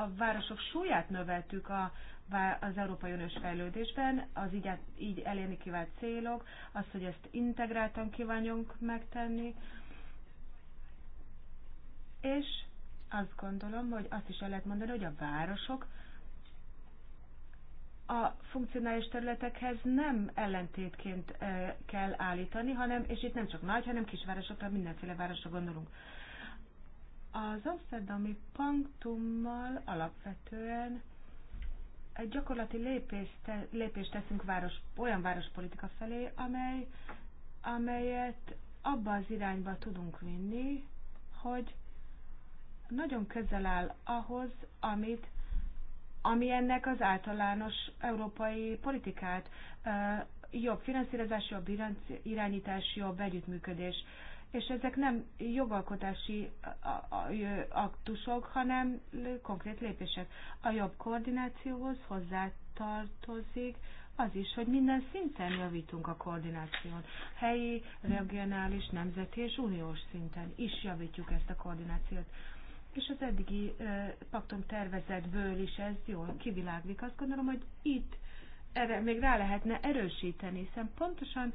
a városok súlyát növeltük a, az Európai Uniós fejlődésben, az így, így elérni kívánt célok, az, hogy ezt integráltan kívánjunk megtenni, és azt gondolom, hogy azt is el lehet mondani, hogy a városok a funkcionális területekhez nem ellentétként eh, kell állítani, hanem, és itt nem csak nagy, hanem kisvárosokra, mindenféle városra gondolunk. Az amszterdami punktummal alapvetően egy gyakorlati lépést, te, lépést teszünk város, olyan várospolitika felé, amely, amelyet abba az irányba tudunk vinni, hogy nagyon közel áll ahhoz, amit, ami ennek az általános európai politikát, jobb finanszírozás, jobb irányítás, jobb együttműködés és ezek nem jogalkotási aktusok, hanem konkrét lépések. A jobb koordinációhoz hozzátartozik az is, hogy minden szinten javítunk a koordináción. Helyi, regionális, nemzeti és uniós szinten is javítjuk ezt a koordinációt. És az eddigi eh, paktum tervezetből is ez jól kiviláglik. Azt gondolom, hogy itt erre még rá lehetne erősíteni, hiszen pontosan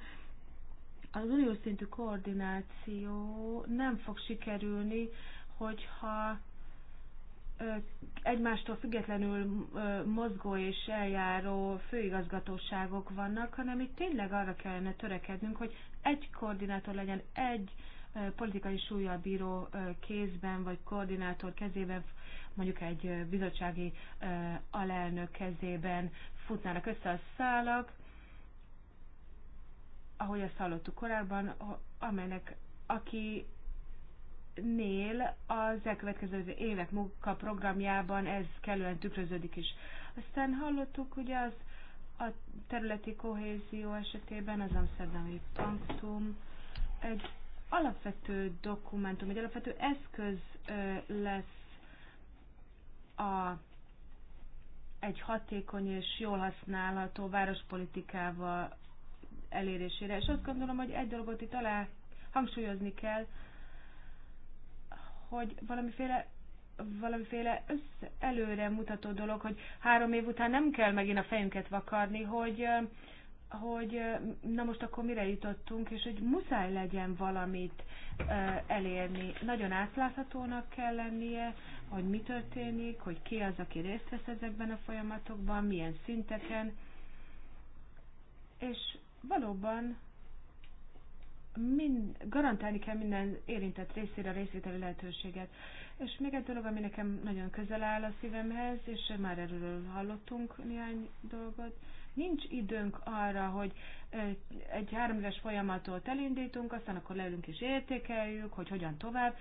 az uniós szintű koordináció nem fog sikerülni, hogyha egymástól függetlenül mozgó és eljáró főigazgatóságok vannak, hanem itt tényleg arra kellene törekednünk, hogy egy koordinátor legyen, egy politikai súlyjal bíró kézben, vagy koordinátor kezében, mondjuk egy bizottsági alelnök kezében futnának össze a szálak, ahogy azt hallottuk korábban, amelynek, aki nél az elkövetkező évek programjában ez kellően tükröződik is. Aztán hallottuk hogy az a területi kohézió esetében az Amsterdami Paktum egy alapvető dokumentum, egy alapvető eszköz lesz a egy hatékony és jól használható várospolitikával elérésére. És azt gondolom, hogy egy dolgot itt alá hangsúlyozni kell, hogy valamiféle valamiféle össze, előre mutató dolog, hogy három év után nem kell megint a fejünket vakarni, hogy, hogy na most akkor mire jutottunk, és hogy muszáj legyen valamit elérni. Nagyon átláthatónak kell lennie, hogy mi történik, hogy ki az, aki részt vesz ezekben a folyamatokban, milyen szinteken, és Valóban mind, garantálni kell minden érintett részére részvételi lehetőséget. És még egy dolog, ami nekem nagyon közel áll a szívemhez, és már erről hallottunk néhány dolgot, nincs időnk arra, hogy egy három éves folyamatot elindítunk, aztán akkor leülünk és értékeljük, hogy hogyan tovább,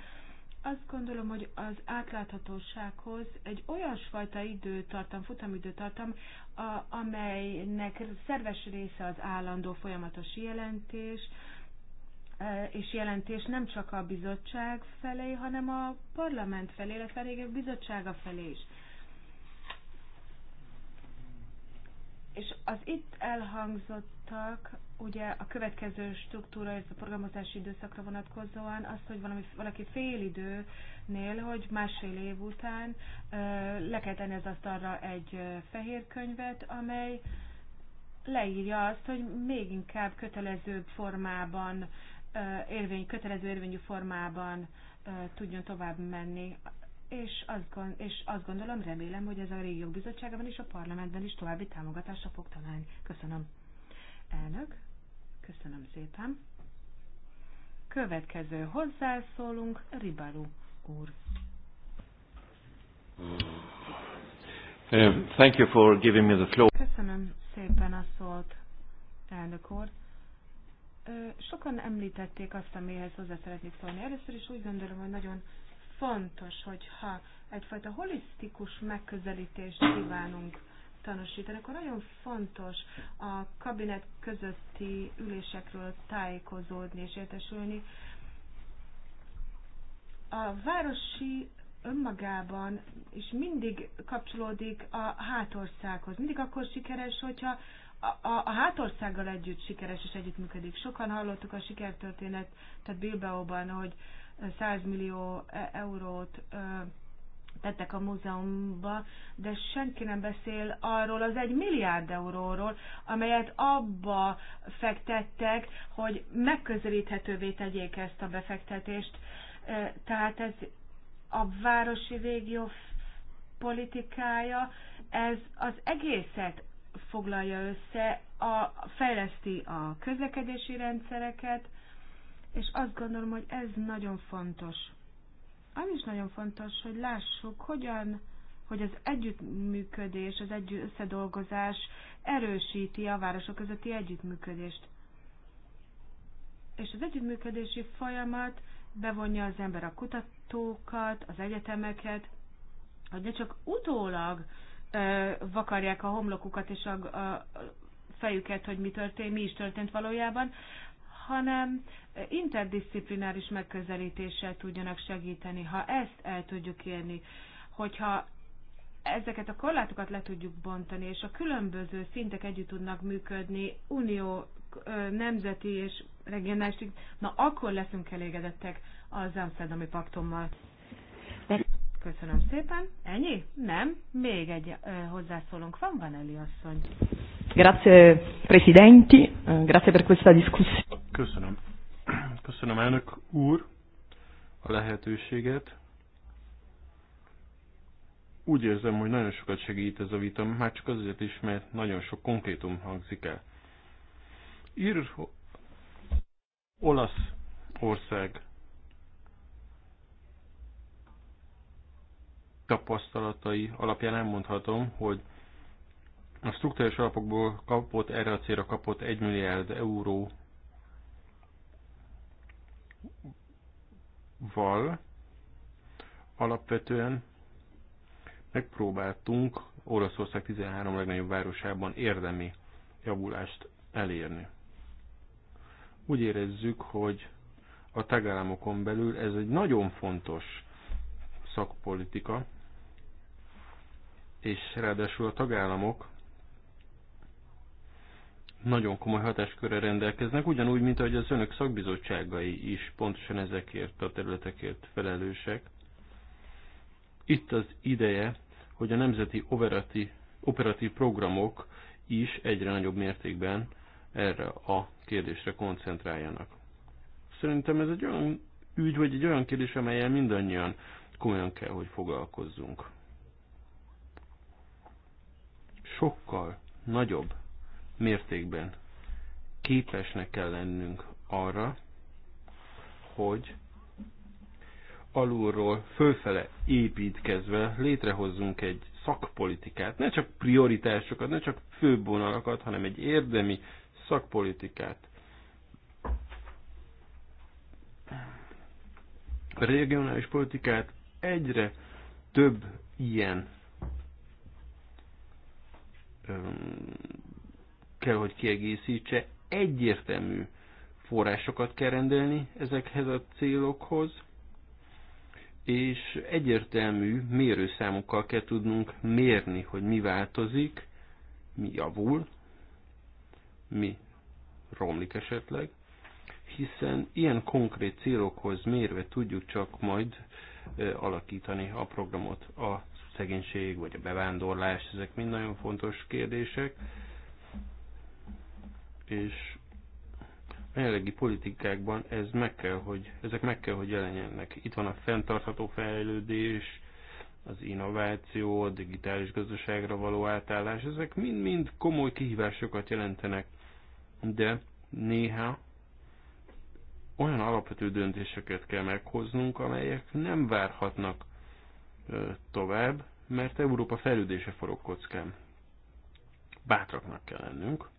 azt gondolom, hogy az átláthatósághoz egy olyasfajta időtartam, futamidőtartam, a, amelynek szerves része az állandó folyamatos jelentés, e, és jelentés nem csak a bizottság felé, hanem a parlament felé, illetve a bizottsága felé is. És az itt elhangzottak ugye a következő struktúra, ez a programozási időszakra vonatkozóan az, hogy valami, valaki fél időnél, hogy másfél év után le kell tenni az asztalra egy fehér könyvet, amely leírja azt, hogy még inkább kötelező formában, érvény, kötelező érvényű formában tudjon tovább menni. És azt, gond, és azt gondolom, remélem, hogy ez a régiók bizottságában és a parlamentben is további támogatásra fog találni. Köszönöm. Elnök, köszönöm szépen. Következő hozzászólunk, Ribaru úr. Um, thank you for giving me the floor. Köszönöm szépen a szót, elnök úr. Sokan említették azt, amihez hozzá szeretnék szólni. Először is úgy gondolom, hogy nagyon fontos, hogyha egyfajta holisztikus megközelítést kívánunk tanúsítani, akkor nagyon fontos a kabinet közötti ülésekről tájékozódni és értesülni. A városi önmagában is mindig kapcsolódik a hátországhoz. Mindig akkor sikeres, hogyha a, a, a hátországgal együtt sikeres és együttműködik. Sokan hallottuk a sikertörténet, tehát Bilbaóban, hogy 100 millió e- eurót tettek a múzeumba, de senki nem beszél arról az egy milliárd euróról, amelyet abba fektettek, hogy megközelíthetővé tegyék ezt a befektetést. Tehát ez a városi régió politikája, ez az egészet foglalja össze, a, fejleszti a közlekedési rendszereket, és azt gondolom, hogy ez nagyon fontos. Az is nagyon fontos, hogy lássuk, hogyan, hogy az együttműködés, az együtt összedolgozás erősíti a városok közötti együttműködést. És az együttműködési folyamat bevonja az ember a kutatókat, az egyetemeket, hogy ne csak utólag ö, vakarják a homlokukat és a, a fejüket, hogy mi történt, mi is történt valójában, hanem interdisziplináris megközelítéssel tudjanak segíteni, ha ezt el tudjuk érni, hogyha ezeket a korlátokat le tudjuk bontani, és a különböző szintek együtt tudnak működni, unió, nemzeti és regionális, na akkor leszünk elégedettek az Amsterdami Paktummal. Köszönöm szépen. Ennyi? Nem? Még egy ö, hozzászólónk van, van Eli asszony. Grazie Presidenti, grazie per questa discussione. Köszönöm. Köszönöm elnök úr a lehetőséget. Úgy érzem, hogy nagyon sokat segít ez a vita, már csak azért is, mert nagyon sok konkrétum hangzik el. Ír olasz ország tapasztalatai alapján elmondhatom, hogy a struktúrás alapokból kapott, erre a célra kapott 1 milliárd euró val alapvetően megpróbáltunk Oroszország 13 legnagyobb városában érdemi javulást elérni. Úgy érezzük, hogy a tagállamokon belül ez egy nagyon fontos szakpolitika, és ráadásul a tagállamok nagyon komoly hatáskörre rendelkeznek, ugyanúgy, mint ahogy az önök szakbizottságai is pontosan ezekért a területekért felelősek. Itt az ideje, hogy a nemzeti operatív, operatív programok is egyre nagyobb mértékben erre a kérdésre koncentráljanak. Szerintem ez egy olyan ügy, vagy egy olyan kérdés, amelyen mindannyian komolyan kell, hogy foglalkozzunk. Sokkal nagyobb mértékben képesnek kell lennünk arra, hogy alulról fölfele építkezve létrehozzunk egy szakpolitikát, ne csak prioritásokat, ne csak főbonalakat, hanem egy érdemi szakpolitikát. A regionális politikát egyre több ilyen kell, hogy kiegészítse, egyértelmű forrásokat kell rendelni ezekhez a célokhoz, és egyértelmű mérőszámokkal kell tudnunk mérni, hogy mi változik, mi javul, mi romlik esetleg, hiszen ilyen konkrét célokhoz mérve tudjuk csak majd alakítani a programot. A szegénység vagy a bevándorlás, ezek mind nagyon fontos kérdések és a jelenlegi politikákban ez meg kell, hogy, ezek meg kell, hogy jelenjenek. Itt van a fenntartható fejlődés, az innováció, a digitális gazdaságra való átállás, ezek mind-mind komoly kihívásokat jelentenek, de néha olyan alapvető döntéseket kell meghoznunk, amelyek nem várhatnak tovább, mert Európa fejlődése forog kockán. Bátraknak kell lennünk,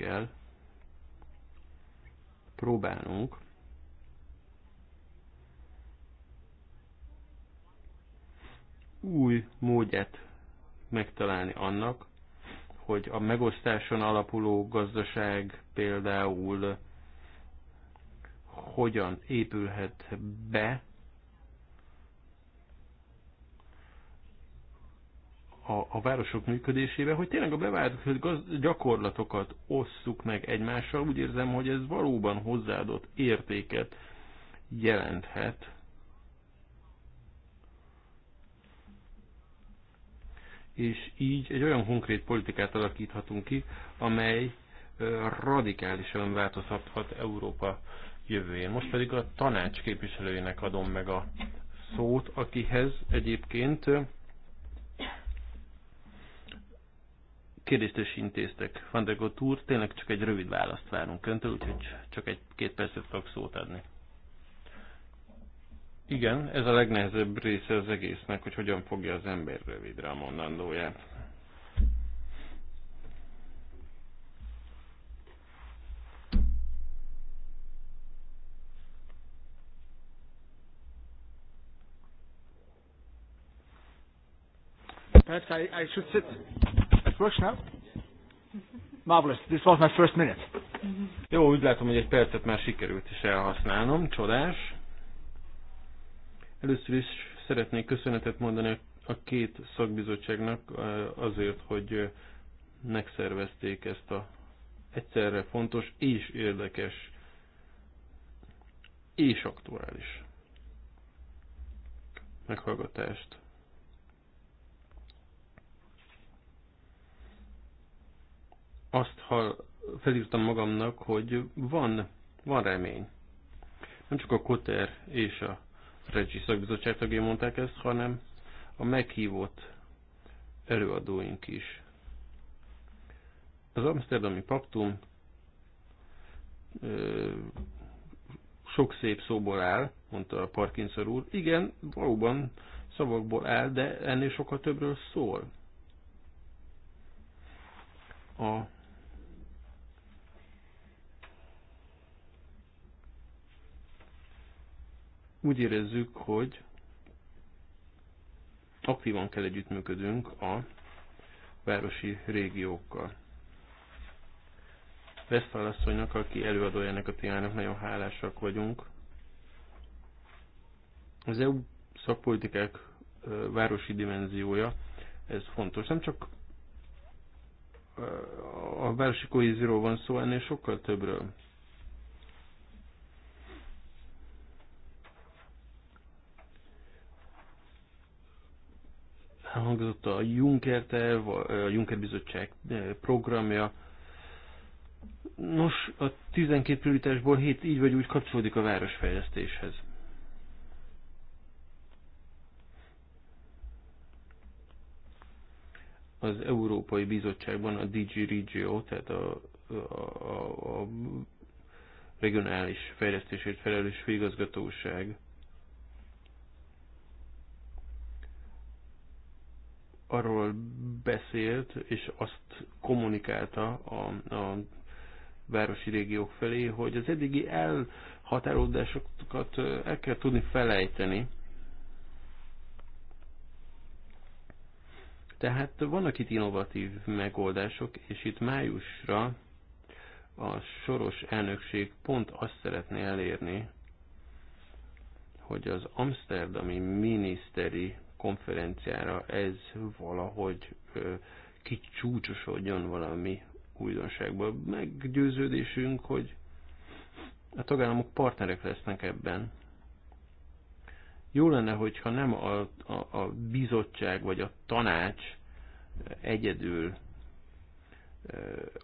kell próbálnunk új módját megtalálni annak, hogy a megosztáson alapuló gazdaság például hogyan épülhet be a, a városok működésébe, hogy tényleg a bevált gyakorlatokat osszuk meg egymással. Úgy érzem, hogy ez valóban hozzáadott értéket jelenthet. És így egy olyan konkrét politikát alakíthatunk ki, amely radikálisan változhat Európa jövőjén. Most pedig a tanács képviselőjének adom meg a szót, akihez egyébként kérdést is intéztek. Van de Gott úr, tényleg csak egy rövid választ várunk öntől, úgyhogy csak egy-két percet fogok szót adni. Igen, ez a legnehezebb része az egésznek, hogy hogyan fogja az ember rövidre a mondandóját. Perhaps I, I should sit works now? Marvelous. This was my first minute. Jó, úgy látom, hogy egy percet már sikerült is elhasználnom. Csodás. Először is szeretnék köszönetet mondani a két szakbizottságnak azért, hogy megszervezték ezt a egyszerre fontos és érdekes és aktuális meghallgatást. azt ha felírtam magamnak, hogy van, van remény. Nem csak a Koter és a Regi szakbizottság tagjai mondták ezt, hanem a meghívott előadóink is. Az Amsterdami Paktum ö, sok szép szóból áll, mondta a Parkinson úr. Igen, valóban szavakból áll, de ennél sokkal többről szól. A Úgy érezzük, hogy aktívan kell együttműködünk a városi régiókkal. Vesztal asszonynak, aki előadója ennek a témának, nagyon hálásak vagyunk. Az EU szakpolitikák városi dimenziója, ez fontos. Nem csak a városi kohézióról van szó, ennél sokkal többről. elhangzott a Juncker terv, a Juncker bizottság eh, programja. Nos, a 12 prioritásból 7 így vagy úgy kapcsolódik a városfejlesztéshez. Az Európai Bizottságban a DG Regio, tehát a, a, a, a regionális fejlesztésért felelős főigazgatóság arról beszélt, és azt kommunikálta a, a városi régiók felé, hogy az eddigi elhatárolódásokat el kell tudni felejteni. Tehát vannak itt innovatív megoldások, és itt májusra a soros elnökség pont azt szeretné elérni, hogy az amsterdami miniszteri konferenciára ez valahogy kicsúcsosodjon valami újdonságból. Meggyőződésünk, hogy a tagállamok partnerek lesznek ebben. Jó lenne, hogyha nem a, a, a bizottság vagy a tanács egyedül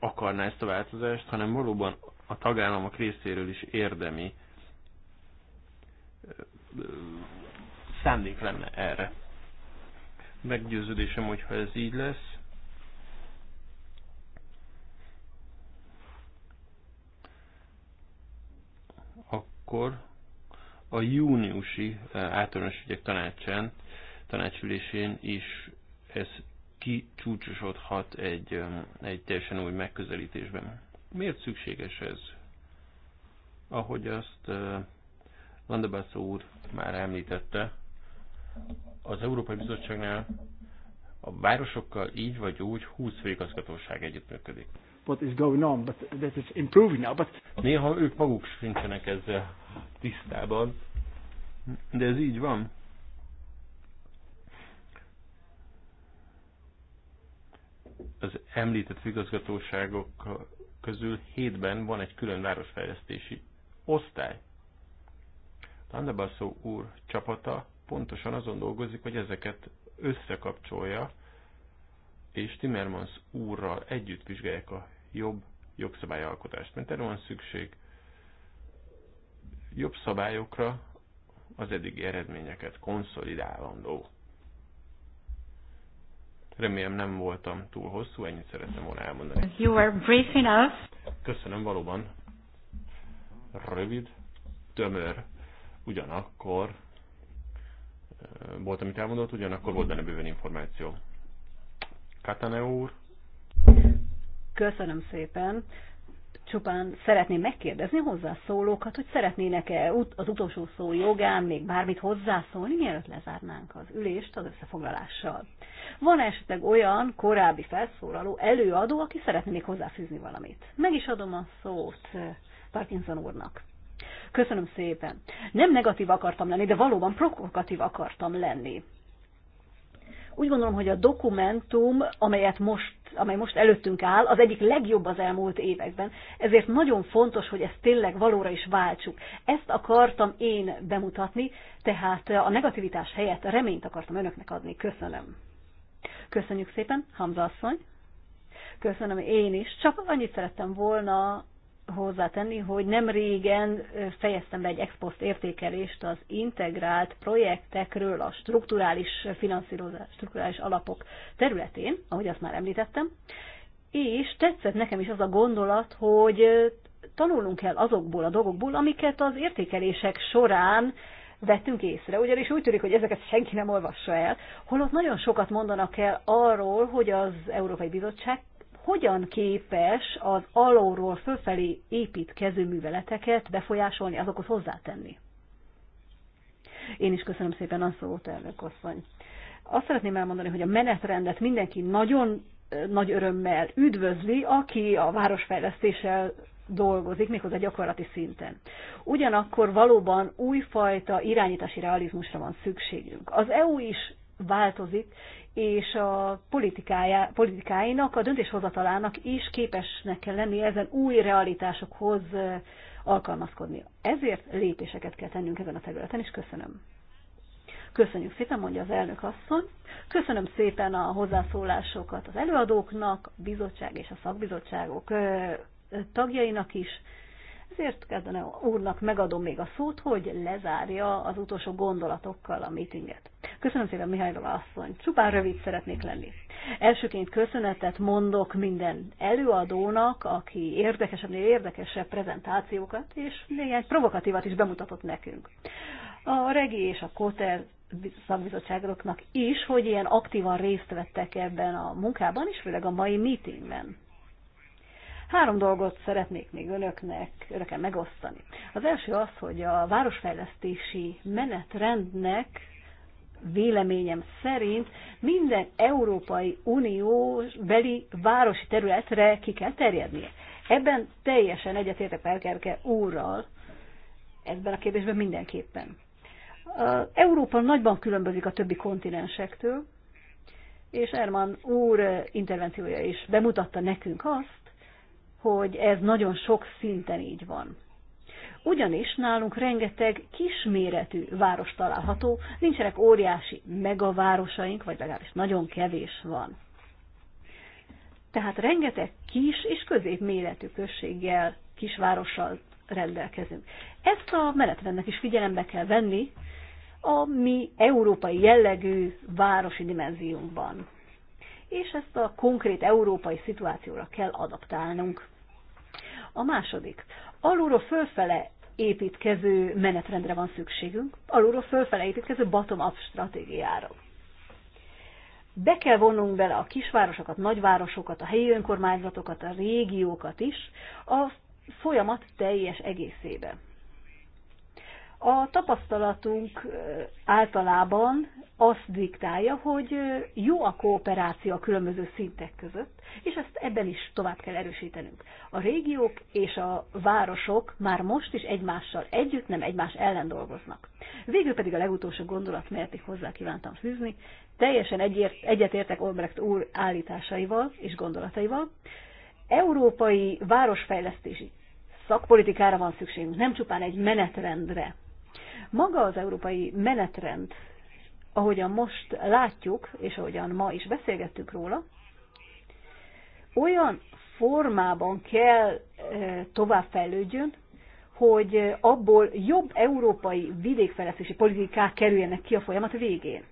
akarná ezt a változást, hanem valóban a tagállamok részéről is érdemi szándék lenne erre. Meggyőződésem, hogyha ez így lesz, akkor a júniusi eh, általános ügyek tanácsán, tanácsülésén is ez kicsúcsosodhat egy, egy teljesen új megközelítésben. Miért szükséges ez? Ahogy azt eh, Landabasszó úr már említette, az Európai Bizottságnál a városokkal így vagy úgy 20 főigazgatóság együttműködik. What is going on, but that is improving now, but... Néha ők maguk sincsenek ezzel tisztában, de ez így van. Az említett főigazgatóságok közül hétben van egy külön városfejlesztési osztály. Landebasszó úr csapata pontosan azon dolgozik, hogy ezeket összekapcsolja, és Timmermans úrral együtt vizsgálják a jobb jogszabályalkotást. Mert erre van szükség jobb szabályokra, az eddigi eredményeket konszolidálandó. Remélem nem voltam túl hosszú, ennyit szeretném volna elmondani. You were brief enough. Köszönöm valóban. Rövid, tömör, ugyanakkor volt, amit elmondott, ugyanakkor volt benne bőven információ. Katane úr. Köszönöm szépen. Csupán szeretném megkérdezni hozzászólókat, hogy szeretnének-e az utolsó szó jogán még bármit hozzászólni, mielőtt lezárnánk az ülést az összefoglalással. Van esetleg olyan korábbi felszólaló, előadó, aki szeretne még hozzáfűzni valamit? Meg is adom a szót eh, Parkinson úrnak. Köszönöm szépen. Nem negatív akartam lenni, de valóban provokatív akartam lenni. Úgy gondolom, hogy a dokumentum, amelyet most, amely most előttünk áll, az egyik legjobb az elmúlt években. Ezért nagyon fontos, hogy ezt tényleg valóra is váltsuk. Ezt akartam én bemutatni, tehát a negativitás helyett a reményt akartam önöknek adni. Köszönöm. Köszönjük szépen, Hamza asszony. Köszönöm én is. Csak annyit szerettem volna hozzátenni, hogy nem régen fejeztem be egy expost értékelést az integrált projektekről a strukturális finanszírozás, strukturális alapok területén, ahogy azt már említettem, és tetszett nekem is az a gondolat, hogy tanulnunk kell azokból a dolgokból, amiket az értékelések során vettünk észre, ugyanis úgy tűnik, hogy ezeket senki nem olvassa el, holott nagyon sokat mondanak el arról, hogy az Európai Bizottság hogyan képes az alulról fölfelé építkező műveleteket befolyásolni, azokhoz hozzátenni. Én is köszönöm szépen a szót, elnök asszony. Azt szeretném elmondani, hogy a menetrendet mindenki nagyon nagy örömmel üdvözli, aki a városfejlesztéssel dolgozik, méghozzá gyakorlati szinten. Ugyanakkor valóban újfajta irányítási realizmusra van szükségünk. Az EU is változik, és a politikáinak, a döntéshozatalának is képesnek kell lenni ezen új realitásokhoz alkalmazkodni. Ezért lépéseket kell tennünk ezen a területen, és köszönöm. Köszönjük szépen, mondja az elnök asszony. Köszönöm szépen a hozzászólásokat az előadóknak, a bizottság és a szakbizottságok tagjainak is. Ezért kezdene úrnak megadom még a szót, hogy lezárja az utolsó gondolatokkal a meetinget. Köszönöm szépen, Mihály asszony. Csupán rövid szeretnék lenni. Elsőként köszönetet mondok minden előadónak, aki érdekesebbnél érdekesebb prezentációkat, és néhány provokatívat is bemutatott nekünk. A Regi és a Koter szakbizottságoknak is, hogy ilyen aktívan részt vettek ebben a munkában, és főleg a mai meetingben. Három dolgot szeretnék még önöknek, önöken megosztani. Az első az, hogy a városfejlesztési menetrendnek véleményem szerint minden Európai Uniós beli városi területre ki kell terjednie. Ebben teljesen egyetértek Pelkerke úrral, ebben a kérdésben mindenképpen. Európa nagyban különbözik a többi kontinensektől, és Erman úr intervenciója is bemutatta nekünk azt, hogy ez nagyon sok szinten így van. Ugyanis nálunk rengeteg kisméretű város található, nincsenek óriási megavárosaink, vagy legalábbis nagyon kevés van. Tehát rengeteg kis és középméretű községgel, kisvárossal rendelkezünk. Ezt a menetrendnek is figyelembe kell venni a mi európai jellegű városi dimenziónkban. És ezt a konkrét európai szituációra kell adaptálnunk. A második. Alulról fölfele építkező menetrendre van szükségünk, alulról fölfele építkező bottom-up stratégiára. Be kell vonnunk bele a kisvárosokat, nagyvárosokat, a helyi önkormányzatokat, a régiókat is a folyamat teljes egészébe. A tapasztalatunk általában azt diktálja, hogy jó a kooperáció a különböző szintek között, és ezt ebben is tovább kell erősítenünk. A régiók és a városok már most is egymással együtt, nem egymás ellen dolgoznak. Végül pedig a legutolsó gondolat, mert még hozzá kívántam fűzni, teljesen egyetértek Olbrecht úr állításaival és gondolataival. Európai városfejlesztési szakpolitikára van szükségünk, nem csupán egy menetrendre maga az európai menetrend, ahogyan most látjuk, és ahogyan ma is beszélgettük róla, olyan formában kell eh, továbbfejlődjön, hogy eh, abból jobb európai vidékfejlesztési politikák kerüljenek ki a folyamat végén.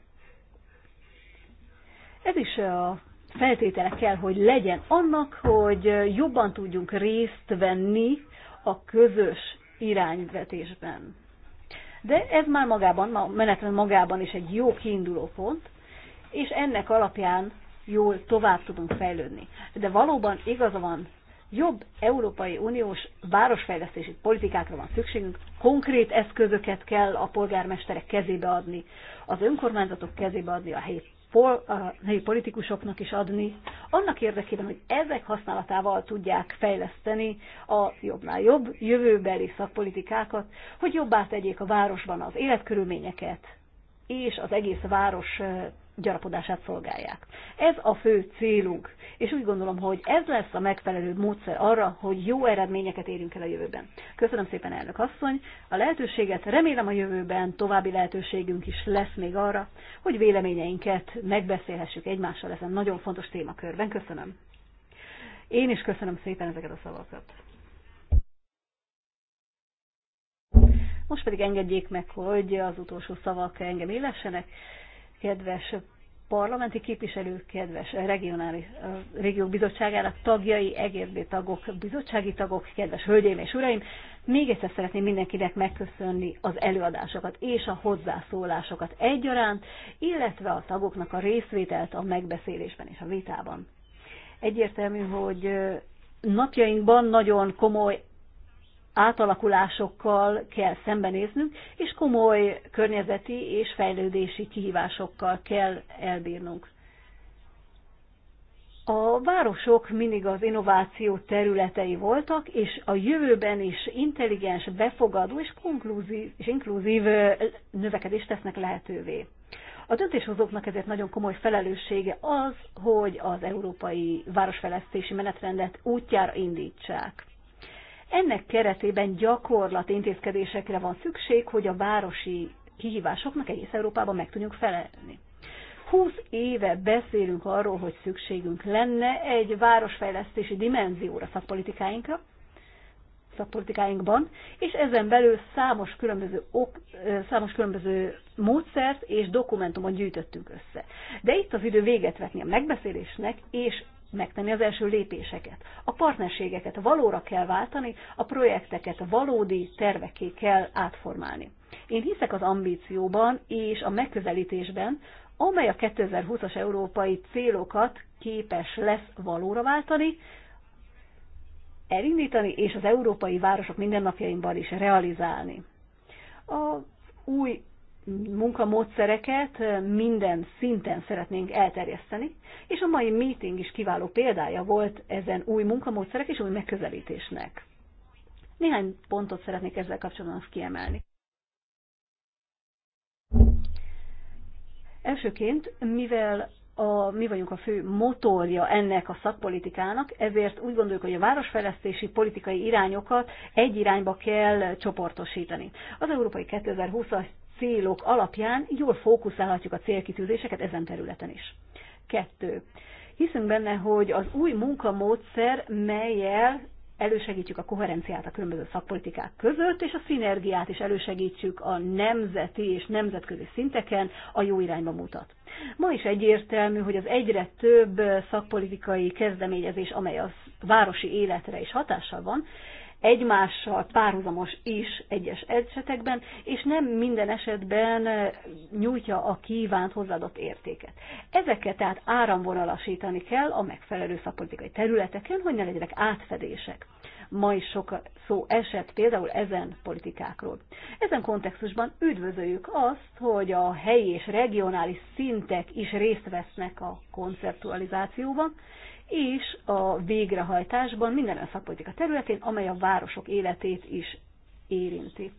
Ez is eh, a feltétele kell, hogy legyen annak, hogy jobban tudjunk részt venni a közös irányvetésben de ez már magában, a menetrend magában is egy jó kiinduló pont, és ennek alapján jól tovább tudunk fejlődni. De valóban igaza van, jobb Európai Uniós városfejlesztési politikákra van szükségünk, konkrét eszközöket kell a polgármesterek kezébe adni, az önkormányzatok kezébe adni a helyi pol, a helyi politikusoknak is adni, annak érdekében, hogy ezek használatával tudják fejleszteni a jobbnál jobb jövőbeli szakpolitikákat, hogy jobbá tegyék a városban az életkörülményeket és az egész város gyarapodását szolgálják. Ez a fő célunk, és úgy gondolom, hogy ez lesz a megfelelő módszer arra, hogy jó eredményeket érjünk el a jövőben. Köszönöm szépen, elnök asszony, a lehetőséget, remélem a jövőben további lehetőségünk is lesz még arra, hogy véleményeinket megbeszélhessük egymással ezen nagyon fontos témakörben. Köszönöm. Én is köszönöm szépen ezeket a szavakat. Most pedig engedjék meg, hogy az utolsó szavak engem élessenek kedves parlamenti képviselők, kedves regionális régiók bizottságának tagjai, egérbi tagok, bizottsági tagok, kedves hölgyeim és uraim, még egyszer szeretném mindenkinek megköszönni az előadásokat és a hozzászólásokat egyaránt, illetve a tagoknak a részvételt a megbeszélésben és a vitában. Egyértelmű, hogy napjainkban nagyon komoly átalakulásokkal kell szembenéznünk, és komoly környezeti és fejlődési kihívásokkal kell elbírnunk. A városok mindig az innováció területei voltak, és a jövőben is intelligens, befogadó és, konkluzív, és inkluzív növekedést tesznek lehetővé. A döntéshozóknak ezért nagyon komoly felelőssége az, hogy az európai városfejlesztési menetrendet útjára indítsák. Ennek keretében gyakorlati intézkedésekre van szükség, hogy a városi kihívásoknak egész Európában meg tudjunk felelni. 20 éve beszélünk arról, hogy szükségünk lenne egy városfejlesztési dimenzióra szakpolitikáinkra, szakpolitikáinkban, és ezen belül számos különböző, ok, számos különböző módszert és dokumentumot gyűjtöttünk össze. De itt az idő véget vetni a megbeszélésnek, és megtenni az első lépéseket. A partnerségeket valóra kell váltani, a projekteket valódi terveké kell átformálni. Én hiszek az ambícióban és a megközelítésben, amely a 2020-as európai célokat képes lesz valóra váltani, elindítani, és az európai városok mindennapjaimban is realizálni. A új munkamódszereket minden szinten szeretnénk elterjeszteni, és a mai meeting is kiváló példája volt ezen új munkamódszerek és új megközelítésnek. Néhány pontot szeretnék ezzel kapcsolatban kiemelni. Elsőként, mivel a, mi vagyunk a fő motorja ennek a szakpolitikának, ezért úgy gondoljuk, hogy a városfejlesztési politikai irányokat egy irányba kell csoportosítani. Az Európai 2020 célok alapján jól fókuszálhatjuk a célkitűzéseket ezen területen is. Kettő. Hiszünk benne, hogy az új munkamódszer, melyel elősegítjük a koherenciát a különböző szakpolitikák között, és a szinergiát is elősegítjük a nemzeti és nemzetközi szinteken, a jó irányba mutat. Ma is egyértelmű, hogy az egyre több szakpolitikai kezdeményezés, amely a városi életre is hatással van, egymással párhuzamos is egyes esetekben, és nem minden esetben eh, nyújtja a kívánt hozzáadott értéket. Ezeket tehát áramvonalasítani kell a megfelelő szakpolitikai területeken, hogy ne legyenek átfedések. Ma is sok szó esett például ezen politikákról. Ezen kontextusban üdvözöljük azt, hogy a helyi és regionális szintek is részt vesznek a konceptualizációban, és a végrehajtásban minden a szakpolitika területén, amely a városok életét is érinti.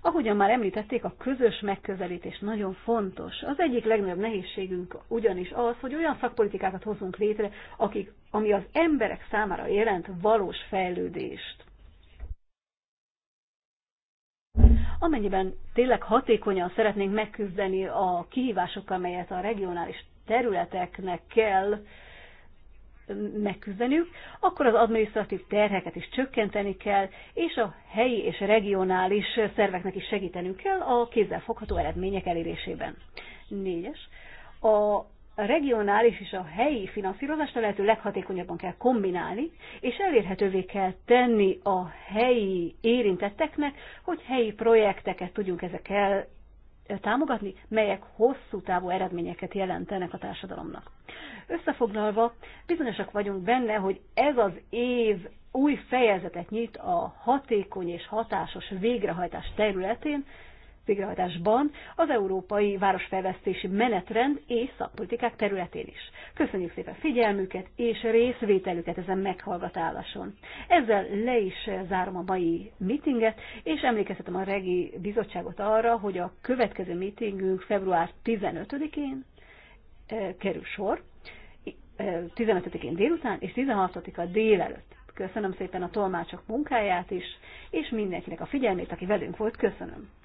Ahogyan már említették, a közös megközelítés nagyon fontos. Az egyik legnagyobb nehézségünk ugyanis az, hogy olyan szakpolitikákat hozunk létre, akik, ami az emberek számára jelent valós fejlődést. Amennyiben tényleg hatékonyan szeretnénk megküzdeni a kihívásokkal, amelyet a regionális területeknek kell megküzdenünk, akkor az adminisztratív terheket is csökkenteni kell, és a helyi és regionális szerveknek is segítenünk kell a kézzelfogható eredmények elérésében. Négyes. A regionális és a helyi finanszírozást a lehető leghatékonyabban kell kombinálni, és elérhetővé kell tenni a helyi érintetteknek, hogy helyi projekteket tudjunk ezekkel támogatni, melyek hosszú távú eredményeket jelentenek a társadalomnak. Összefoglalva, bizonyosak vagyunk benne, hogy ez az év új fejezetet nyit a hatékony és hatásos végrehajtás területén, végrehajtásban az európai városfejlesztési menetrend és szakpolitikák területén is. Köszönjük szépen figyelmüket és részvételüket ezen meghallgatáson. Ezzel le is zárom a mai meetinget, és emlékeztetem a regi bizottságot arra, hogy a következő meetingünk február 15-én eh, kerül sor, 15-én eh, délután és 16-a délelőtt. Köszönöm szépen a tolmácsok munkáját is, és mindenkinek a figyelmét, aki velünk volt, köszönöm.